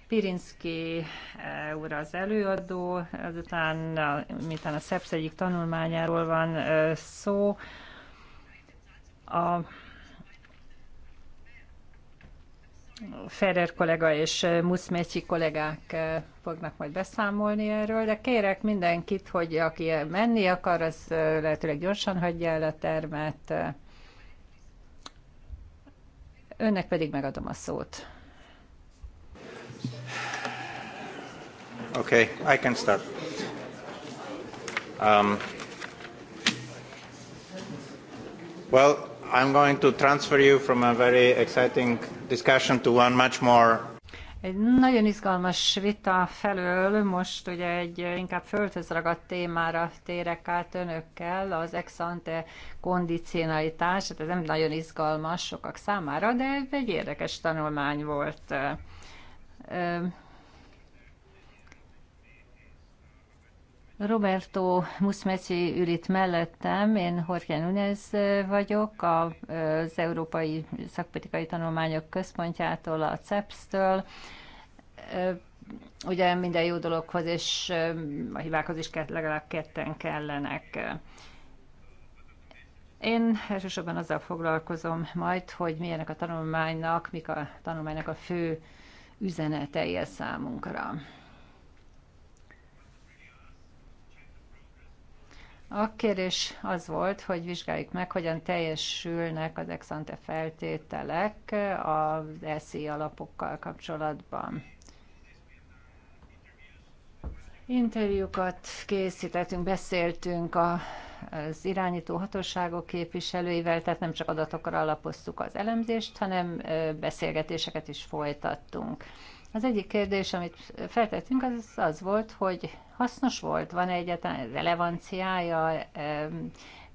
S2: Pirinszki eh, úr az előadó, azután, miután a SZEPSZ egyik tanulmányáról van eh, szó, a Ferrer kollega és Muszmecsi kollégák eh, fognak majd beszámolni erről, de kérek mindenkit, hogy aki menni akar, az lehetőleg gyorsan hagyja el a termet. Önnek pedig megadom a szót. Okay, I can start. Um, well, I'm going to transfer you from a very exciting discussion to one much more egy nagyon izgalmas vita felől most ugye egy inkább földhöz ragadt témára térek át önökkel, az ex ante kondicionalitás, hát ez nem nagyon izgalmas sokak számára, de egy érdekes tanulmány volt Roberto Muszmeci ül itt mellettem, én Jorge Nunez vagyok, az Európai Szakpolitikai Tanulmányok Központjától, a CEPS-től. Ugye minden jó dologhoz és a hibákhoz is legalább ketten kellenek. Én elsősorban azzal foglalkozom majd, hogy milyenek a tanulmánynak, mik a tanulmánynak a fő üzenetei a számunkra. A kérés az volt, hogy vizsgáljuk meg, hogyan teljesülnek az exante feltételek az ESZI alapokkal kapcsolatban. Interjúkat készítettünk, beszéltünk a, az irányító hatóságok képviselőivel, tehát nem csak adatokra alapoztuk az elemzést, hanem beszélgetéseket is folytattunk. Az egyik kérdés, amit feltettünk, az az volt, hogy hasznos volt, van -e egyáltalán relevanciája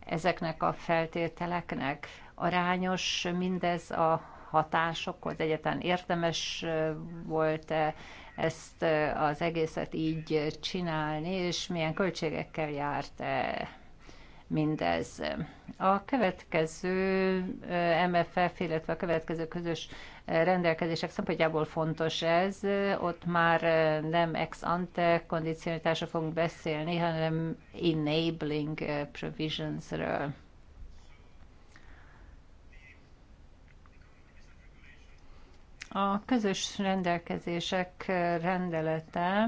S2: ezeknek a feltételeknek, arányos mindez a hatásokhoz, egyáltalán érdemes volt-e ezt az egészet így csinálni, és milyen költségekkel járt -e mindez. A következő MFF, illetve a következő közös rendelkezések szempontjából fontos ez. Ott már nem ex ante kondicionitásra fogunk beszélni, hanem enabling provisionsről. A közös rendelkezések rendelete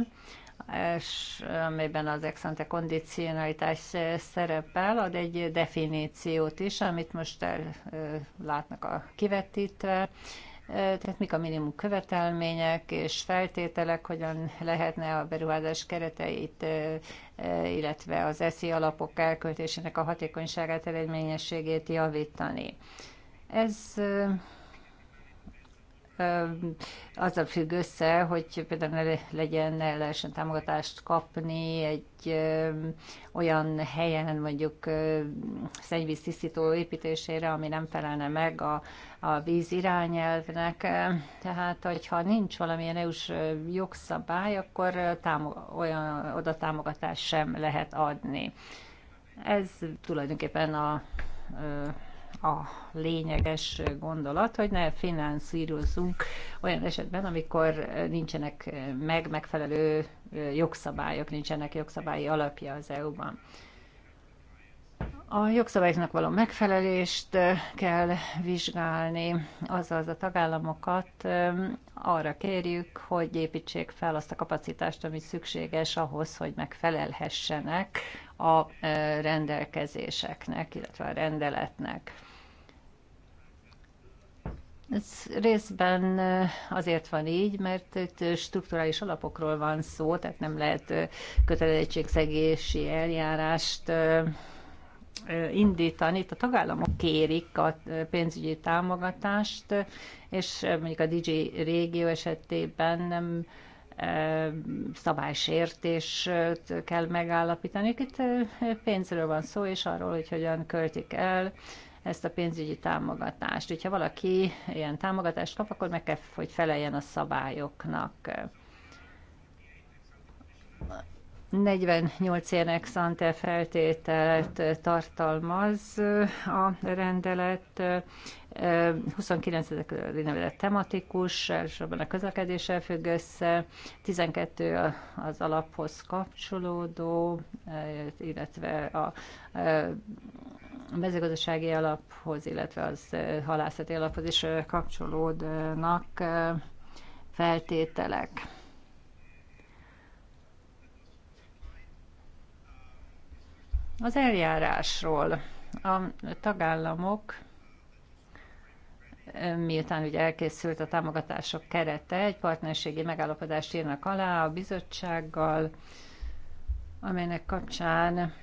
S2: és amiben az exante kondicionalitás szerepel, ad egy definíciót is, amit most el, látnak a kivetítve, tehát mik a minimum követelmények és feltételek, hogyan lehetne a beruházás kereteit, illetve az eszi alapok elköltésének a hatékonyságát, eredményességét javítani. Ez azzal függ össze, hogy például ne legyen, ne lehessen támogatást kapni egy olyan helyen, mondjuk szennyvíz tisztító építésére, ami nem felelne meg a, a víz irányelvnek. Tehát, hogyha nincs valamilyen EU-s jogszabály, akkor támog, olyan oda támogatást sem lehet adni. Ez tulajdonképpen a a lényeges gondolat, hogy ne finanszírozzunk olyan esetben, amikor nincsenek meg megfelelő jogszabályok, nincsenek jogszabályi alapja az EU-ban. A jogszabályoknak való megfelelést kell vizsgálni, azaz a tagállamokat arra kérjük, hogy építsék fel azt a kapacitást, ami szükséges ahhoz, hogy megfelelhessenek a rendelkezéseknek, illetve a rendeletnek. Ez részben azért van így, mert itt strukturális alapokról van szó, tehát nem lehet kötelezettségszegési eljárást indítani, itt a tagállamok kérik a pénzügyi támogatást, és mondjuk a DJ régió esetében nem szabálysértést kell megállapítani. Itt pénzről van szó, és arról, hogy hogyan költik el ezt a pénzügyi támogatást. Hogyha valaki ilyen támogatást kap, akkor meg kell, hogy feleljen a szabályoknak 48 ének szante feltételt tartalmaz a rendelet, 29 ezek úgynevezett tematikus, elsősorban a közlekedéssel függ össze, 12 az alaphoz kapcsolódó, illetve a mezőgazdasági alaphoz, illetve az halászati alaphoz is kapcsolódnak feltételek. Az eljárásról a tagállamok miután ugye elkészült a támogatások kerete, egy partnerségi megállapodást írnak alá a bizottsággal, amelynek kapcsán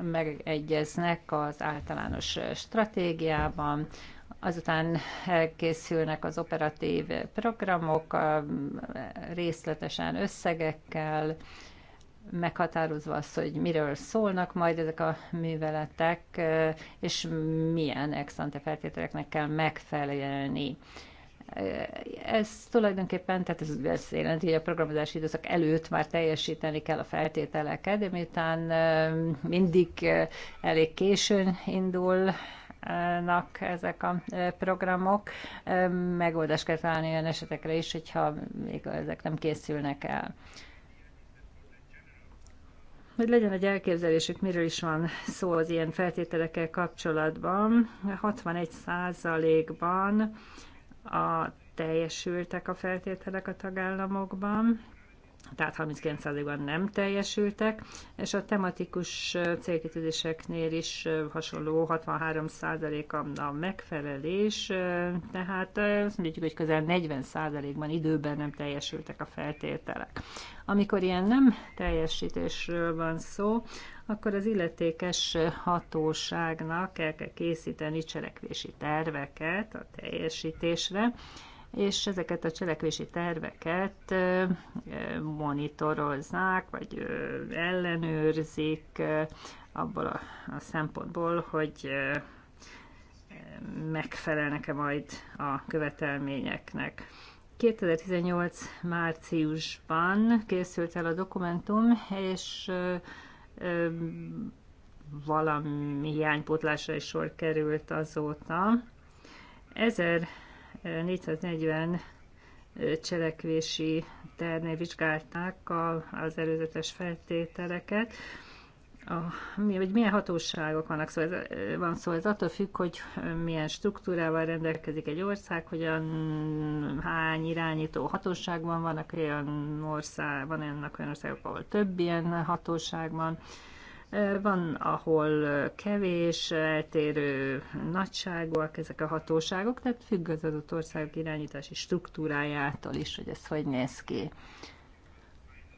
S2: megegyeznek az általános stratégiában, azután elkészülnek az operatív programok részletesen összegekkel, meghatározva azt, hogy miről szólnak majd ezek a műveletek, eh, és milyen exante feltételeknek kell megfelelni. Eh, ez tulajdonképpen, tehát ez azt jelenti, hogy a programozási időszak előtt már teljesíteni kell a feltételeket, de miután eh, mindig elég későn indul nak ezek a programok. Megoldást kell találni olyan esetekre is, hogyha még ezek nem készülnek el hogy legyen egy elképzelésük, miről is van szó az ilyen feltételekkel kapcsolatban. 61%-ban a teljesültek a feltételek a tagállamokban, tehát 39%-ban nem teljesültek, és a tematikus célkitűzéseknél is hasonló 63% a megfelelés, tehát azt mondjuk, hogy közel 40%-ban időben nem teljesültek a feltételek. Amikor ilyen nem teljesítésről van szó, akkor az illetékes hatóságnak el kell készíteni cselekvési terveket a teljesítésre, és ezeket a cselekvési terveket monitorozzák, vagy ellenőrzik abból a, a szempontból, hogy megfelelnek-e majd a követelményeknek. 2018 márciusban készült el a dokumentum, és valami hiánypótlásra is sor került azóta. 1000 440 cselekvési tervnél vizsgálták a, az előzetes feltételeket, a, mi, milyen hatóságok vannak, szóval ez, van szó, ez attól függ, hogy milyen struktúrával rendelkezik egy ország, hogyan hány irányító hatóságban vannak, olyan ország, van ennek olyan országok, ahol több ilyen hatóság van, van, ahol kevés, eltérő nagyságúak ezek a hatóságok, tehát függ az adott országok irányítási struktúrájától is, hogy ez hogy néz ki.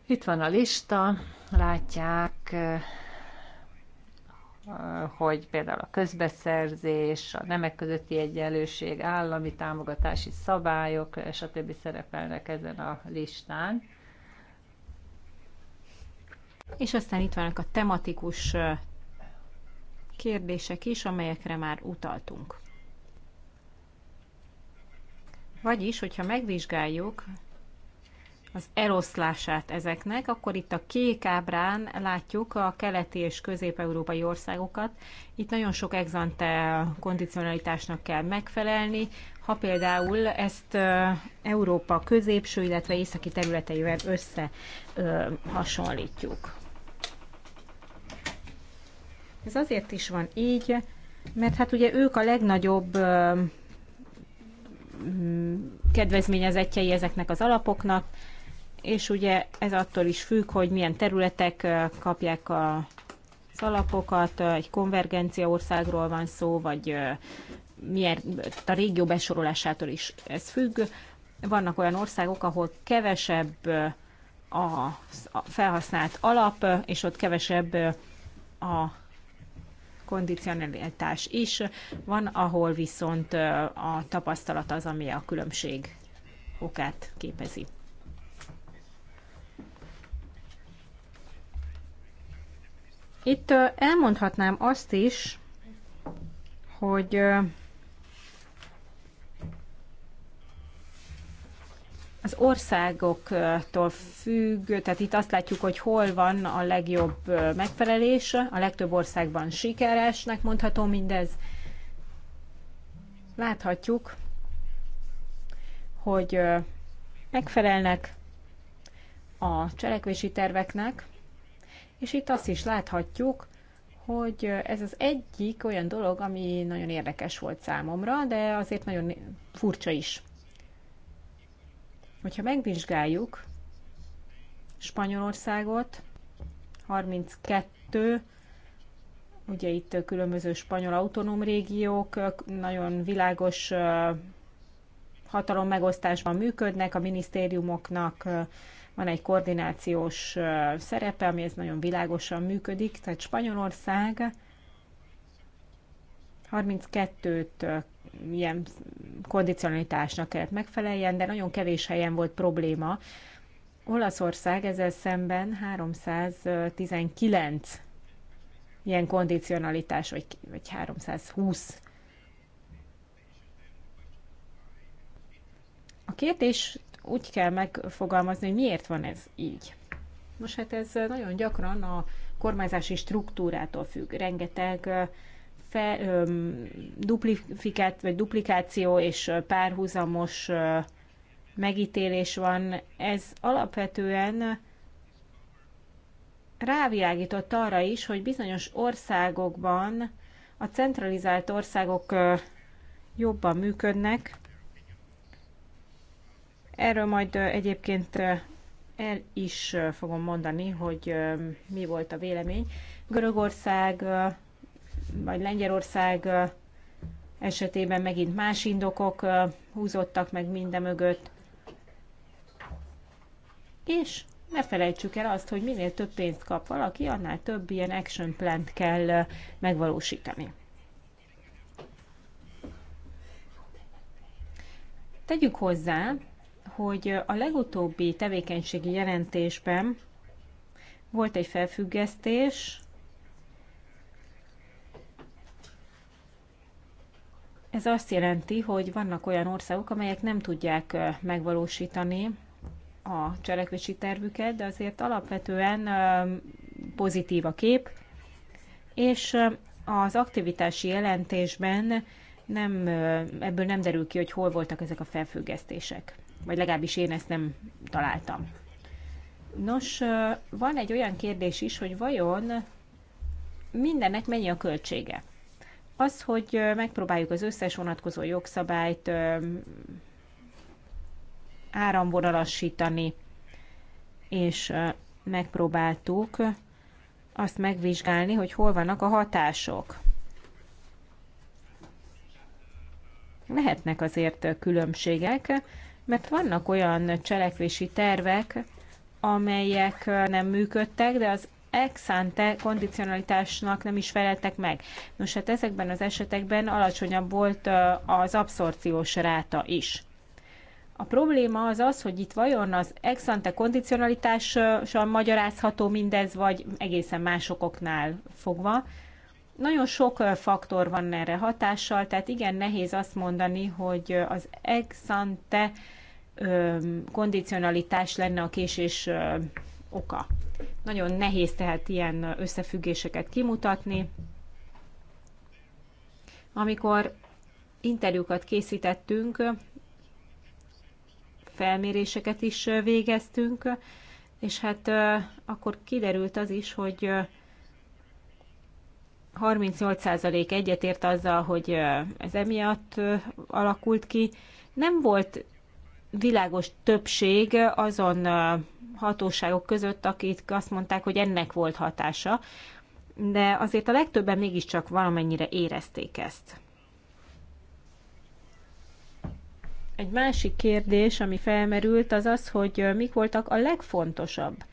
S2: Itt van a lista, látják, hogy például a közbeszerzés, a nemek közötti egyenlőség, állami támogatási szabályok, stb. szerepelnek ezen a listán.
S3: És aztán itt vannak a tematikus kérdések is, amelyekre már utaltunk. Vagyis, hogyha megvizsgáljuk az eloszlását ezeknek, akkor itt a kék ábrán látjuk a keleti és közép-európai országokat. Itt nagyon sok exante kondicionalitásnak kell megfelelni. Ha például ezt Európa középső, illetve északi területeivel összehasonlítjuk. Ez azért is van így, mert hát ugye ők a legnagyobb kedvezményezettjei ezeknek az alapoknak, és ugye ez attól is függ, hogy milyen területek kapják a alapokat, egy konvergencia országról van szó, vagy milyen, a régió besorolásától is ez függ. Vannak olyan országok, ahol kevesebb a felhasznált alap, és ott kevesebb a kondicionalitás is, van, ahol viszont a tapasztalat az, ami a különbség okát képezi. Itt elmondhatnám azt is, hogy az országoktól függ, tehát itt azt látjuk, hogy hol van a legjobb megfelelés, a legtöbb országban sikeresnek mondható mindez. Láthatjuk, hogy megfelelnek a cselekvési terveknek, és itt azt is láthatjuk, hogy ez az egyik olyan dolog, ami nagyon érdekes volt számomra, de azért nagyon furcsa is. Hogyha megvizsgáljuk Spanyolországot, 32, ugye itt különböző spanyol autonóm régiók, nagyon világos hatalommegosztásban megosztásban működnek, a minisztériumoknak van egy koordinációs szerepe, ami ez nagyon világosan működik, tehát Spanyolország 32-t ilyen kondicionalitásnak kellett megfeleljen, de nagyon kevés helyen volt probléma. Olaszország ezzel szemben 319 ilyen kondicionalitás, vagy, vagy 320. A kérdés úgy kell megfogalmazni, hogy miért van ez így. Most hát ez nagyon gyakran a kormányzási struktúrától függ. Rengeteg uh, fe, ö, duplifikát, vagy duplikáció és párhuzamos ö, megítélés van. Ez alapvetően rávilágított arra is, hogy bizonyos országokban a centralizált országok ö, jobban működnek. Erről majd ö, egyébként ö, el is fogom mondani, hogy mi volt a vélemény. Görögország vagy Lengyelország esetében megint más indokok húzottak meg minden mögött. És ne felejtsük el azt, hogy minél több pénzt kap valaki, annál több ilyen action plant kell megvalósítani. Tegyük hozzá, hogy a legutóbbi tevékenységi jelentésben volt egy felfüggesztés, Ez azt jelenti, hogy vannak olyan országok, amelyek nem tudják megvalósítani a cselekvési tervüket, de azért alapvetően pozitív a kép, és az aktivitási jelentésben nem, ebből nem derül ki, hogy hol voltak ezek a felfüggesztések. Vagy legalábbis én ezt nem találtam. Nos, van egy olyan kérdés is, hogy vajon mindennek mennyi a költsége? az, hogy megpróbáljuk az összes vonatkozó jogszabályt áramvonalasítani, és megpróbáltuk azt megvizsgálni, hogy hol vannak a hatások. Lehetnek azért különbségek, mert vannak olyan cselekvési tervek, amelyek nem működtek, de az ex-ante kondicionalitásnak nem is feleltek meg. Nos, hát ezekben az esetekben alacsonyabb volt az abszorciós ráta is. A probléma az az, hogy itt vajon az ex-ante kondicionalitással magyarázható mindez, vagy egészen másokoknál fogva. Nagyon sok faktor van erre hatással, tehát igen nehéz azt mondani, hogy az ex-ante kondicionalitás lenne a késés oka. Nagyon nehéz tehát ilyen összefüggéseket kimutatni. Amikor interjúkat készítettünk, felméréseket is végeztünk, és hát akkor kiderült az is, hogy 38% egyetért azzal, hogy ez emiatt alakult ki. Nem volt világos többség azon hatóságok között, akik azt mondták, hogy ennek volt hatása, de azért a legtöbben mégiscsak valamennyire érezték ezt. Egy másik kérdés, ami felmerült, az az, hogy mik voltak a legfontosabb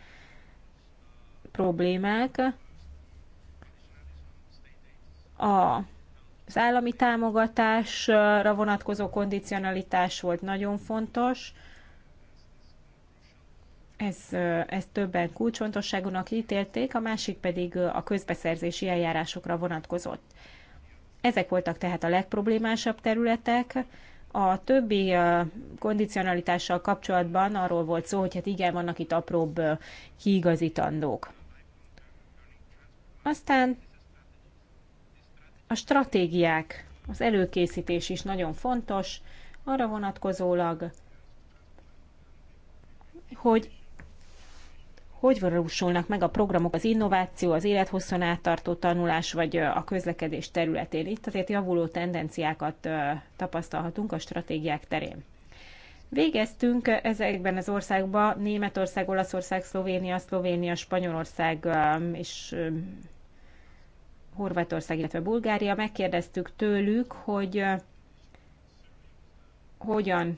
S3: problémák a az állami támogatásra vonatkozó kondicionalitás volt nagyon fontos. Ez, ez többen kulcsfontosságúnak ítélték, a másik pedig a közbeszerzési eljárásokra vonatkozott. Ezek voltak tehát a legproblémásabb területek. A többi kondicionalitással kapcsolatban arról volt szó, hogy hát igen, vannak itt apróbb kiigazítandók. Aztán a stratégiák, az előkészítés is nagyon fontos, arra vonatkozólag, hogy hogy valósulnak meg a programok, az innováció, az élethosszon áttartó tanulás, vagy a közlekedés területén. Itt azért javuló tendenciákat tapasztalhatunk a stratégiák terén. Végeztünk ezekben az országban Németország, Olaszország, Szlovénia, Szlovénia, Spanyolország és Horvátország, illetve Bulgária, megkérdeztük tőlük, hogy hogyan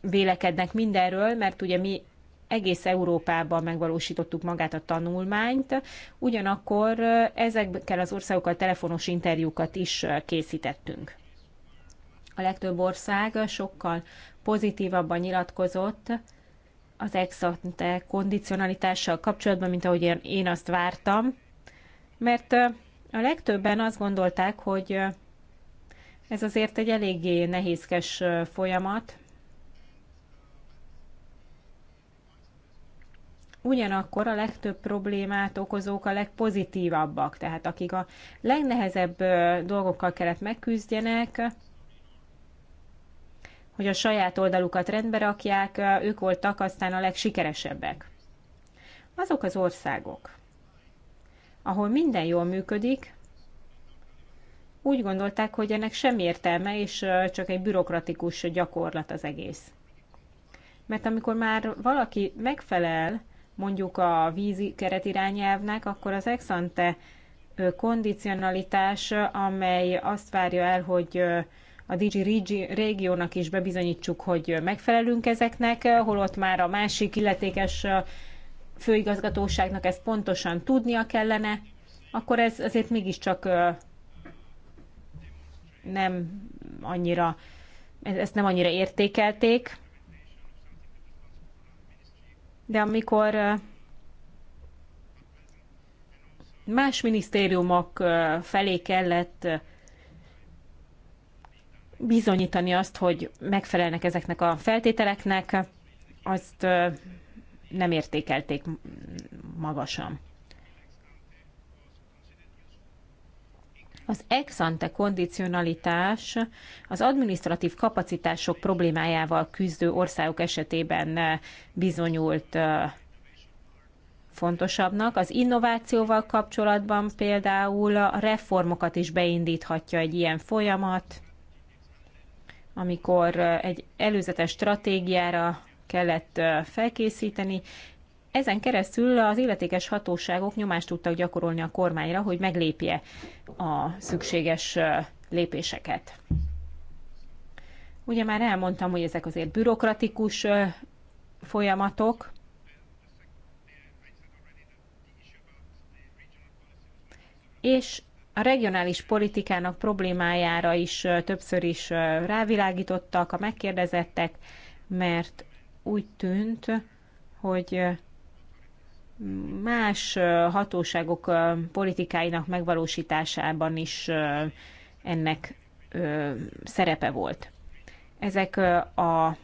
S3: vélekednek mindenről, mert ugye mi egész Európában megvalósítottuk magát a tanulmányt, ugyanakkor ezekkel az országokkal telefonos interjúkat is készítettünk. A legtöbb ország sokkal pozitívabban nyilatkozott az ex kondicionalitással kapcsolatban, mint ahogy én azt vártam, mert a legtöbben azt gondolták, hogy ez azért egy eléggé nehézkes folyamat. Ugyanakkor a legtöbb problémát okozók a legpozitívabbak, tehát akik a legnehezebb dolgokkal kellett megküzdjenek, hogy a saját oldalukat rendbe rakják, ők voltak aztán a legsikeresebbek. Azok az országok, ahol minden jól működik, úgy gondolták, hogy ennek sem értelme, és csak egy bürokratikus gyakorlat az egész. Mert amikor már valaki megfelel mondjuk a vízi keretirányelvnek, akkor az exante kondicionalitás, amely azt várja el, hogy a Digi régiónak is bebizonyítsuk, hogy megfelelünk ezeknek, holott már a másik illetékes főigazgatóságnak ezt pontosan tudnia kellene, akkor ez azért mégiscsak nem annyira, ezt nem annyira értékelték. De amikor más minisztériumok felé kellett bizonyítani azt, hogy megfelelnek ezeknek a feltételeknek, azt nem értékelték magasan. Az ex ante kondicionalitás az administratív kapacitások problémájával küzdő országok esetében eh, bizonyult eh, fontosabbnak. Az innovációval kapcsolatban például a reformokat is beindíthatja egy ilyen folyamat, amikor eh, egy előzetes stratégiára kellett felkészíteni. Ezen keresztül az illetékes hatóságok nyomást tudtak gyakorolni a kormányra, hogy meglépje a szükséges lépéseket. Ugye már elmondtam, hogy ezek azért bürokratikus folyamatok, és a regionális politikának problémájára is többször is rávilágítottak a megkérdezettek, mert úgy tűnt, hogy más hatóságok politikáinak megvalósításában is ennek szerepe volt. Ezek a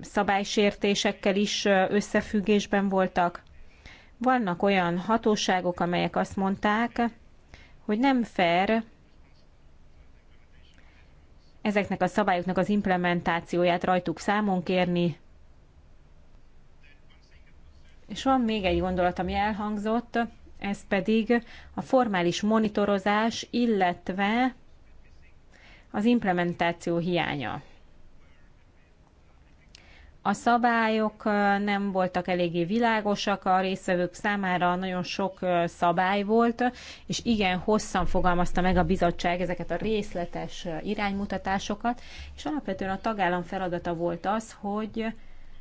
S3: szabálysértésekkel is összefüggésben voltak. Vannak olyan hatóságok, amelyek azt mondták, hogy nem fair ezeknek a szabályoknak az implementációját rajtuk számon kérni. És van még egy gondolat, ami elhangzott, ez pedig a formális monitorozás, illetve az implementáció hiánya a szabályok nem voltak eléggé világosak, a részvevők számára nagyon sok szabály volt, és igen, hosszan fogalmazta meg a bizottság ezeket a részletes iránymutatásokat, és alapvetően a tagállam feladata volt az, hogy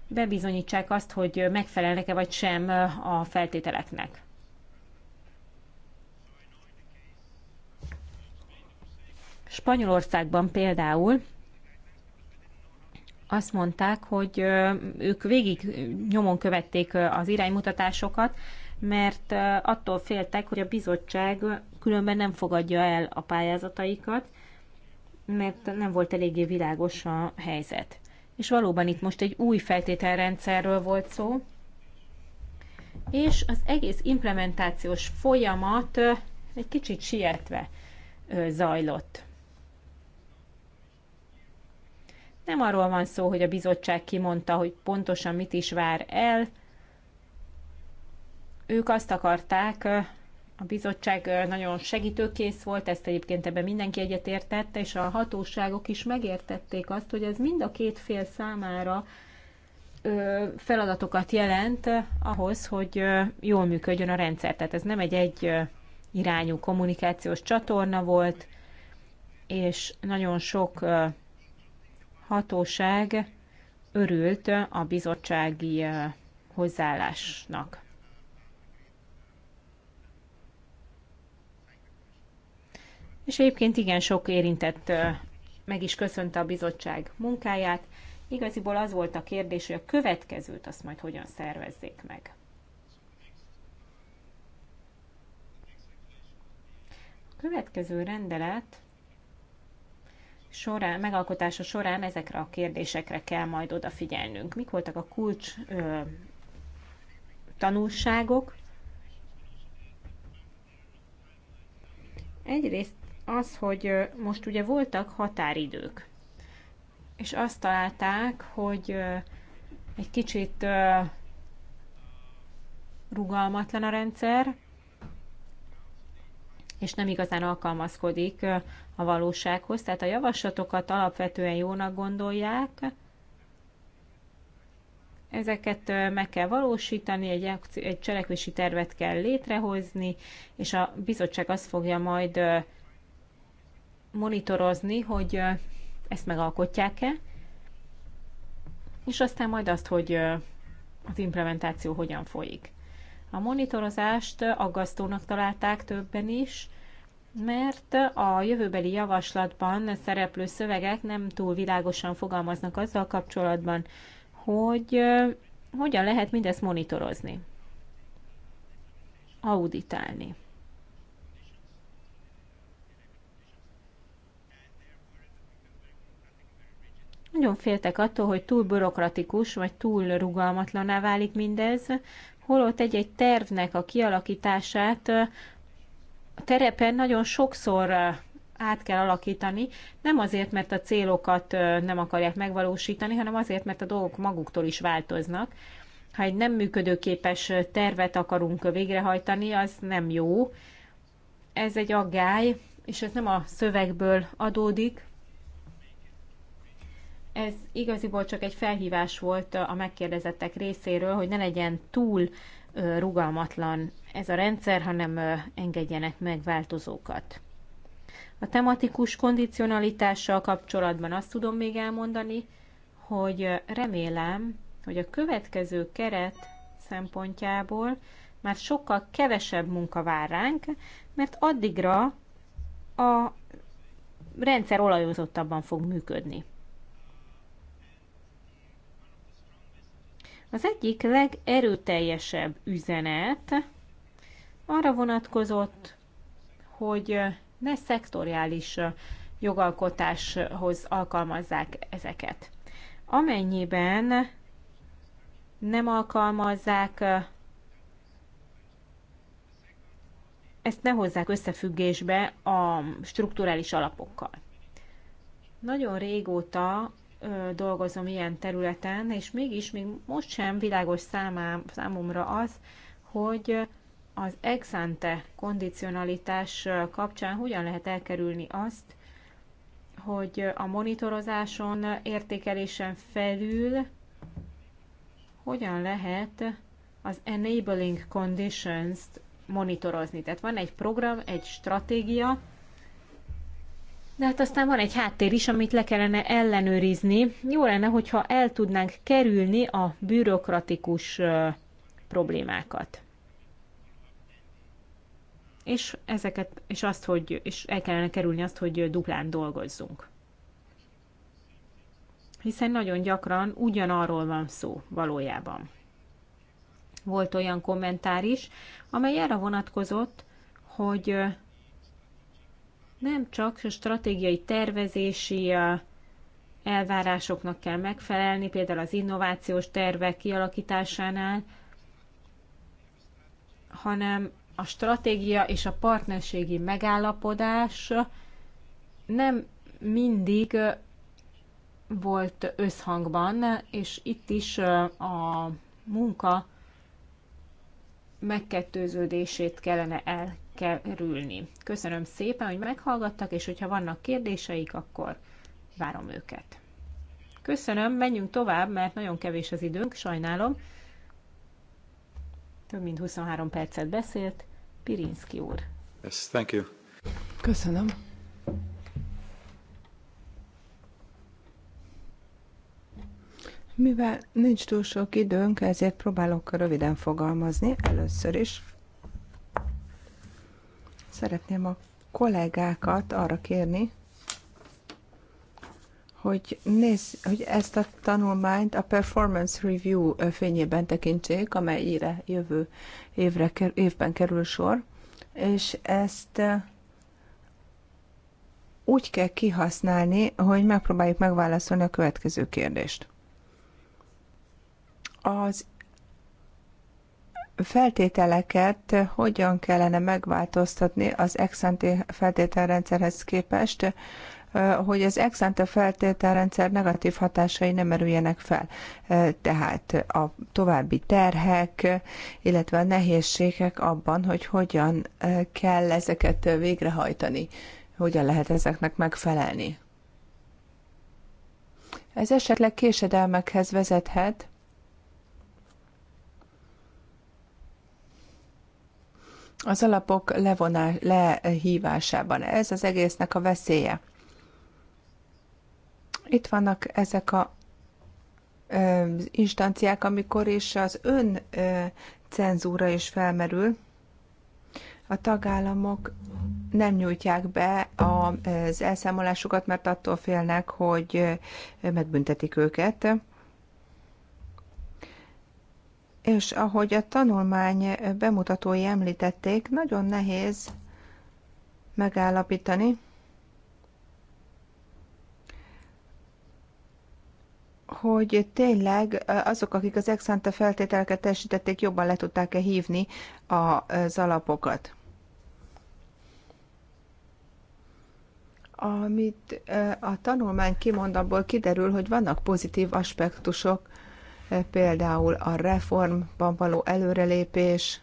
S3: bebizonyítsák azt, hogy megfelelnek-e vagy sem a feltételeknek. Spanyolországban például azt mondták, hogy ők végig nyomon követték az iránymutatásokat, mert attól féltek, hogy a bizottság különben nem fogadja el a pályázataikat, mert nem volt eléggé világos a helyzet. És valóban itt most egy új feltételrendszerről volt szó, és az egész implementációs folyamat egy kicsit sietve zajlott. Nem arról van szó, hogy a bizottság kimondta, hogy pontosan mit is vár el. Ők azt akarták, a bizottság nagyon segítőkész volt, ezt egyébként ebben mindenki egyetértette, és a hatóságok is megértették azt, hogy ez mind a két fél számára feladatokat jelent ahhoz, hogy jól működjön a rendszer. Tehát ez nem egy egy irányú kommunikációs csatorna volt, és nagyon sok hatóság örült a bizottsági hozzáállásnak. És egyébként igen sok érintett meg is köszönte a bizottság munkáját. Igaziból az volt a kérdés, hogy a következőt azt majd hogyan szervezzék meg. A következő rendelet során, megalkotása során ezekre a kérdésekre kell majd odafigyelnünk. Mik voltak a kulcs ö, tanulságok? Egyrészt az, hogy most ugye voltak határidők, és azt találták, hogy egy kicsit rugalmatlan a rendszer, és nem igazán alkalmazkodik a valósághoz, tehát a javaslatokat alapvetően jónak gondolják, ezeket meg kell valósítani, egy, egy cselekvési tervet kell létrehozni, és a bizottság azt fogja majd monitorozni, hogy ezt megalkotják-e, és aztán majd azt, hogy az implementáció hogyan folyik. A monitorozást aggasztónak találták többen is, mert a jövőbeli javaslatban szereplő szövegek nem túl világosan fogalmaznak azzal kapcsolatban, hogy hogyan lehet mindezt monitorozni, auditálni. Nagyon féltek attól, hogy túl bürokratikus, vagy túl rugalmatlaná válik mindez, holott egy-egy tervnek a kialakítását a terepen nagyon sokszor eh, át kell alakítani, nem azért, mert a célokat eh, nem akarják megvalósítani, hanem azért, mert a dolgok maguktól is változnak. Ha egy nem működőképes eh, tervet akarunk végrehajtani, az nem jó. Ez egy aggály, és ez nem a szövegből adódik. Ez igaziból csak egy felhívás volt a megkérdezettek részéről, hogy ne legyen túl rugalmatlan ez a rendszer, hanem engedjenek meg változókat. A tematikus kondicionalitással kapcsolatban azt tudom még elmondani, hogy remélem, hogy a következő keret szempontjából már sokkal kevesebb munka vár ránk, mert addigra a rendszer olajozottabban fog működni. Az egyik legerőteljesebb üzenet arra vonatkozott, hogy ne szektoriális jogalkotáshoz alkalmazzák ezeket. Amennyiben nem alkalmazzák, ezt ne hozzák összefüggésbe a strukturális alapokkal. Nagyon régóta dolgozom ilyen területen, és mégis még most sem világos számám, számomra az, hogy az exante kondicionalitás kapcsán hogyan lehet elkerülni azt, hogy a monitorozáson, értékelésen felül hogyan lehet az enabling conditions t monitorozni. Tehát van egy program, egy stratégia, de hát aztán van egy háttér is, amit le kellene ellenőrizni. Jó lenne, hogyha el tudnánk kerülni a bürokratikus problémákat. És ezeket, és azt, hogy, és el kellene kerülni azt, hogy duplán dolgozzunk. Hiszen nagyon gyakran ugyanarról van szó valójában. Volt olyan kommentár is, amely arra vonatkozott, hogy nem csak stratégiai tervezési elvárásoknak kell megfelelni, például az innovációs tervek kialakításánál, hanem a stratégia és a partnerségi megállapodás nem mindig volt összhangban, és itt is a munka megkettőződését kellene el kerülni. Köszönöm szépen, hogy meghallgattak, és hogyha vannak kérdéseik, akkor várom őket. Köszönöm, menjünk tovább, mert nagyon kevés az időnk, sajnálom. Több mint 23 percet beszélt. Pirinski úr. Yes, thank you.
S1: Köszönöm. Mivel nincs túl sok időnk, ezért próbálok röviden fogalmazni először is. Szeretném a kollégákat arra kérni, hogy, nézz, hogy ezt a tanulmányt a Performance Review fényében tekintsék, amelyre jövő évre, évben kerül sor, és ezt úgy kell kihasználni, hogy megpróbáljuk megválaszolni a következő kérdést. Az feltételeket hogyan kellene megváltoztatni az ex-ante feltételrendszerhez képest, hogy az ex-ante feltételrendszer negatív hatásai nem merüljenek fel. Tehát a további terhek, illetve a nehézségek abban, hogy hogyan kell ezeket végrehajtani, hogyan lehet ezeknek megfelelni. Ez esetleg késedelmekhez vezethet, az alapok levonás, lehívásában. Ez az egésznek a veszélye. Itt vannak ezek a ö, instanciák, amikor is az ön cenzúra is felmerül, a tagállamok nem nyújtják be az elszámolásukat, mert attól félnek, hogy megbüntetik őket. És ahogy a tanulmány bemutatói említették, nagyon nehéz megállapítani, hogy tényleg azok, akik az exante feltételeket teljesítették, jobban le tudták-e hívni az alapokat. Amit a tanulmány kimond, abból kiderül, hogy vannak pozitív aspektusok például a reformban való előrelépés,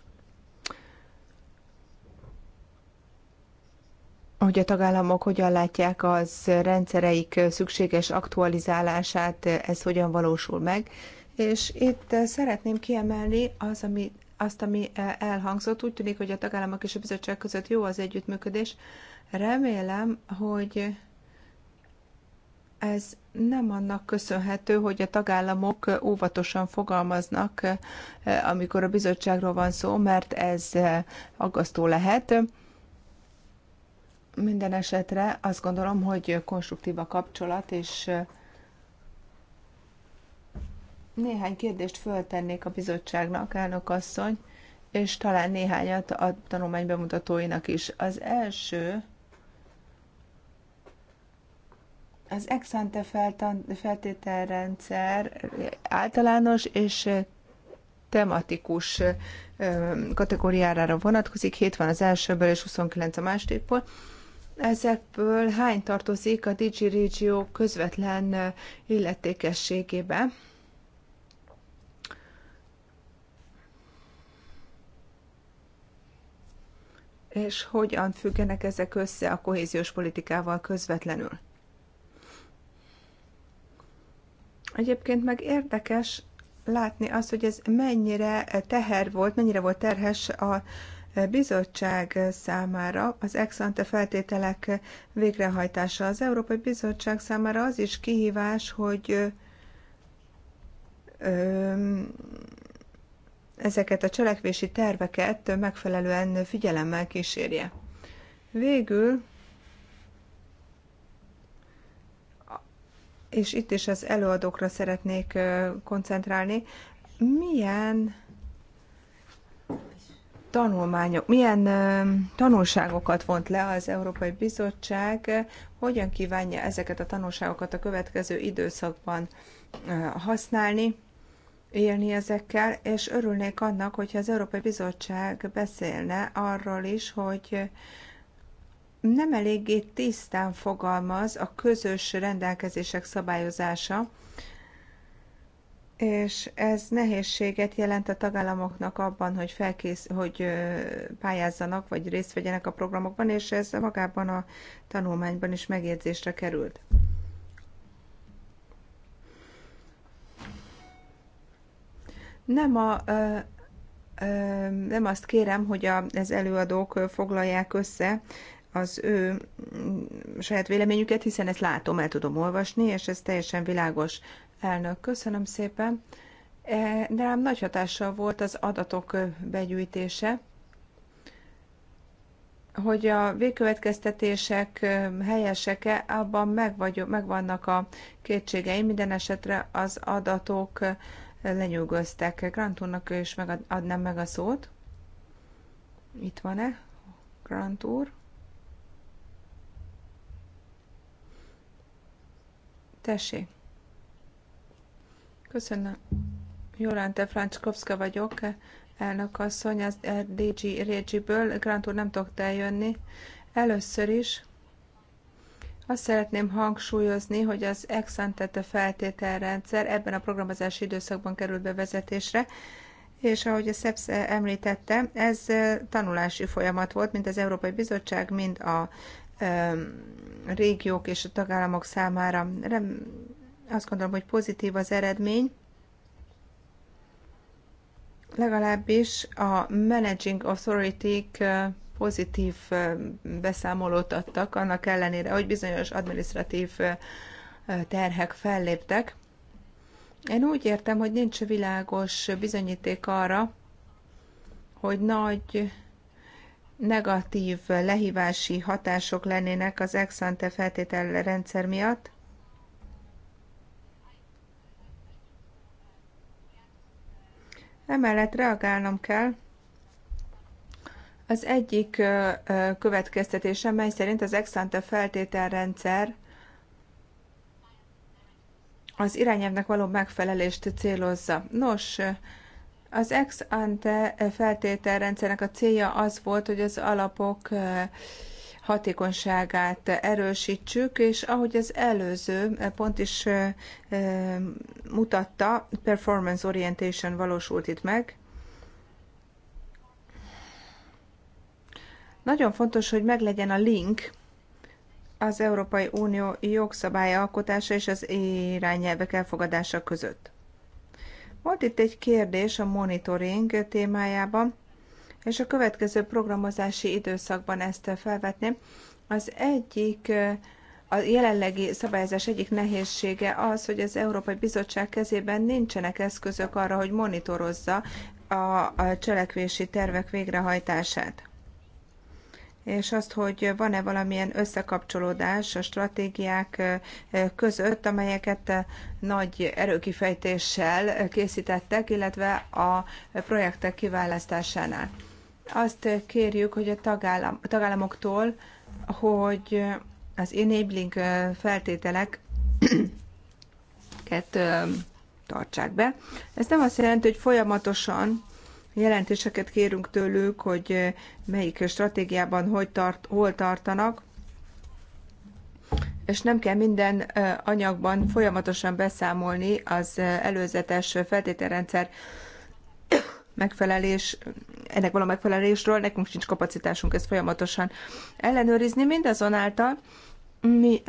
S1: hogy a tagállamok hogyan látják az rendszereik szükséges aktualizálását, ez hogyan valósul meg. És itt szeretném kiemelni az, ami, azt, ami elhangzott. Úgy tűnik, hogy a tagállamok és a bizottság között jó az együttműködés. Remélem, hogy ez nem annak köszönhető, hogy a tagállamok óvatosan fogalmaznak, eh, amikor a bizottságról van szó, mert ez eh, aggasztó lehet. Minden esetre azt gondolom, hogy konstruktív a kapcsolat, és eh, néhány kérdést föltennék a bizottságnak, elnök asszony, és talán néhányat a tanulmány bemutatóinak is. Az első, Az ex-ante feltételrendszer általános és tematikus kategóriára vonatkozik, 70 az elsőből és 29 a másodikból. Ezekből hány tartozik a Digi Regio közvetlen illetékességébe? És hogyan függenek ezek össze a kohéziós politikával közvetlenül? Egyébként meg érdekes látni azt, hogy ez mennyire teher volt, mennyire volt terhes a bizottság számára az ex ante feltételek végrehajtása. Az Európai Bizottság számára az is kihívás, hogy ezeket a cselekvési terveket megfelelően figyelemmel kísérje. Végül és itt is az előadókra szeretnék koncentrálni. Milyen tanulmányok, milyen tanulságokat vont le az Európai Bizottság, hogyan kívánja ezeket a tanulságokat a következő időszakban használni, élni ezekkel, és örülnék annak, hogyha az Európai Bizottság beszélne arról is, hogy nem eléggé tisztán fogalmaz a közös rendelkezések szabályozása, és ez nehézséget jelent a tagállamoknak abban, hogy, felkész, hogy pályázzanak, vagy részt vegyenek a programokban, és ez magában a tanulmányban is megjegyzésre került. Nem a nem azt kérem, hogy a az előadók foglalják össze az ő mm, saját véleményüket, hiszen ezt látom, el tudom olvasni, és ez teljesen világos. Elnök, köszönöm szépen. E, de rám nagy hatással volt az adatok begyűjtése, hogy a végkövetkeztetések helyesek-e, abban meg, vagy, meg vannak a kétségeim, minden esetre az adatok lenyűgöztek. Grantúrnak is megadnám meg a szót. Itt van-e? Grant úr. Tessék. Köszönöm. Jolante Francskovszka vagyok, elnök asszony, az DG régi Grant úr, nem tudok eljönni. Először is azt szeretném hangsúlyozni, hogy az exantette feltételrendszer ebben a programozási időszakban került bevezetésre, és ahogy a SEPS említette, ez tanulási folyamat volt, mint az Európai Bizottság, mind a régiók és a tagállamok számára. Rem, azt gondolom, hogy pozitív az eredmény. Legalábbis a Managing authority pozitív beszámolót adtak, annak ellenére, hogy bizonyos administratív terhek felléptek. Én úgy értem, hogy nincs világos bizonyíték arra, hogy nagy negatív lehívási hatások lennének az ex ante rendszer miatt, Emellett reagálnom kell az egyik következtetése, mely szerint az ex ante feltételrendszer az irányelvnek való megfelelést célozza. Nos, az ex ante feltételrendszernek a célja az volt, hogy az alapok hatékonyságát erősítsük, és ahogy az előző pont is mutatta, performance orientation valósult itt meg. Nagyon fontos, hogy meglegyen a link az Európai Unió jogszabályalkotása és az irányelvek elfogadása között. Volt itt egy kérdés a monitoring témájában, és a következő programozási időszakban ezt felvetném. Az egyik a jelenlegi szabályozás egyik nehézsége az, hogy az Európai Bizottság kezében nincsenek eszközök arra, hogy monitorozza a cselekvési tervek végrehajtását és azt, hogy van-e valamilyen összekapcsolódás a stratégiák között, amelyeket nagy erőkifejtéssel készítettek, illetve a projektek kiválasztásánál. Azt kérjük, hogy a tagállam, tagállamoktól, hogy az enabling feltételeket tartsák be. Ez nem azt jelenti, hogy folyamatosan jelentéseket kérünk tőlük, hogy eh, melyik stratégiában hogy tart, hol tartanak, és nem kell minden eh, anyagban folyamatosan beszámolni az eh, előzetes feltételrendszer megfelelés, ennek való megfelelésről, nekünk sincs kapacitásunk ezt folyamatosan ellenőrizni, mindazonáltal mi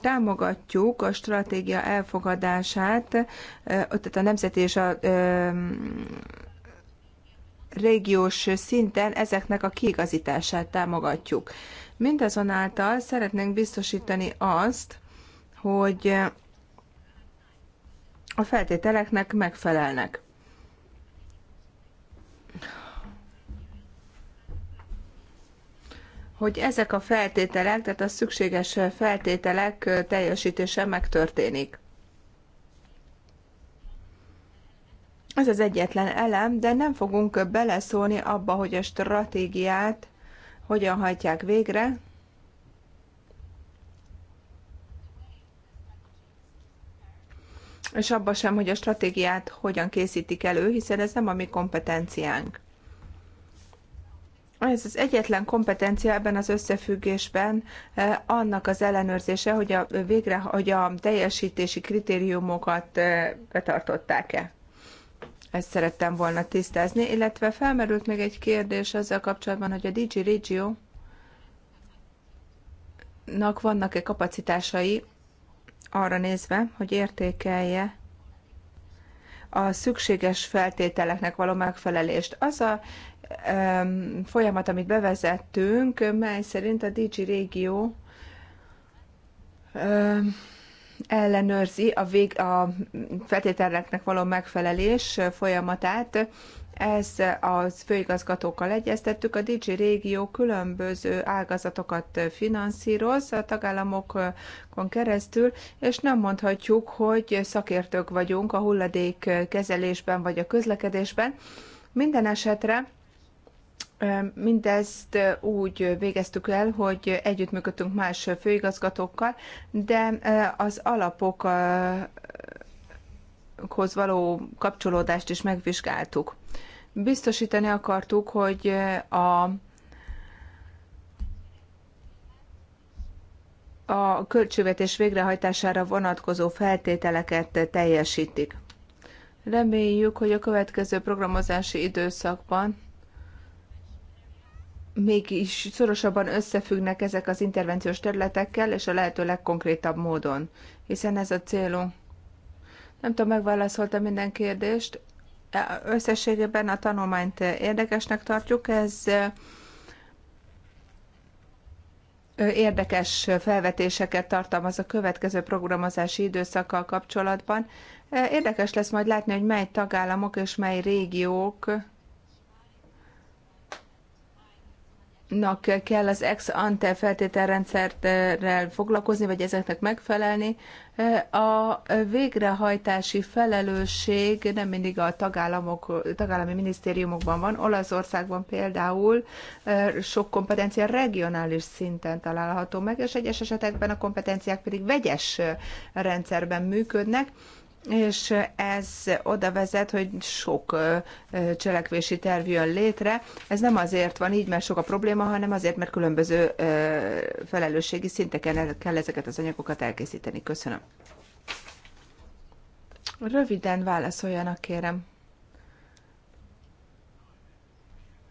S1: támogatjuk a stratégia elfogadását, tehát a nemzeti és a régiós szinten ezeknek a kiigazítását támogatjuk. Mindazonáltal szeretnénk biztosítani azt, hogy a feltételeknek megfelelnek. hogy ezek a feltételek, tehát a szükséges feltételek teljesítése megtörténik. Ez az egyetlen elem, de nem fogunk beleszólni abba, hogy a stratégiát hogyan hajtják végre. És abba sem, hogy a stratégiát hogyan készítik elő, hiszen ez nem a mi kompetenciánk. Ez az egyetlen kompetencia ebben az összefüggésben eh, annak az ellenőrzése, hogy a, végre, hogy a teljesítési kritériumokat eh, betartották-e. Ezt szerettem volna tisztázni, illetve felmerült még egy kérdés azzal kapcsolatban, hogy a DG Regio nak vannak-e kapacitásai arra nézve, hogy értékelje a szükséges feltételeknek való megfelelést. Az a um, folyamat, amit bevezettünk, mely szerint a DG régió um, ellenőrzi a, vég, a feltételeknek való megfelelés folyamatát. Ez az főigazgatókkal egyeztettük, a DG régió különböző ágazatokat finanszíroz a tagállamokon keresztül, és nem mondhatjuk, hogy szakértők vagyunk a hulladék kezelésben vagy a közlekedésben. Minden esetre Mindezt úgy végeztük el, hogy együttműködtünk más főigazgatókkal, de az alapokhoz való kapcsolódást is megvizsgáltuk. Biztosítani akartuk, hogy a a költségvetés végrehajtására vonatkozó feltételeket teljesítik. Reméljük, hogy a következő programozási időszakban mégis szorosabban összefüggnek ezek az intervenciós területekkel, és a lehető legkonkrétabb módon, hiszen ez a célunk. Nem tudom, megválaszolta minden kérdést. E, összességében a tanulmányt érdekesnek tartjuk, ez érdekes felvetéseket tartalmaz a következő programozási időszakkal kapcsolatban. E, érdekes lesz majd látni, hogy mely tagállamok és mely régiók nak kell az ex ante feltételrendszerrel foglalkozni, vagy ezeknek megfelelni. A végrehajtási felelősség nem mindig a tagállamok, tagállami minisztériumokban van. Olaszországban például sok kompetencia regionális szinten található meg, és egyes esetekben a kompetenciák pedig vegyes rendszerben működnek és ez oda vezet, hogy sok cselekvési terv jön létre. Ez nem azért van így, mert sok a probléma, hanem azért, mert különböző felelősségi szinteken kell ezeket az anyagokat elkészíteni. Köszönöm. Röviden válaszoljanak, kérem.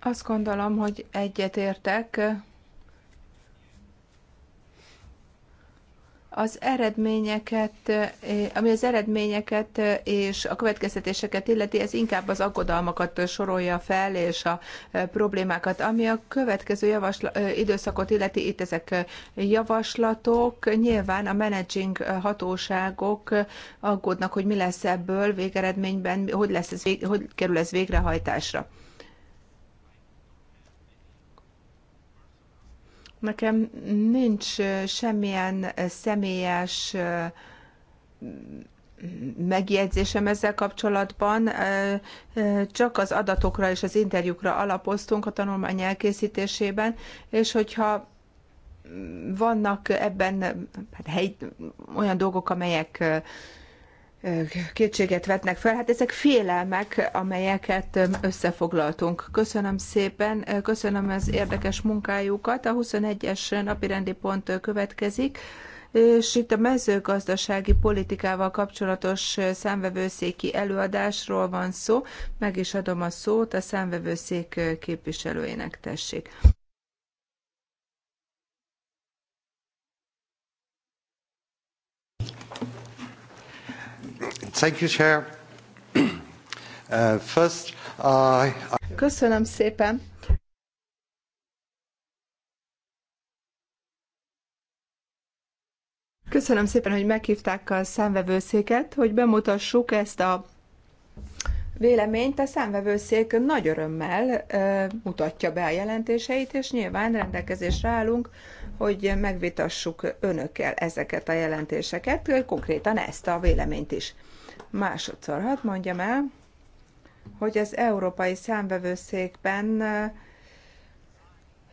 S1: Azt gondolom, hogy egyetértek az eredményeket, eh, ami az eredményeket eh, és a következtetéseket illeti, ez inkább az aggodalmakat sorolja fel, és a eh, problémákat. Ami a következő javasla- időszakot illeti, itt ezek javaslatok. Nyilván a managing hatóságok aggódnak, hogy mi lesz ebből végeredményben, hogy, lesz ez, hogy kerül ez végrehajtásra. Nekem nincs semmilyen személyes megjegyzésem ezzel kapcsolatban, csak az adatokra és az interjúkra alapoztunk a tanulmány elkészítésében, és hogyha vannak ebben hát hely, olyan dolgok, amelyek kétséget vetnek fel. Hát ezek félelmek, amelyeket összefoglaltunk. Köszönöm szépen, köszönöm az érdekes munkájukat. A 21-es napirendi pont következik és itt a mezőgazdasági politikával kapcsolatos számvevőszéki előadásról van szó. Meg is adom a szót a számvevőszék képviselőjének, tessék.
S3: Thank you, Chair. *clears throat* Uh,
S2: first, uh, I...
S1: Köszönöm szépen. Köszönöm szépen, hogy meghívták a számvevőszéket, hogy bemutassuk ezt a véleményt. A számvevőszék nagy örömmel mutatja be a jelentéseit, és nyilván rendelkezésre állunk, hogy megvitassuk önökkel ezeket a jelentéseket, konkrétan ezt a véleményt is. Másodszor, Hát mondjam el, hogy az Európai Számvevőszékben eh,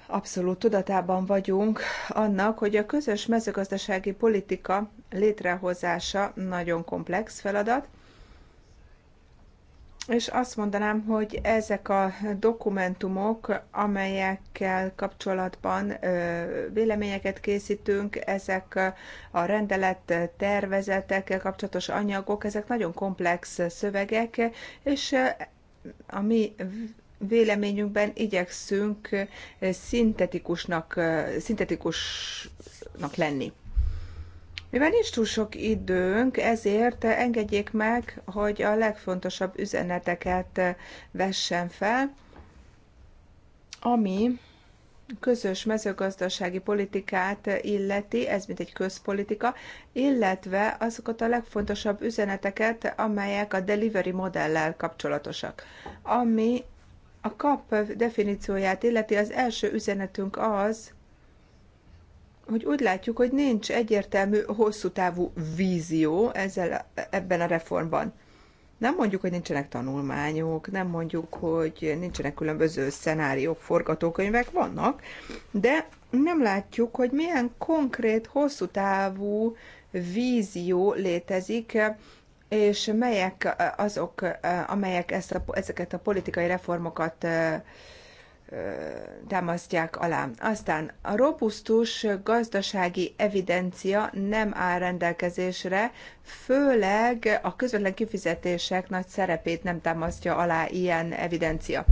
S1: abszolút tudatában vagyunk annak, hogy a közös mezőgazdasági politika létrehozása nagyon komplex feladat, és azt mondanám, hogy ezek a dokumentumok, amelyekkel kapcsolatban véleményeket készítünk, ezek a rendelet tervezetekkel kapcsolatos anyagok, ezek nagyon komplex szövegek, és a mi véleményünkben igyekszünk szintetikusnak, szintetikusnak lenni. Mivel nincs túl sok időnk, ezért engedjék meg, hogy a legfontosabb üzeneteket vessen fel, ami közös mezőgazdasági politikát illeti, ez mint egy közpolitika, illetve azokat a legfontosabb üzeneteket, amelyek a delivery modellel kapcsolatosak. Ami a kap definícióját illeti, az első üzenetünk az, hogy úgy látjuk, hogy nincs egyértelmű hosszú távú vízió ezzel, ebben a reformban. Nem mondjuk, hogy nincsenek tanulmányok, nem mondjuk, hogy nincsenek különböző szenáriók, forgatókönyvek, vannak, de nem látjuk, hogy milyen konkrét, hosszú távú vízió létezik, és melyek azok, amelyek ezt a, ezeket a politikai reformokat támasztják alá. Aztán a robusztus gazdasági evidencia nem áll rendelkezésre, főleg a közvetlen kifizetések nagy szerepét nem támasztja alá ilyen evidencia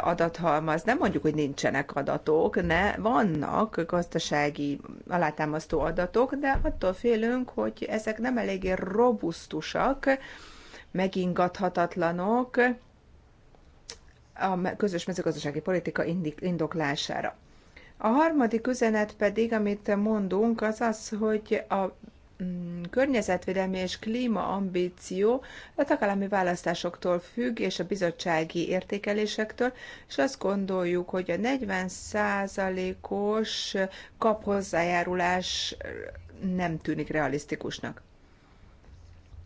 S1: adathalmaz. Nem mondjuk, hogy nincsenek adatok, ne, vannak gazdasági alátámasztó adatok, de attól félünk, hogy ezek nem eléggé robusztusak, megingathatatlanok, a közös mezőgazdasági politika indoklására. A harmadik üzenet pedig, amit mondunk, az az, hogy a mm, környezetvédelmi és klímaambíció a tagállami választásoktól függ, és a bizottsági értékelésektől, és azt gondoljuk, hogy a 40%-os kaphozzájárulás nem tűnik realisztikusnak.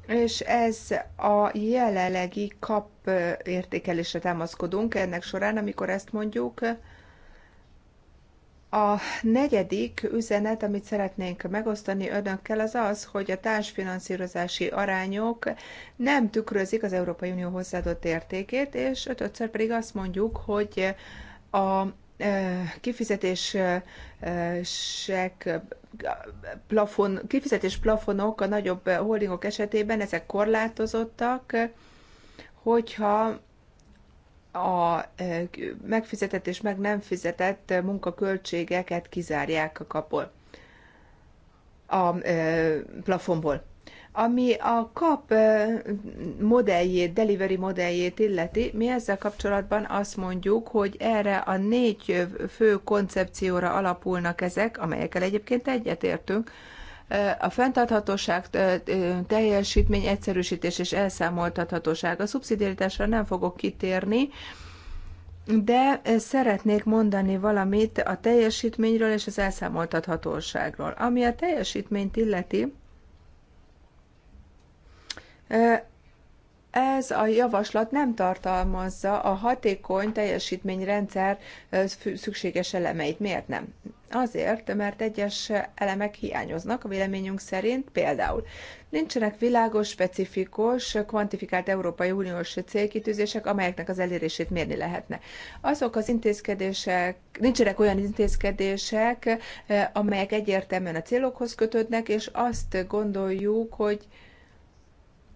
S1: És ez a jelenlegi kap értékelésre támaszkodunk ennek során, amikor ezt mondjuk. A negyedik üzenet, amit szeretnénk megosztani önökkel, az az, hogy a társfinanszírozási arányok nem tükrözik az Európai Unió hozzáadott értékét, és ötödször pedig azt mondjuk, hogy a kifizetések plafon, kifizetés plafonok a nagyobb holdingok esetében, ezek korlátozottak, hogyha a megfizetett és meg nem fizetett munkaköltségeket kizárják a kapol a plafonból. Ami a kap modelljét, delivery modelljét illeti, mi ezzel kapcsolatban azt mondjuk, hogy erre a négy fő koncepcióra alapulnak ezek, amelyekkel egyébként egyetértünk, a fenntarthatóság, teljesítmény, egyszerűsítés és elszámoltathatóság. A szubszidiaritásra nem fogok kitérni, de szeretnék mondani valamit a teljesítményről és az elszámoltathatóságról. Ami a teljesítményt illeti, ez a javaslat nem tartalmazza a hatékony teljesítményrendszer szükséges elemeit. Miért nem? Azért, mert egyes elemek hiányoznak a véleményünk szerint, például nincsenek világos, specifikus, kvantifikált Európai Uniós célkitűzések, amelyeknek az elérését mérni lehetne. Azok az intézkedések, nincsenek olyan intézkedések, amelyek egyértelműen a célokhoz kötődnek, és azt gondoljuk, hogy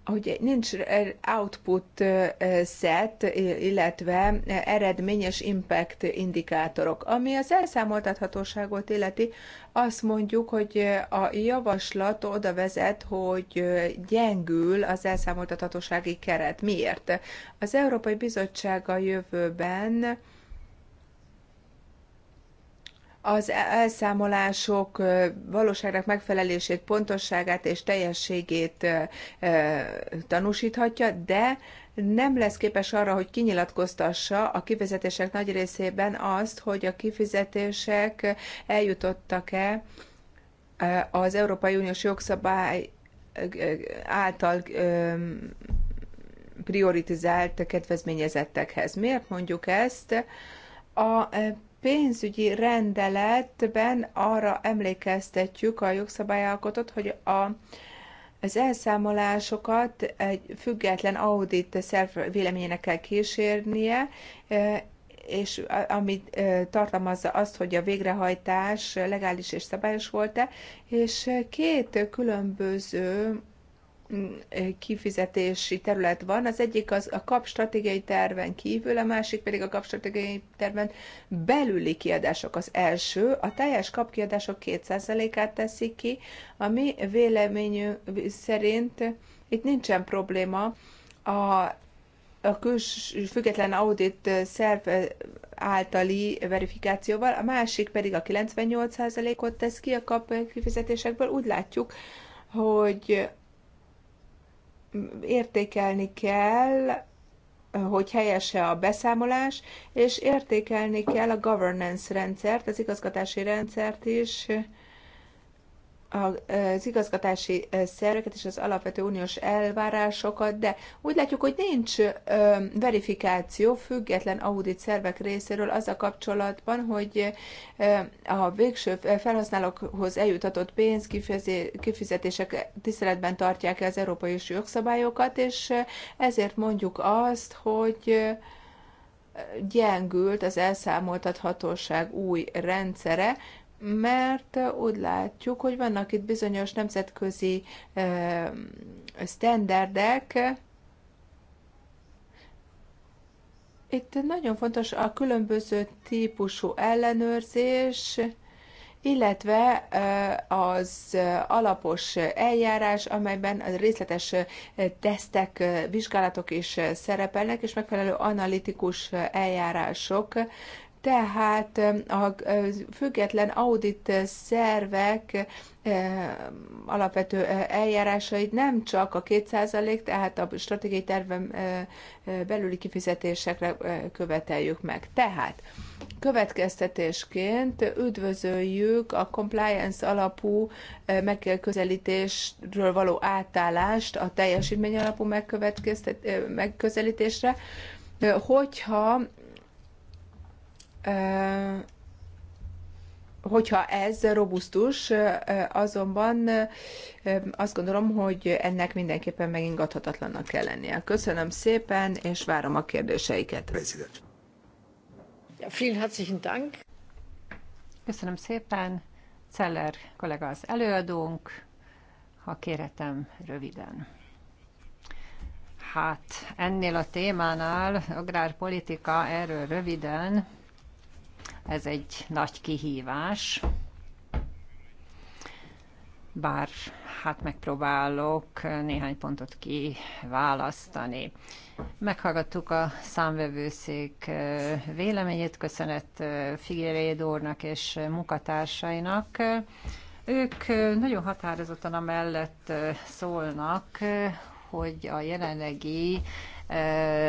S1: hogy nincs er- output set, illetve eredményes impact indikátorok. Ami az elszámoltathatóságot illeti, azt mondjuk, hogy a javaslat oda vezet, hogy gyengül az elszámoltathatósági keret. Miért? Az Európai Bizottság a jövőben az elszámolások valóságnak megfelelését, pontosságát és teljességét tanúsíthatja, de nem lesz képes arra, hogy kinyilatkoztassa a kifizetések nagy részében azt, hogy a kifizetések eljutottak-e az Európai Uniós jogszabály által prioritizált kedvezményezettekhez. Miért mondjuk ezt? A pénzügyi rendeletben arra emlékeztetjük a jogszabályalkotót, hogy a, az elszámolásokat egy független audit szerv véleményének kell kísérnie, e, és amit e, tartalmazza azt, hogy a végrehajtás legális és szabályos volt-e, és két különböző Mm, kifizetési terület van. Az egyik az a kap stratégiai terven kívül, a másik pedig a kap stratégiai terven belüli kiadások. Az első a teljes kap kiadások 2%-át teszik ki, ami véleményünk szerint itt nincsen probléma. A a küls, független audit szerv általi verifikációval, a másik pedig a 98%-ot tesz ki a kap kifizetésekből. Úgy látjuk, hogy értékelni kell, hogy helyese a beszámolás, és értékelni kell a governance rendszert, az igazgatási rendszert is, az igazgatási szerveket és az alapvető uniós elvárásokat, de úgy látjuk, hogy nincs verifikáció független audit szervek részéről az a kapcsolatban, hogy a végső felhasználókhoz eljutatott pénz kifizetések tiszteletben tartják az európai jogszabályokat, és ezért mondjuk azt, hogy gyengült az elszámoltathatóság új rendszere, mert úgy látjuk, hogy vannak itt bizonyos nemzetközi standardek, itt nagyon fontos a különböző típusú ellenőrzés, illetve az alapos eljárás, amelyben a részletes tesztek, vizsgálatok is szerepelnek, és megfelelő analitikus eljárások tehát a független audit szervek alapvető eljárásait nem csak a 2%, tehát a stratégiai tervem belüli kifizetésekre követeljük meg. Tehát következtetésként üdvözöljük a compliance alapú megközelítésről való átállást a teljesítmény alapú megközelítésre, hogyha hogyha ez robusztus, azonban azt gondolom, hogy ennek mindenképpen megingathatatlannak kell lennie. Köszönöm szépen, és várom a kérdéseiket. Ja, vielen herzlichen Dank. Köszönöm
S2: szépen. Celler kollega az előadónk, ha kérhetem röviden. Hát ennél a témánál, agrárpolitika, erről röviden, ez egy nagy kihívás. Bár hát megpróbálok néhány pontot kiválasztani. Meghallgattuk a számvevőszék véleményét, köszönet Figyeléd úrnak és munkatársainak. Ők nagyon határozottan amellett szólnak, hogy a jelenlegi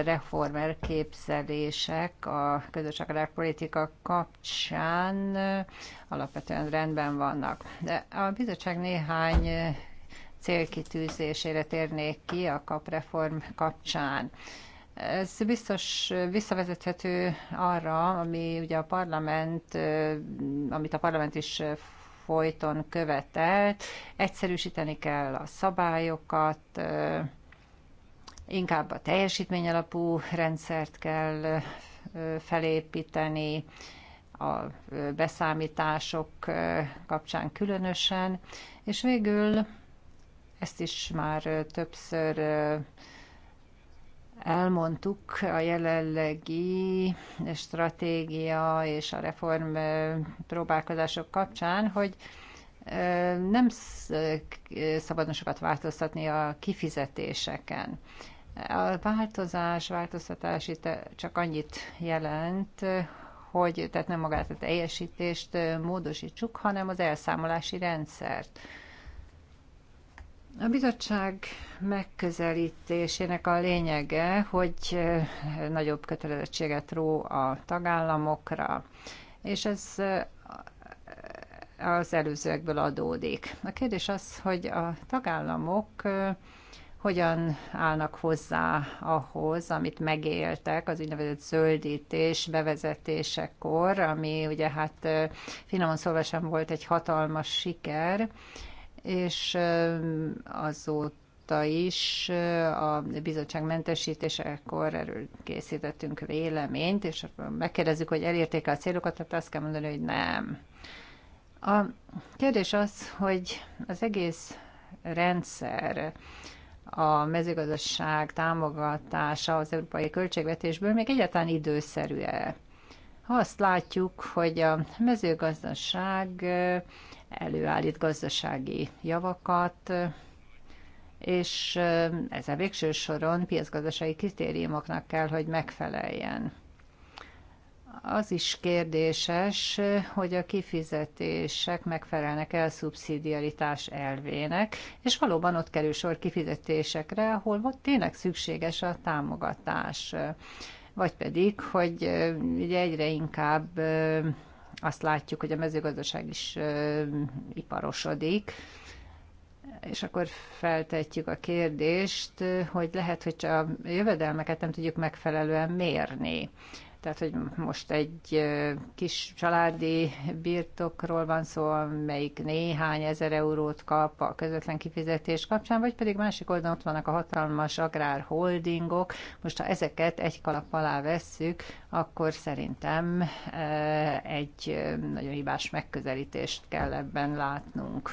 S2: reformer képzelések a közös agrárpolitika kapcsán alapvetően rendben vannak. De a bizottság néhány célkitűzésére térnék ki a kapreform kapcsán. Ez biztos visszavezethető arra, ami ugye a parlament, amit a parlament is folyton követelt, egyszerűsíteni kell a szabályokat, Inkább a teljesítmény alapú rendszert kell felépíteni, a beszámítások kapcsán különösen, és végül ezt is már többször elmondtuk, a jelenlegi stratégia és a reform próbálkozások kapcsán, hogy nem szabadon sokat változtatni a kifizetéseken. A változás, változtatás itt csak annyit jelent, hogy tehát nem magát a teljesítést módosítsuk, hanem az elszámolási rendszert. A bizottság megközelítésének a lényege, hogy nagyobb kötelezettséget ró a tagállamokra, és ez az előzőekből adódik. A kérdés az, hogy a tagállamok hogyan állnak hozzá ahhoz, amit megéltek az úgynevezett zöldítés bevezetésekor, ami ugye hát finoman szólva sem volt egy hatalmas siker, és azóta is a bizottság mentesítésekor erről készítettünk véleményt, és megkérdezzük, hogy elérték -e a célokat, tehát azt kell mondani, hogy nem. A kérdés az, hogy az egész rendszer a mezőgazdaság támogatása az európai költségvetésből még egyáltalán időszerű-e? Ha azt látjuk, hogy a mezőgazdaság eh, előállít gazdasági javakat, és eh, ez a végső soron piacgazdasági kritériumoknak kell, hogy megfeleljen az is kérdéses, hogy a kifizetések megfelelnek-e a szubszidiaritás elvének, és valóban ott kerül sor kifizetésekre, ahol volt tényleg szükséges a támogatás. Vagy pedig, hogy ugye egyre inkább azt látjuk, hogy a mezőgazdaság is iparosodik, és akkor feltetjük a kérdést, hogy lehet, hogy a jövedelmeket nem tudjuk megfelelően mérni. Tehát, hogy most egy kis családi birtokról van szó, melyik néhány ezer eurót kap a közvetlen kifizetés kapcsán, vagy pedig másik oldalon ott vannak a hatalmas agrárholdingok. Most, ha ezeket egy kalap alá vesszük, akkor szerintem egy nagyon hibás megközelítést kell ebben látnunk.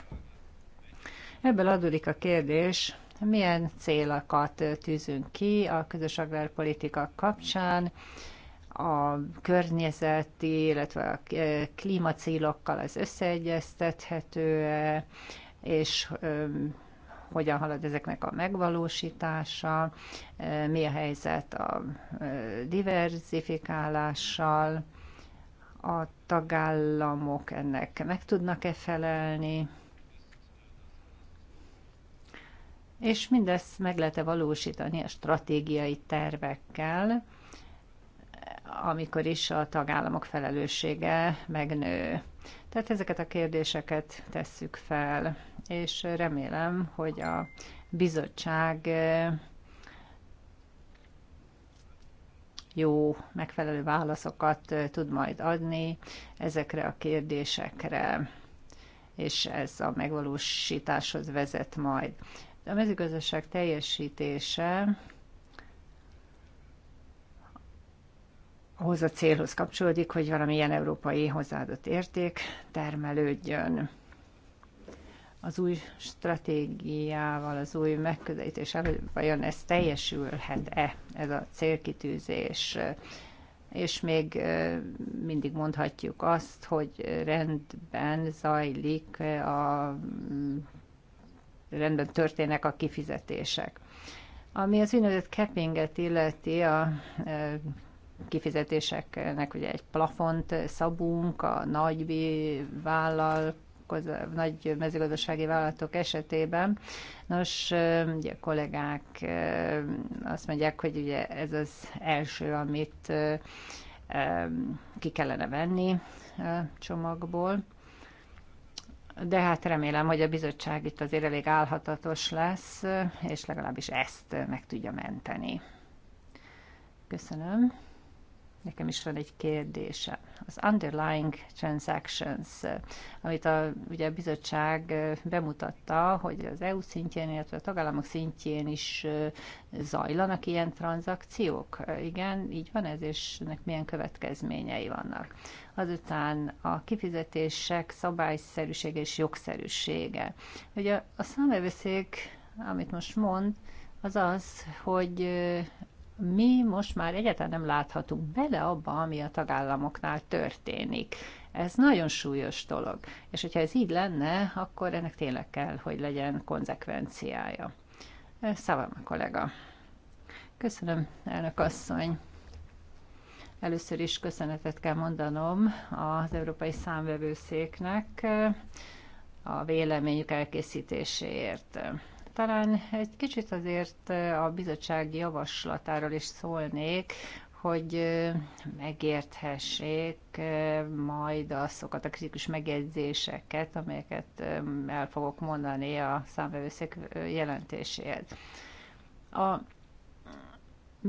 S2: Ebből adódik a kérdés, milyen célokat tűzünk ki a közös agrárpolitika kapcsán, a környezeti, illetve a klímacélokkal az összeegyeztethető -e, és hogyan halad ezeknek a megvalósítása, mi a helyzet a diverzifikálással, a tagállamok ennek meg tudnak-e felelni, és mindezt meg lehet-e valósítani a stratégiai tervekkel, amikor is a tagállamok felelőssége megnő. Tehát ezeket a kérdéseket tesszük fel, és remélem, hogy a bizottság jó, megfelelő válaszokat tud majd adni ezekre a kérdésekre, és ez a megvalósításhoz vezet majd. A mezőgazdaság teljesítése ahhoz a célhoz kapcsolódik, hogy valamilyen európai hozzáadott érték termelődjön. Az új stratégiával, az új megközelítéssel, vajon ez teljesülhet-e, ez a célkitűzés? és még mindig mondhatjuk azt, hogy rendben zajlik, a, rendben történnek a kifizetések. Ami az úgynevezett cappinget illeti, a kifizetéseknek ugye egy plafont szabunk a nagy vállal, nagy mezőgazdasági vállalatok esetében. Nos, ugye a kollégák azt mondják, hogy ugye ez az első, amit ki kellene venni a csomagból. De hát remélem, hogy a bizottság itt azért elég állhatatos lesz, és legalábbis ezt meg tudja menteni. Köszönöm. Nekem is van egy kérdése. Az underlying transactions, amit a, ugye a bizottság bemutatta, hogy az EU szintjén, illetve a tagállamok szintjén is zajlanak ilyen tranzakciók. Igen, így van ez, és ennek milyen következményei vannak. Azután a kifizetések szabályszerűsége és jogszerűsége. Ugye a számvevőszék, amit most mond, az az, hogy mi most már egyáltalán nem láthatunk bele abba, ami a tagállamoknál történik. Ez nagyon súlyos dolog. És hogyha ez így lenne, akkor ennek tényleg kell, hogy legyen konzekvenciája. Szavam kollega. Köszönöm, elnök asszony. Először is köszönetet kell mondanom az Európai Számvevőszéknek a véleményük elkészítéséért. Talán egy kicsit azért a bizottság javaslatáról is szólnék, hogy megérthessék majd azokat a kritikus megjegyzéseket, amelyeket el fogok mondani a számvevőszék jelentéséhez. A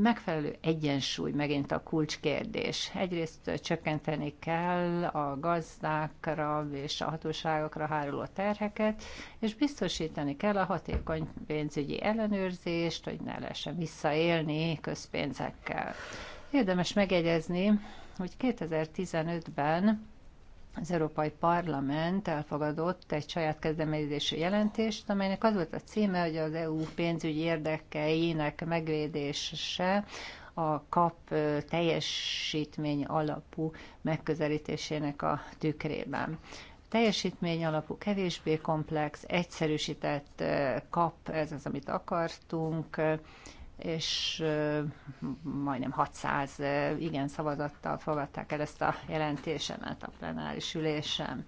S2: megfelelő egyensúly megint a kulcskérdés. Egyrészt csökkenteni kell a gazdákra és a hatóságokra háruló terheket, és biztosítani kell a hatékony pénzügyi ellenőrzést, hogy ne lehessen visszaélni közpénzekkel. Érdemes megjegyezni, hogy 2015-ben az Európai Parlament elfogadott egy saját kezdeményezési jelentést, amelynek az volt a címe, hogy az EU pénzügyi érdekeinek megvédése a kap teljesítmény alapú megközelítésének a tükrében. Teljesítmény alapú, kevésbé komplex, egyszerűsített kap, ez az, amit akartunk, és majdnem 600 igen szavazattal fogadták el ezt a jelentésemet a plenáris ülésen.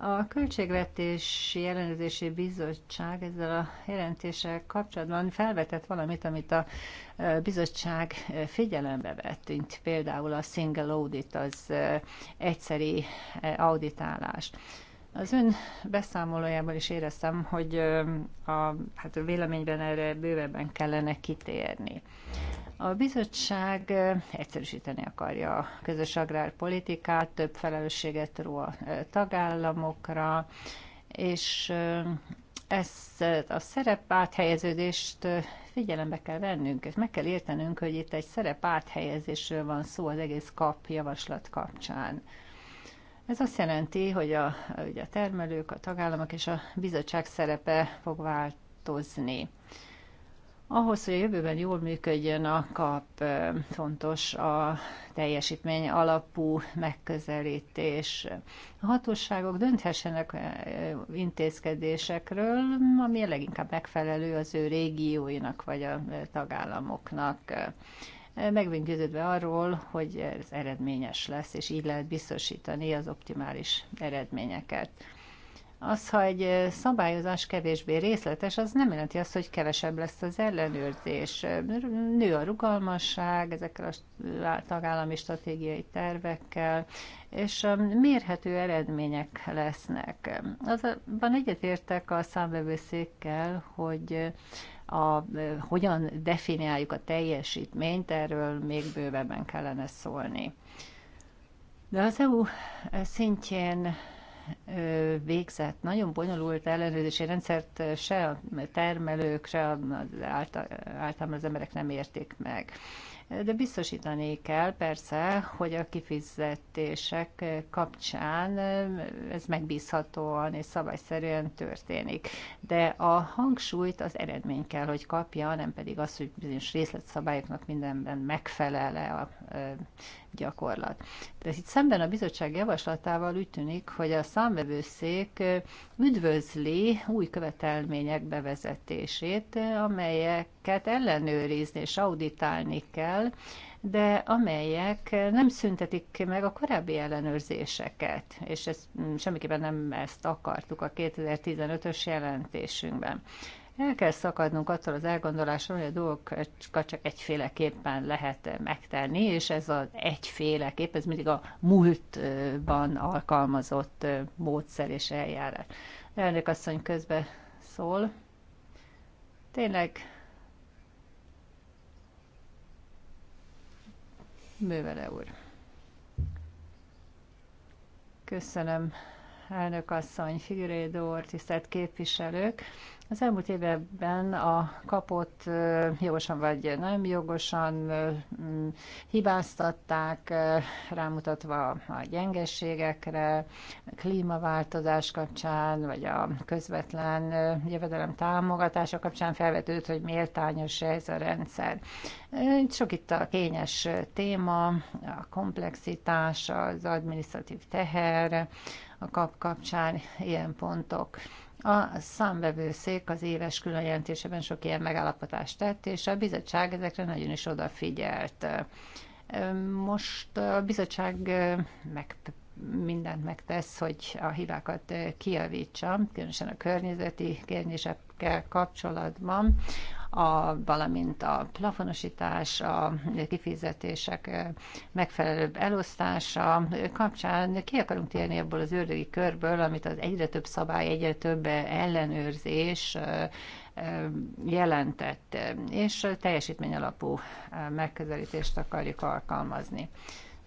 S2: A Költségvetési Ellenőrzési Bizottság ezzel a jelentéssel kapcsolatban felvetett valamit, amit a bizottság figyelembe vett, mint például a single audit, az egyszeri auditálás. Az ön beszámolójában is éreztem, hogy a, hát a véleményben erre bővebben kellene kitérni. A bizottság egyszerűsíteni akarja a közös agrárpolitikát, több felelősséget ró a tagállamokra, és ezt a szerep áthelyeződést figyelembe kell vennünk, és meg kell értenünk, hogy itt egy szerep áthelyezésről van szó az egész kap javaslat kapcsán. Ez azt jelenti, hogy a, ugye a termelők, a tagállamok és a bizottság szerepe fog változni. Ahhoz, hogy a jövőben jól működjön a kap, fontos a teljesítmény alapú megközelítés. A hatóságok dönthessenek intézkedésekről, ami leginkább megfelelő az ő régióinak vagy a tagállamoknak meg győződve arról, hogy ez eredményes lesz, és így lehet biztosítani az optimális eredményeket. Az, ha egy szabályozás kevésbé részletes, az nem jelenti azt, hogy kevesebb lesz az ellenőrzés. Nő a rugalmasság ezekkel a tagállami stratégiai tervekkel, és mérhető eredmények lesznek. Azban egyetértek a számvevőszékkel, hogy a, hogyan definiáljuk a teljesítményt, erről még bővebben kellene szólni. De az EU szintjén végzett nagyon bonyolult ellenőrzési rendszert se a termelők, se az által, általában az emberek nem értik meg de biztosítani kell persze, hogy a kifizetések kapcsán eh, ez megbízhatóan és szabályszerűen történik. De a hangsúlyt az eredmény kell, hogy kapja, nem pedig az, hogy bizonyos részletszabályoknak mindenben megfelele a eh, gyakorlat. De itt szemben a bizottság javaslatával úgy tűnik, hogy a számvevőszék üdvözli új követelmények bevezetését, amelyeket ellenőrizni és auditálni kell, de amelyek nem szüntetik meg a korábbi ellenőrzéseket, és ezt mm, semmiképpen nem ezt akartuk a 2015-ös jelentésünkben. El kell szakadnunk attól az elgondolásról, hogy a dolgokat csak egyféleképpen lehet megtenni, és ez az egyfélekép, ez mindig a múltban alkalmazott módszer és eljárás. Elnök asszony közbe szól. Tényleg Művele úr. Köszönöm, elnök asszony, Figurédó úr, tisztelt képviselők. Az elmúlt években a kapott jogosan vagy nem jogosan hibáztatták, rámutatva a gyengességekre, a klímaváltozás kapcsán, vagy a közvetlen jövedelem támogatása kapcsán felvetődött, hogy méltányos ez a rendszer. Sok itt a kényes téma, a komplexitás, az administratív teher, a kap kapcsán ilyen pontok. A számvevőszék az éves különjelentésében sok ilyen megállapotást tett, és a bizottság ezekre nagyon is odafigyelt. Most a bizottság meg mindent megtesz, hogy a hibákat kijavítsa, különösen a környezeti kérdésekkel kapcsolatban a, valamint a plafonosítás, a kifizetések megfelelőbb elosztása kapcsán ki akarunk térni abból az ördögi körből, amit az egyre több szabály, egyre több ellenőrzés jelentett, és teljesítmény alapú megközelítést akarjuk alkalmazni.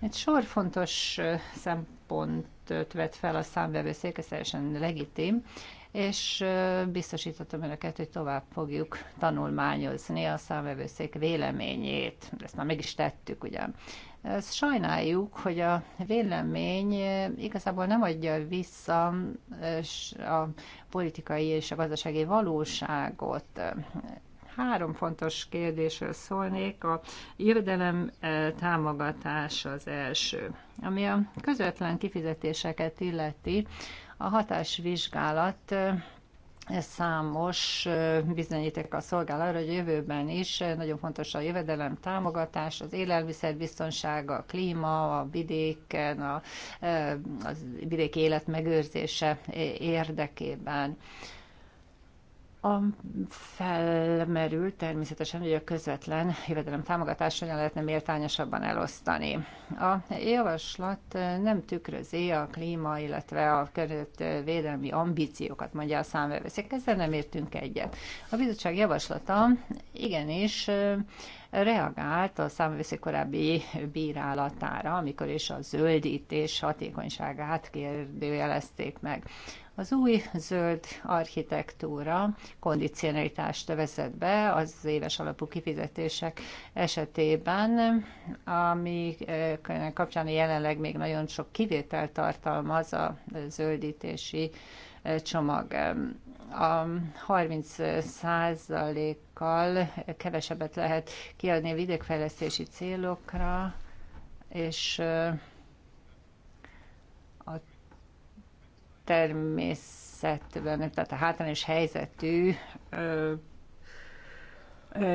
S2: Egy sor fontos szempontot vett fel a számvevőszék, ez teljesen legitim, és biztosítottam önöket, hogy tovább fogjuk tanulmányozni a számvevőszék véleményét. Ezt már meg is tettük, ugye? Ezt sajnáljuk, hogy a vélemény igazából nem adja vissza a politikai és a gazdasági valóságot három fontos kérdésről szólnék. A irdelem támogatás az első. Ami a közvetlen kifizetéseket illeti, a hatásvizsgálat számos bizonyíték a szolgál arra, hogy jövőben is nagyon fontos a jövedelem támogatás, az élelmiszerbiztonság, a klíma, a vidéken, a, a vidéki élet megőrzése érdekében. A felmerül természetesen, hogy a közvetlen jövedelem támogatás hogyan lehetne méltányosabban elosztani. A javaslat nem tükrözi a klíma, illetve a védelmi ambíciókat, mondja a számvevőszék. Ezzel nem értünk egyet. A bizottság javaslata igenis reagált a számvészi korábbi bírálatára, amikor is a zöldítés hatékonyságát kérdőjelezték meg. Az új zöld architektúra kondicionalitást vezet be az éves alapú kifizetések esetében, ami kapcsán jelenleg még nagyon sok kivételt tartalmaz a zöldítési csomag a 30 százalékkal kevesebbet lehet kiadni a vidékfejlesztési célokra, és a természetben, tehát a hátrányos helyzetű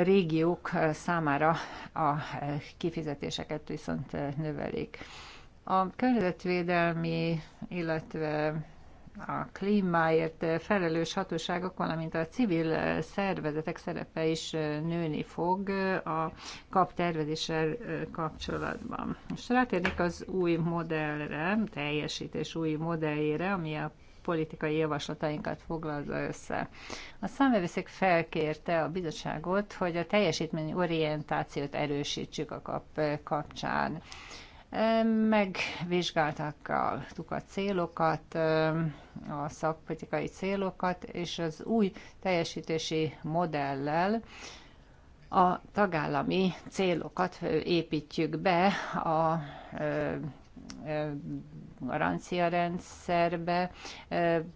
S2: régiók számára a kifizetéseket viszont növelik. A környezetvédelmi, illetve a klímáért felelős hatóságok, valamint a civil szervezetek szerepe is nőni fog a kap tervezéssel kapcsolatban. Most rátérnék az új modellre, teljesítés új modelljére, ami a politikai javaslatainkat foglalza össze. A számvevőszék felkérte a bizottságot, hogy a teljesítmény orientációt erősítsük a kap kapcsán. Megvizsgálták a, tukat célokat, a szakpolitikai célokat, és az új teljesítési modellel a tagállami célokat építjük be a garancia rendszerbe,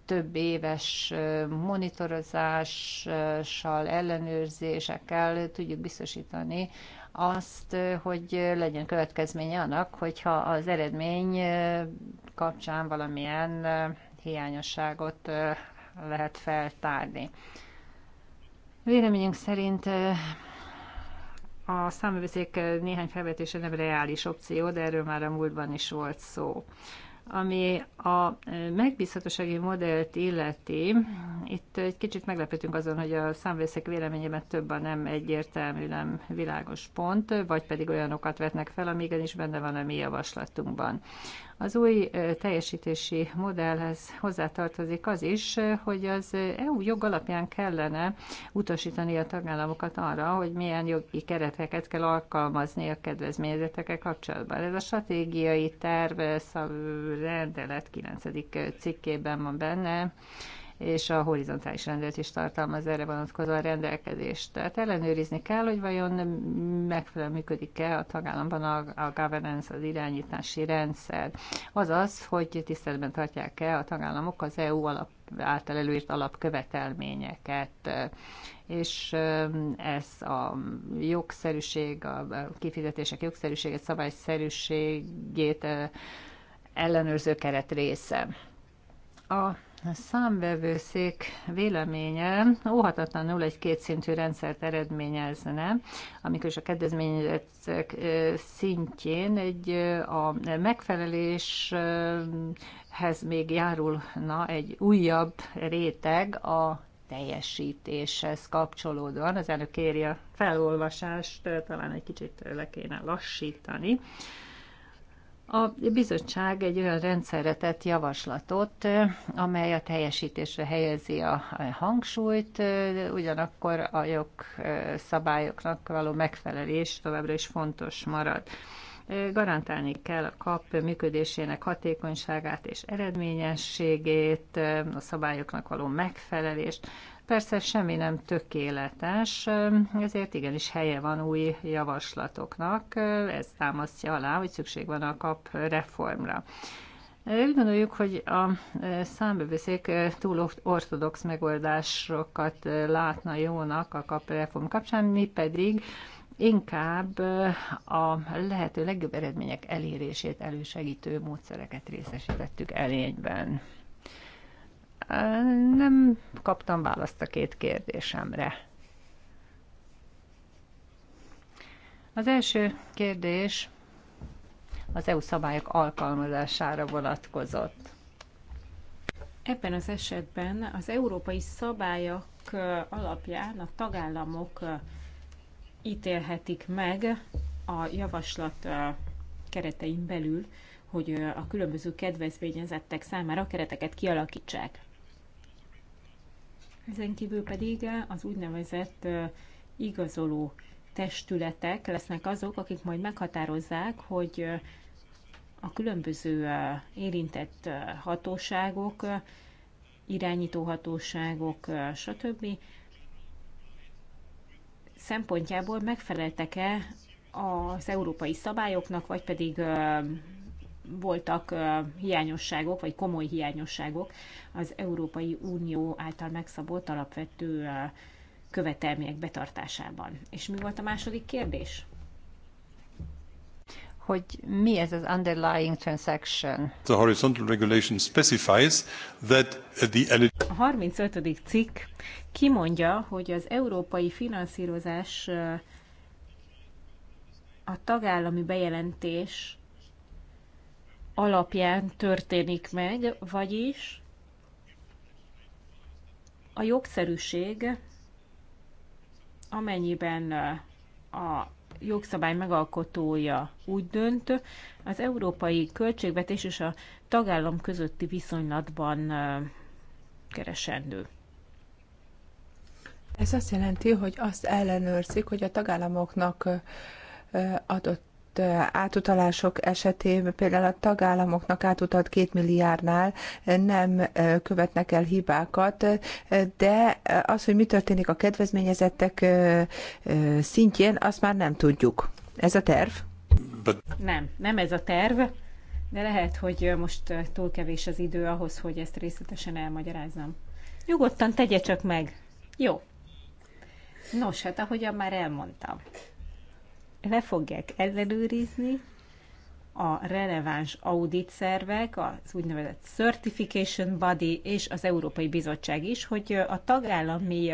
S2: több éves monitorozással, ellenőrzésekkel tudjuk biztosítani azt, hogy legyen következménye annak, hogyha az eredmény kapcsán valamilyen hiányosságot lehet feltárni. Véleményünk szerint a számövőszék néhány felvetése nem reális opció, de erről már a múltban is volt szó. Ami a megbízhatósági modellt illeti, itt egy kicsit meglepetünk azon, hogy a számvészek véleményében több a nem egyértelmű, nem világos pont, vagy pedig olyanokat vetnek fel, amíg is benne van a mi javaslatunkban. Az új teljesítési modellhez hozzátartozik az is, hogy az EU jog alapján kellene utasítani a tagállamokat arra, hogy milyen jogi kereteket kell alkalmazni a kedvezményezetekkel kapcsolatban. Ez a stratégiai terv rendelet 9. cikkében van benne, és a horizontális rendelet is tartalmaz erre vonatkozó a rendelkezést. Tehát ellenőrizni kell, hogy vajon megfelelően működik-e a tagállamban a, a governance, az irányítási rendszer. Az az, hogy tiszteletben tartják-e a tagállamok az EU alap által előírt alapkövetelményeket, és um, ez a jogszerűség, a kifizetések jogszerűséget, szabályszerűségét uh, ellenőrző keret része. A a számvevőszék véleménye óhatatlanul egy kétszintű rendszert eredményezne, amikor is a kedvezményezettek szintjén egy a megfelelés hez még járulna egy újabb réteg a teljesítéshez kapcsolódóan. Az elnök kéri a felolvasást, talán egy kicsit le kéne lassítani. A bizottság egy olyan rendszerre tett javaslatot, amely a teljesítésre helyezi a hangsúlyt, ugyanakkor a jogszabályoknak való megfelelés továbbra is fontos marad. Garantálni kell a kap működésének hatékonyságát és eredményességét, a szabályoknak való megfelelést, Persze semmi nem tökéletes, ezért igenis helye van új javaslatoknak. Ez támasztja alá, hogy szükség van a kap reformra. Úgy gondoljuk, hogy a számbevőszék túl ortodox megoldásokat látna jónak a kap reform kapcsán, mi pedig inkább a lehető legjobb eredmények elérését elősegítő módszereket részesítettük elényben. Nem kaptam választ a két kérdésemre. Az első kérdés az EU szabályok alkalmazására vonatkozott.
S3: Ebben az esetben az európai szabályok alapján a tagállamok ítélhetik meg a javaslat keretein belül, hogy a különböző kedvezményezettek számára kereteket kialakítsák. Ezen kívül pedig az úgynevezett igazoló testületek lesznek azok, akik majd meghatározzák, hogy a különböző érintett hatóságok, irányító hatóságok, stb. szempontjából megfeleltek-e az európai szabályoknak, vagy pedig voltak hiányosságok, vagy komoly hiányosságok az Európai Unió által megszabott alapvető követelmények betartásában. És mi volt a második kérdés? hogy mi ez az underlying transaction.
S2: The horizontal regulation specifies
S1: that the
S3: A 35. cikk kimondja, hogy az európai finanszírozás a tagállami bejelentés alapján történik meg, vagyis a jogszerűség, amennyiben uh, a jogszabály megalkotója úgy dönt, az európai költségvetés és a tagállam közötti viszonylatban uh, keresendő.
S1: Ez azt jelenti, hogy azt ellenőrzik, hogy a tagállamoknak uh, adott kapott átutalások esetében például a tagállamoknak átutalt két milliárdnál nem követnek el hibákat, de az, hogy mi történik a kedvezményezettek szintjén, azt már nem tudjuk. Ez a terv?
S3: Nem, nem ez a terv, de lehet, hogy most túl kevés az idő ahhoz, hogy ezt részletesen elmagyarázzam. Nyugodtan tegye csak meg. Jó. Nos, hát ahogyan már elmondtam, le fogják ellenőrizni a releváns audit szervek, az úgynevezett Certification Body és az Európai Bizottság is, hogy a tagállami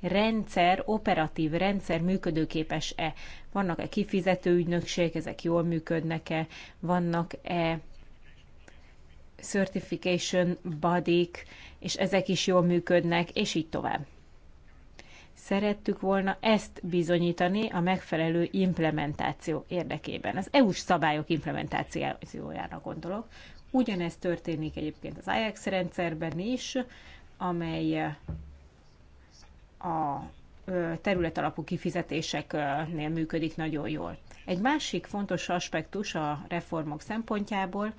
S3: rendszer, operatív rendszer működőképes-e? Vannak-e kifizető ügynökség, ezek jól működnek-e? Vannak-e certification bodyk, és ezek is jól működnek, és így tovább szerettük volna ezt bizonyítani a megfelelő implementáció érdekében. Az EU-s szabályok implementációjára gondolok. Ugyanezt történik egyébként az IX rendszerben is, amely a területalapú kifizetéseknél működik nagyon jól. Egy másik fontos aspektus a reformok szempontjából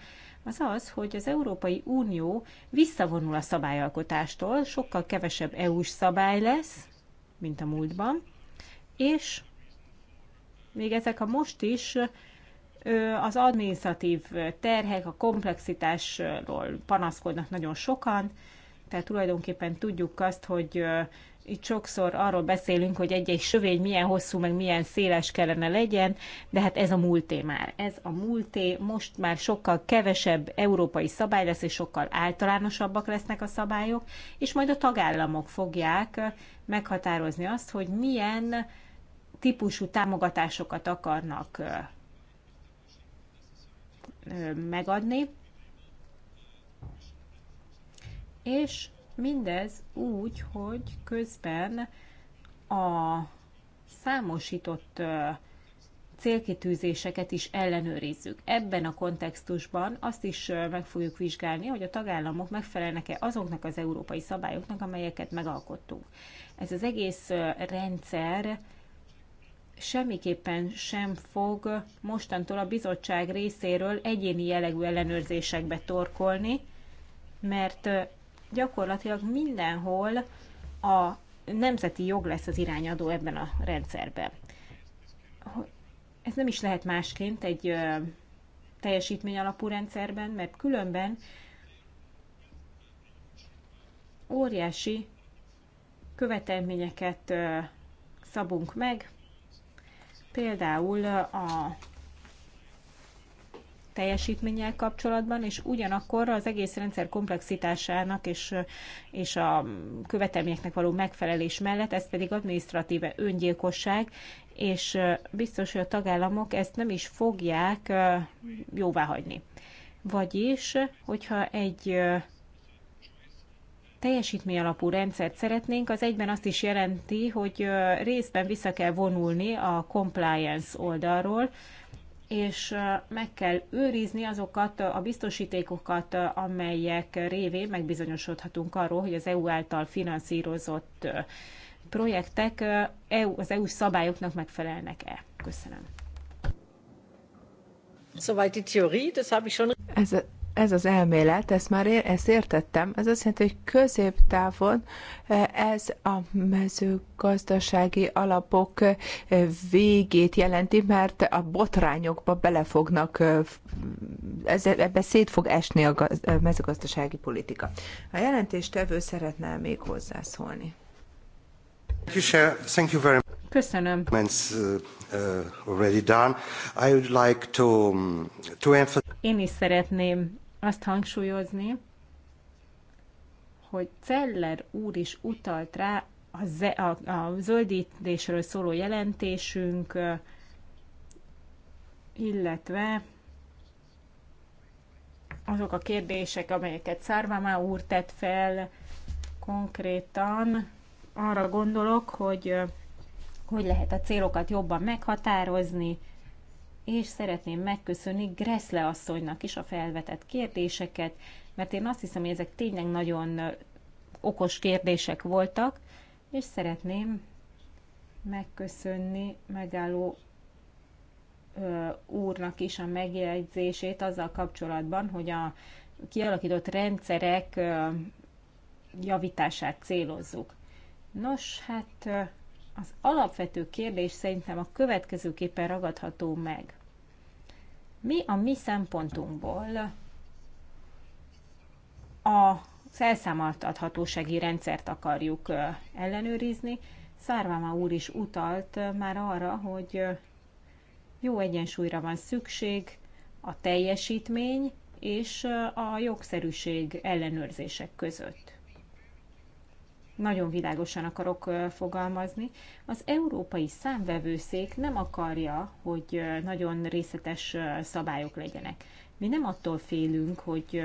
S3: az az, hogy az Európai Unió visszavonul a szabályalkotástól, sokkal kevesebb EU-s szabály lesz, mint a múltban, és még ezek a most is az adminisztratív terhek, a komplexitásról panaszkodnak nagyon sokan, tehát tulajdonképpen tudjuk azt, hogy itt sokszor arról beszélünk, hogy egy-egy sövény milyen hosszú, meg milyen széles kellene legyen, de hát ez a múlté már. Ez a múlté, most már sokkal kevesebb európai szabály lesz, és sokkal általánosabbak lesznek a szabályok, és majd a tagállamok fogják meghatározni azt, hogy milyen típusú támogatásokat akarnak megadni, és Mindez úgy, hogy közben a számosított célkitűzéseket is ellenőrizzük. Ebben a kontextusban azt is meg fogjuk vizsgálni, hogy a tagállamok megfelelnek-e azoknak az európai szabályoknak, amelyeket megalkottunk. Ez az egész rendszer semmiképpen sem fog mostantól a bizottság részéről egyéni jellegű ellenőrzésekbe torkolni, mert gyakorlatilag mindenhol a nemzeti jog lesz az irányadó ebben a rendszerben. Ez nem is lehet másként egy teljesítmény alapú rendszerben, mert különben óriási követelményeket szabunk meg, például a teljesítménnyel kapcsolatban, és ugyanakkor az egész rendszer komplexitásának és, és a követelményeknek való megfelelés mellett, ez pedig administratíve öngyilkosság, és biztos, hogy a tagállamok ezt nem is fogják jóvá hagyni. Vagyis, hogyha egy teljesítmény alapú rendszert szeretnénk, az egyben azt is jelenti, hogy részben vissza kell vonulni a compliance oldalról, és meg kell őrizni azokat a biztosítékokat, amelyek révén megbizonyosodhatunk arról, hogy az EU által finanszírozott projektek e az EU szabályoknak megfelelnek-e. Köszönöm. Soweit die Theorie, das habe ich schon.
S1: Ez ez az elmélet, ezt már ér, ezt értettem, ez azt jelenti, hogy középtávon e, ez a mezőgazdasági alapok e, végét jelenti, mert a botrányokba belefognak, e, ez, ebbe szét fog esni a, gaz, a mezőgazdasági politika. A jelentéstevő szeretne még hozzászólni. Köszönöm.
S3: Én is szeretném azt hangsúlyozni, hogy Celler úr is utalt rá a, ze- a, a zöldítésről szóló jelentésünk, illetve azok a kérdések, amelyeket Szárvámá úr tett fel konkrétan, arra gondolok, hogy hogy lehet a célokat jobban meghatározni, és szeretném megköszönni Greszle asszonynak is a felvetett kérdéseket, mert én azt hiszem, hogy ezek tényleg nagyon okos kérdések voltak, és szeretném megköszönni megálló ö, úrnak is a megjegyzését azzal kapcsolatban, hogy a kialakított rendszerek ö, javítását célozzuk. Nos, hát az alapvető kérdés szerintem a következőképpen ragadható meg. Mi a mi szempontunkból a elszámoltathatósági rendszert akarjuk ellenőrizni. Szárváma úr is utalt már arra, hogy jó egyensúlyra van szükség a teljesítmény és a jogszerűség ellenőrzések között nagyon világosan akarok fogalmazni. Az Európai Számvevőszék nem akarja, hogy nagyon részletes szabályok legyenek. Mi nem attól félünk, hogy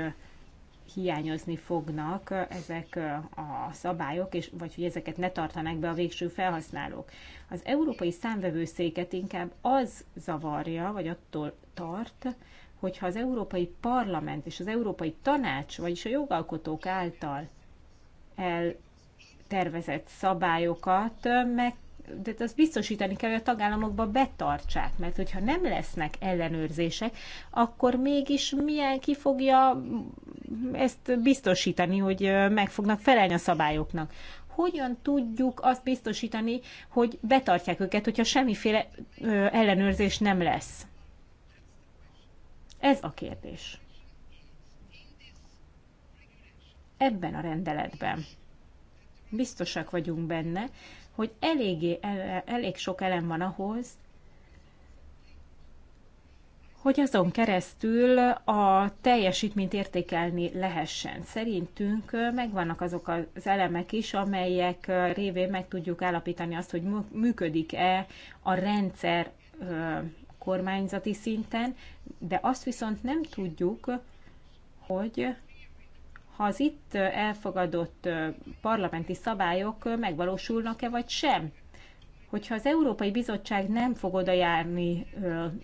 S3: hiányozni fognak ezek a szabályok, és, vagy hogy ezeket ne tartanák be a végső felhasználók. Az európai számvevőszéket inkább az zavarja, vagy attól tart, hogyha az Európai Parlament és az Európai Tanács, vagyis a jogalkotók által el tervezett szabályokat meg de azt biztosítani kell, hogy a tagállamokba betartsák, mert hogyha nem lesznek ellenőrzések, akkor mégis milyen ki fogja ezt biztosítani, hogy meg fognak felelni a szabályoknak. Hogyan tudjuk azt biztosítani, hogy betartják őket, hogyha semmiféle ellenőrzés nem lesz? Ez a kérdés. Ebben a rendeletben biztosak vagyunk benne, hogy eléggé, elég sok elem van ahhoz, hogy azon keresztül a teljesítményt értékelni lehessen. Szerintünk megvannak azok az elemek is, amelyek révén meg tudjuk állapítani azt, hogy működik-e a rendszer kormányzati szinten, de azt viszont nem tudjuk, hogy ha az itt elfogadott parlamenti szabályok megvalósulnak-e vagy sem. Hogyha az Európai Bizottság nem fog oda járni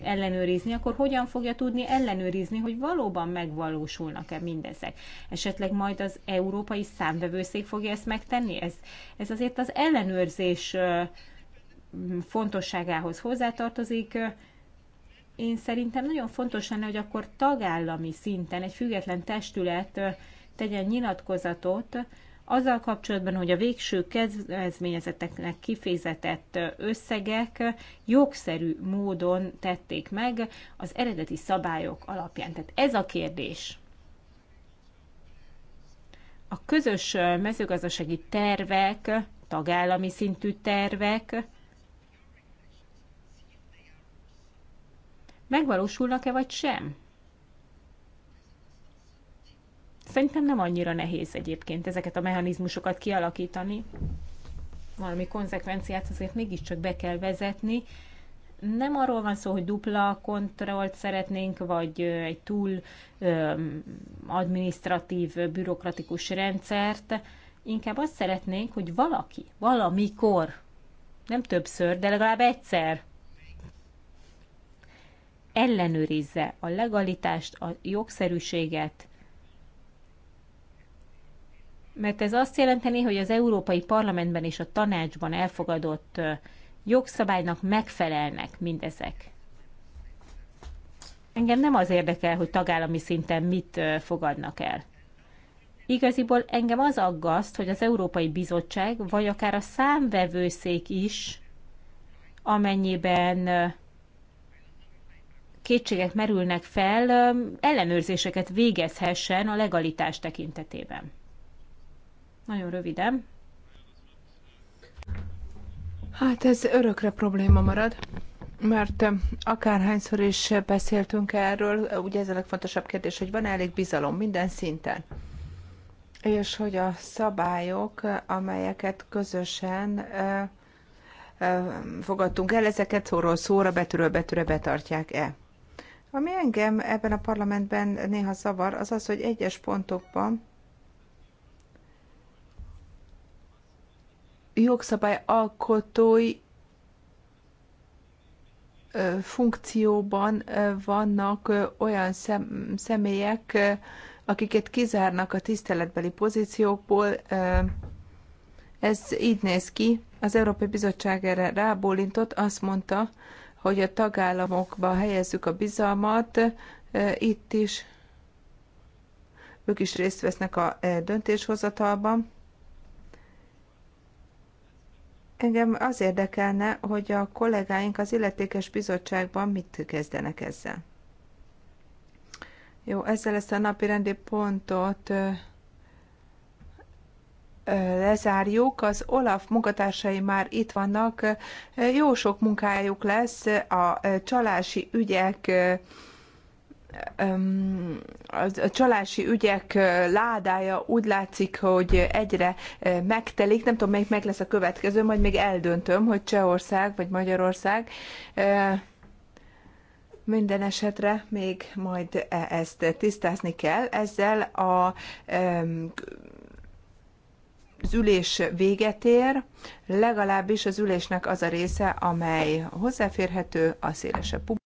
S3: ellenőrizni, akkor hogyan fogja tudni ellenőrizni, hogy valóban megvalósulnak-e mindezek? Esetleg majd az Európai Számvevőszék fogja ezt megtenni? Ez, ez azért az ellenőrzés fontosságához hozzátartozik. Én szerintem nagyon fontos lenne, hogy akkor tagállami szinten egy független testület tegyen nyilatkozatot azzal kapcsolatban, hogy a végső kedvezményezeteknek kifizetett összegek jogszerű módon tették meg az eredeti szabályok alapján. Tehát ez a kérdés. A közös mezőgazdasági tervek, tagállami szintű tervek megvalósulnak-e vagy sem? Szerintem nem annyira nehéz egyébként ezeket a mechanizmusokat kialakítani. Valami konzekvenciát azért mégiscsak be kell vezetni. Nem arról van szó, hogy dupla kontrollt szeretnénk, vagy egy túl öm, administratív, bürokratikus rendszert. Inkább azt szeretnénk, hogy valaki, valamikor, nem többször, de legalább egyszer ellenőrizze a legalitást, a jogszerűséget, mert ez azt jelenteni, hogy az Európai Parlamentben és a tanácsban elfogadott jogszabálynak megfelelnek mindezek. Engem nem az érdekel, hogy tagállami szinten mit fogadnak el. Igaziból engem az aggaszt, hogy az Európai Bizottság, vagy akár a számvevőszék is, amennyiben kétségek merülnek fel, ellenőrzéseket végezhessen a legalitás tekintetében. Nagyon
S1: röviden. Hát ez örökre probléma marad, mert akárhányszor is beszéltünk erről, ugye ez a legfontosabb kérdés, hogy van -e elég bizalom minden szinten. És hogy a szabályok, amelyeket közösen fogadtunk el, ezeket szóról szóra, betűről betűre betartják-e. Ami engem ebben a parlamentben néha zavar, az az, hogy egyes pontokban jogszabály alkotói funkcióban vannak olyan személyek, akiket kizárnak a tiszteletbeli pozíciókból. Ez így néz ki. Az Európai Bizottság erre rábólintott, azt mondta, hogy a tagállamokba helyezzük a bizalmat, itt is ők is részt vesznek a döntéshozatalban. Engem az érdekelne, hogy a kollégáink az illetékes bizottságban mit kezdenek ezzel. Jó, ezzel ezt a napi rendi pontot lezárjuk. Az Olaf munkatársai már itt vannak. Jó sok munkájuk lesz a csalási ügyek a csalási ügyek ládája úgy látszik, hogy egyre megtelik. Nem tudom, melyik meg lesz a következő, majd még eldöntöm, hogy Csehország vagy Magyarország. Minden esetre még majd e, ezt tisztázni kell. Ezzel a az ülés véget ér, legalábbis az ülésnek az a része, amely hozzáférhető a szélesebb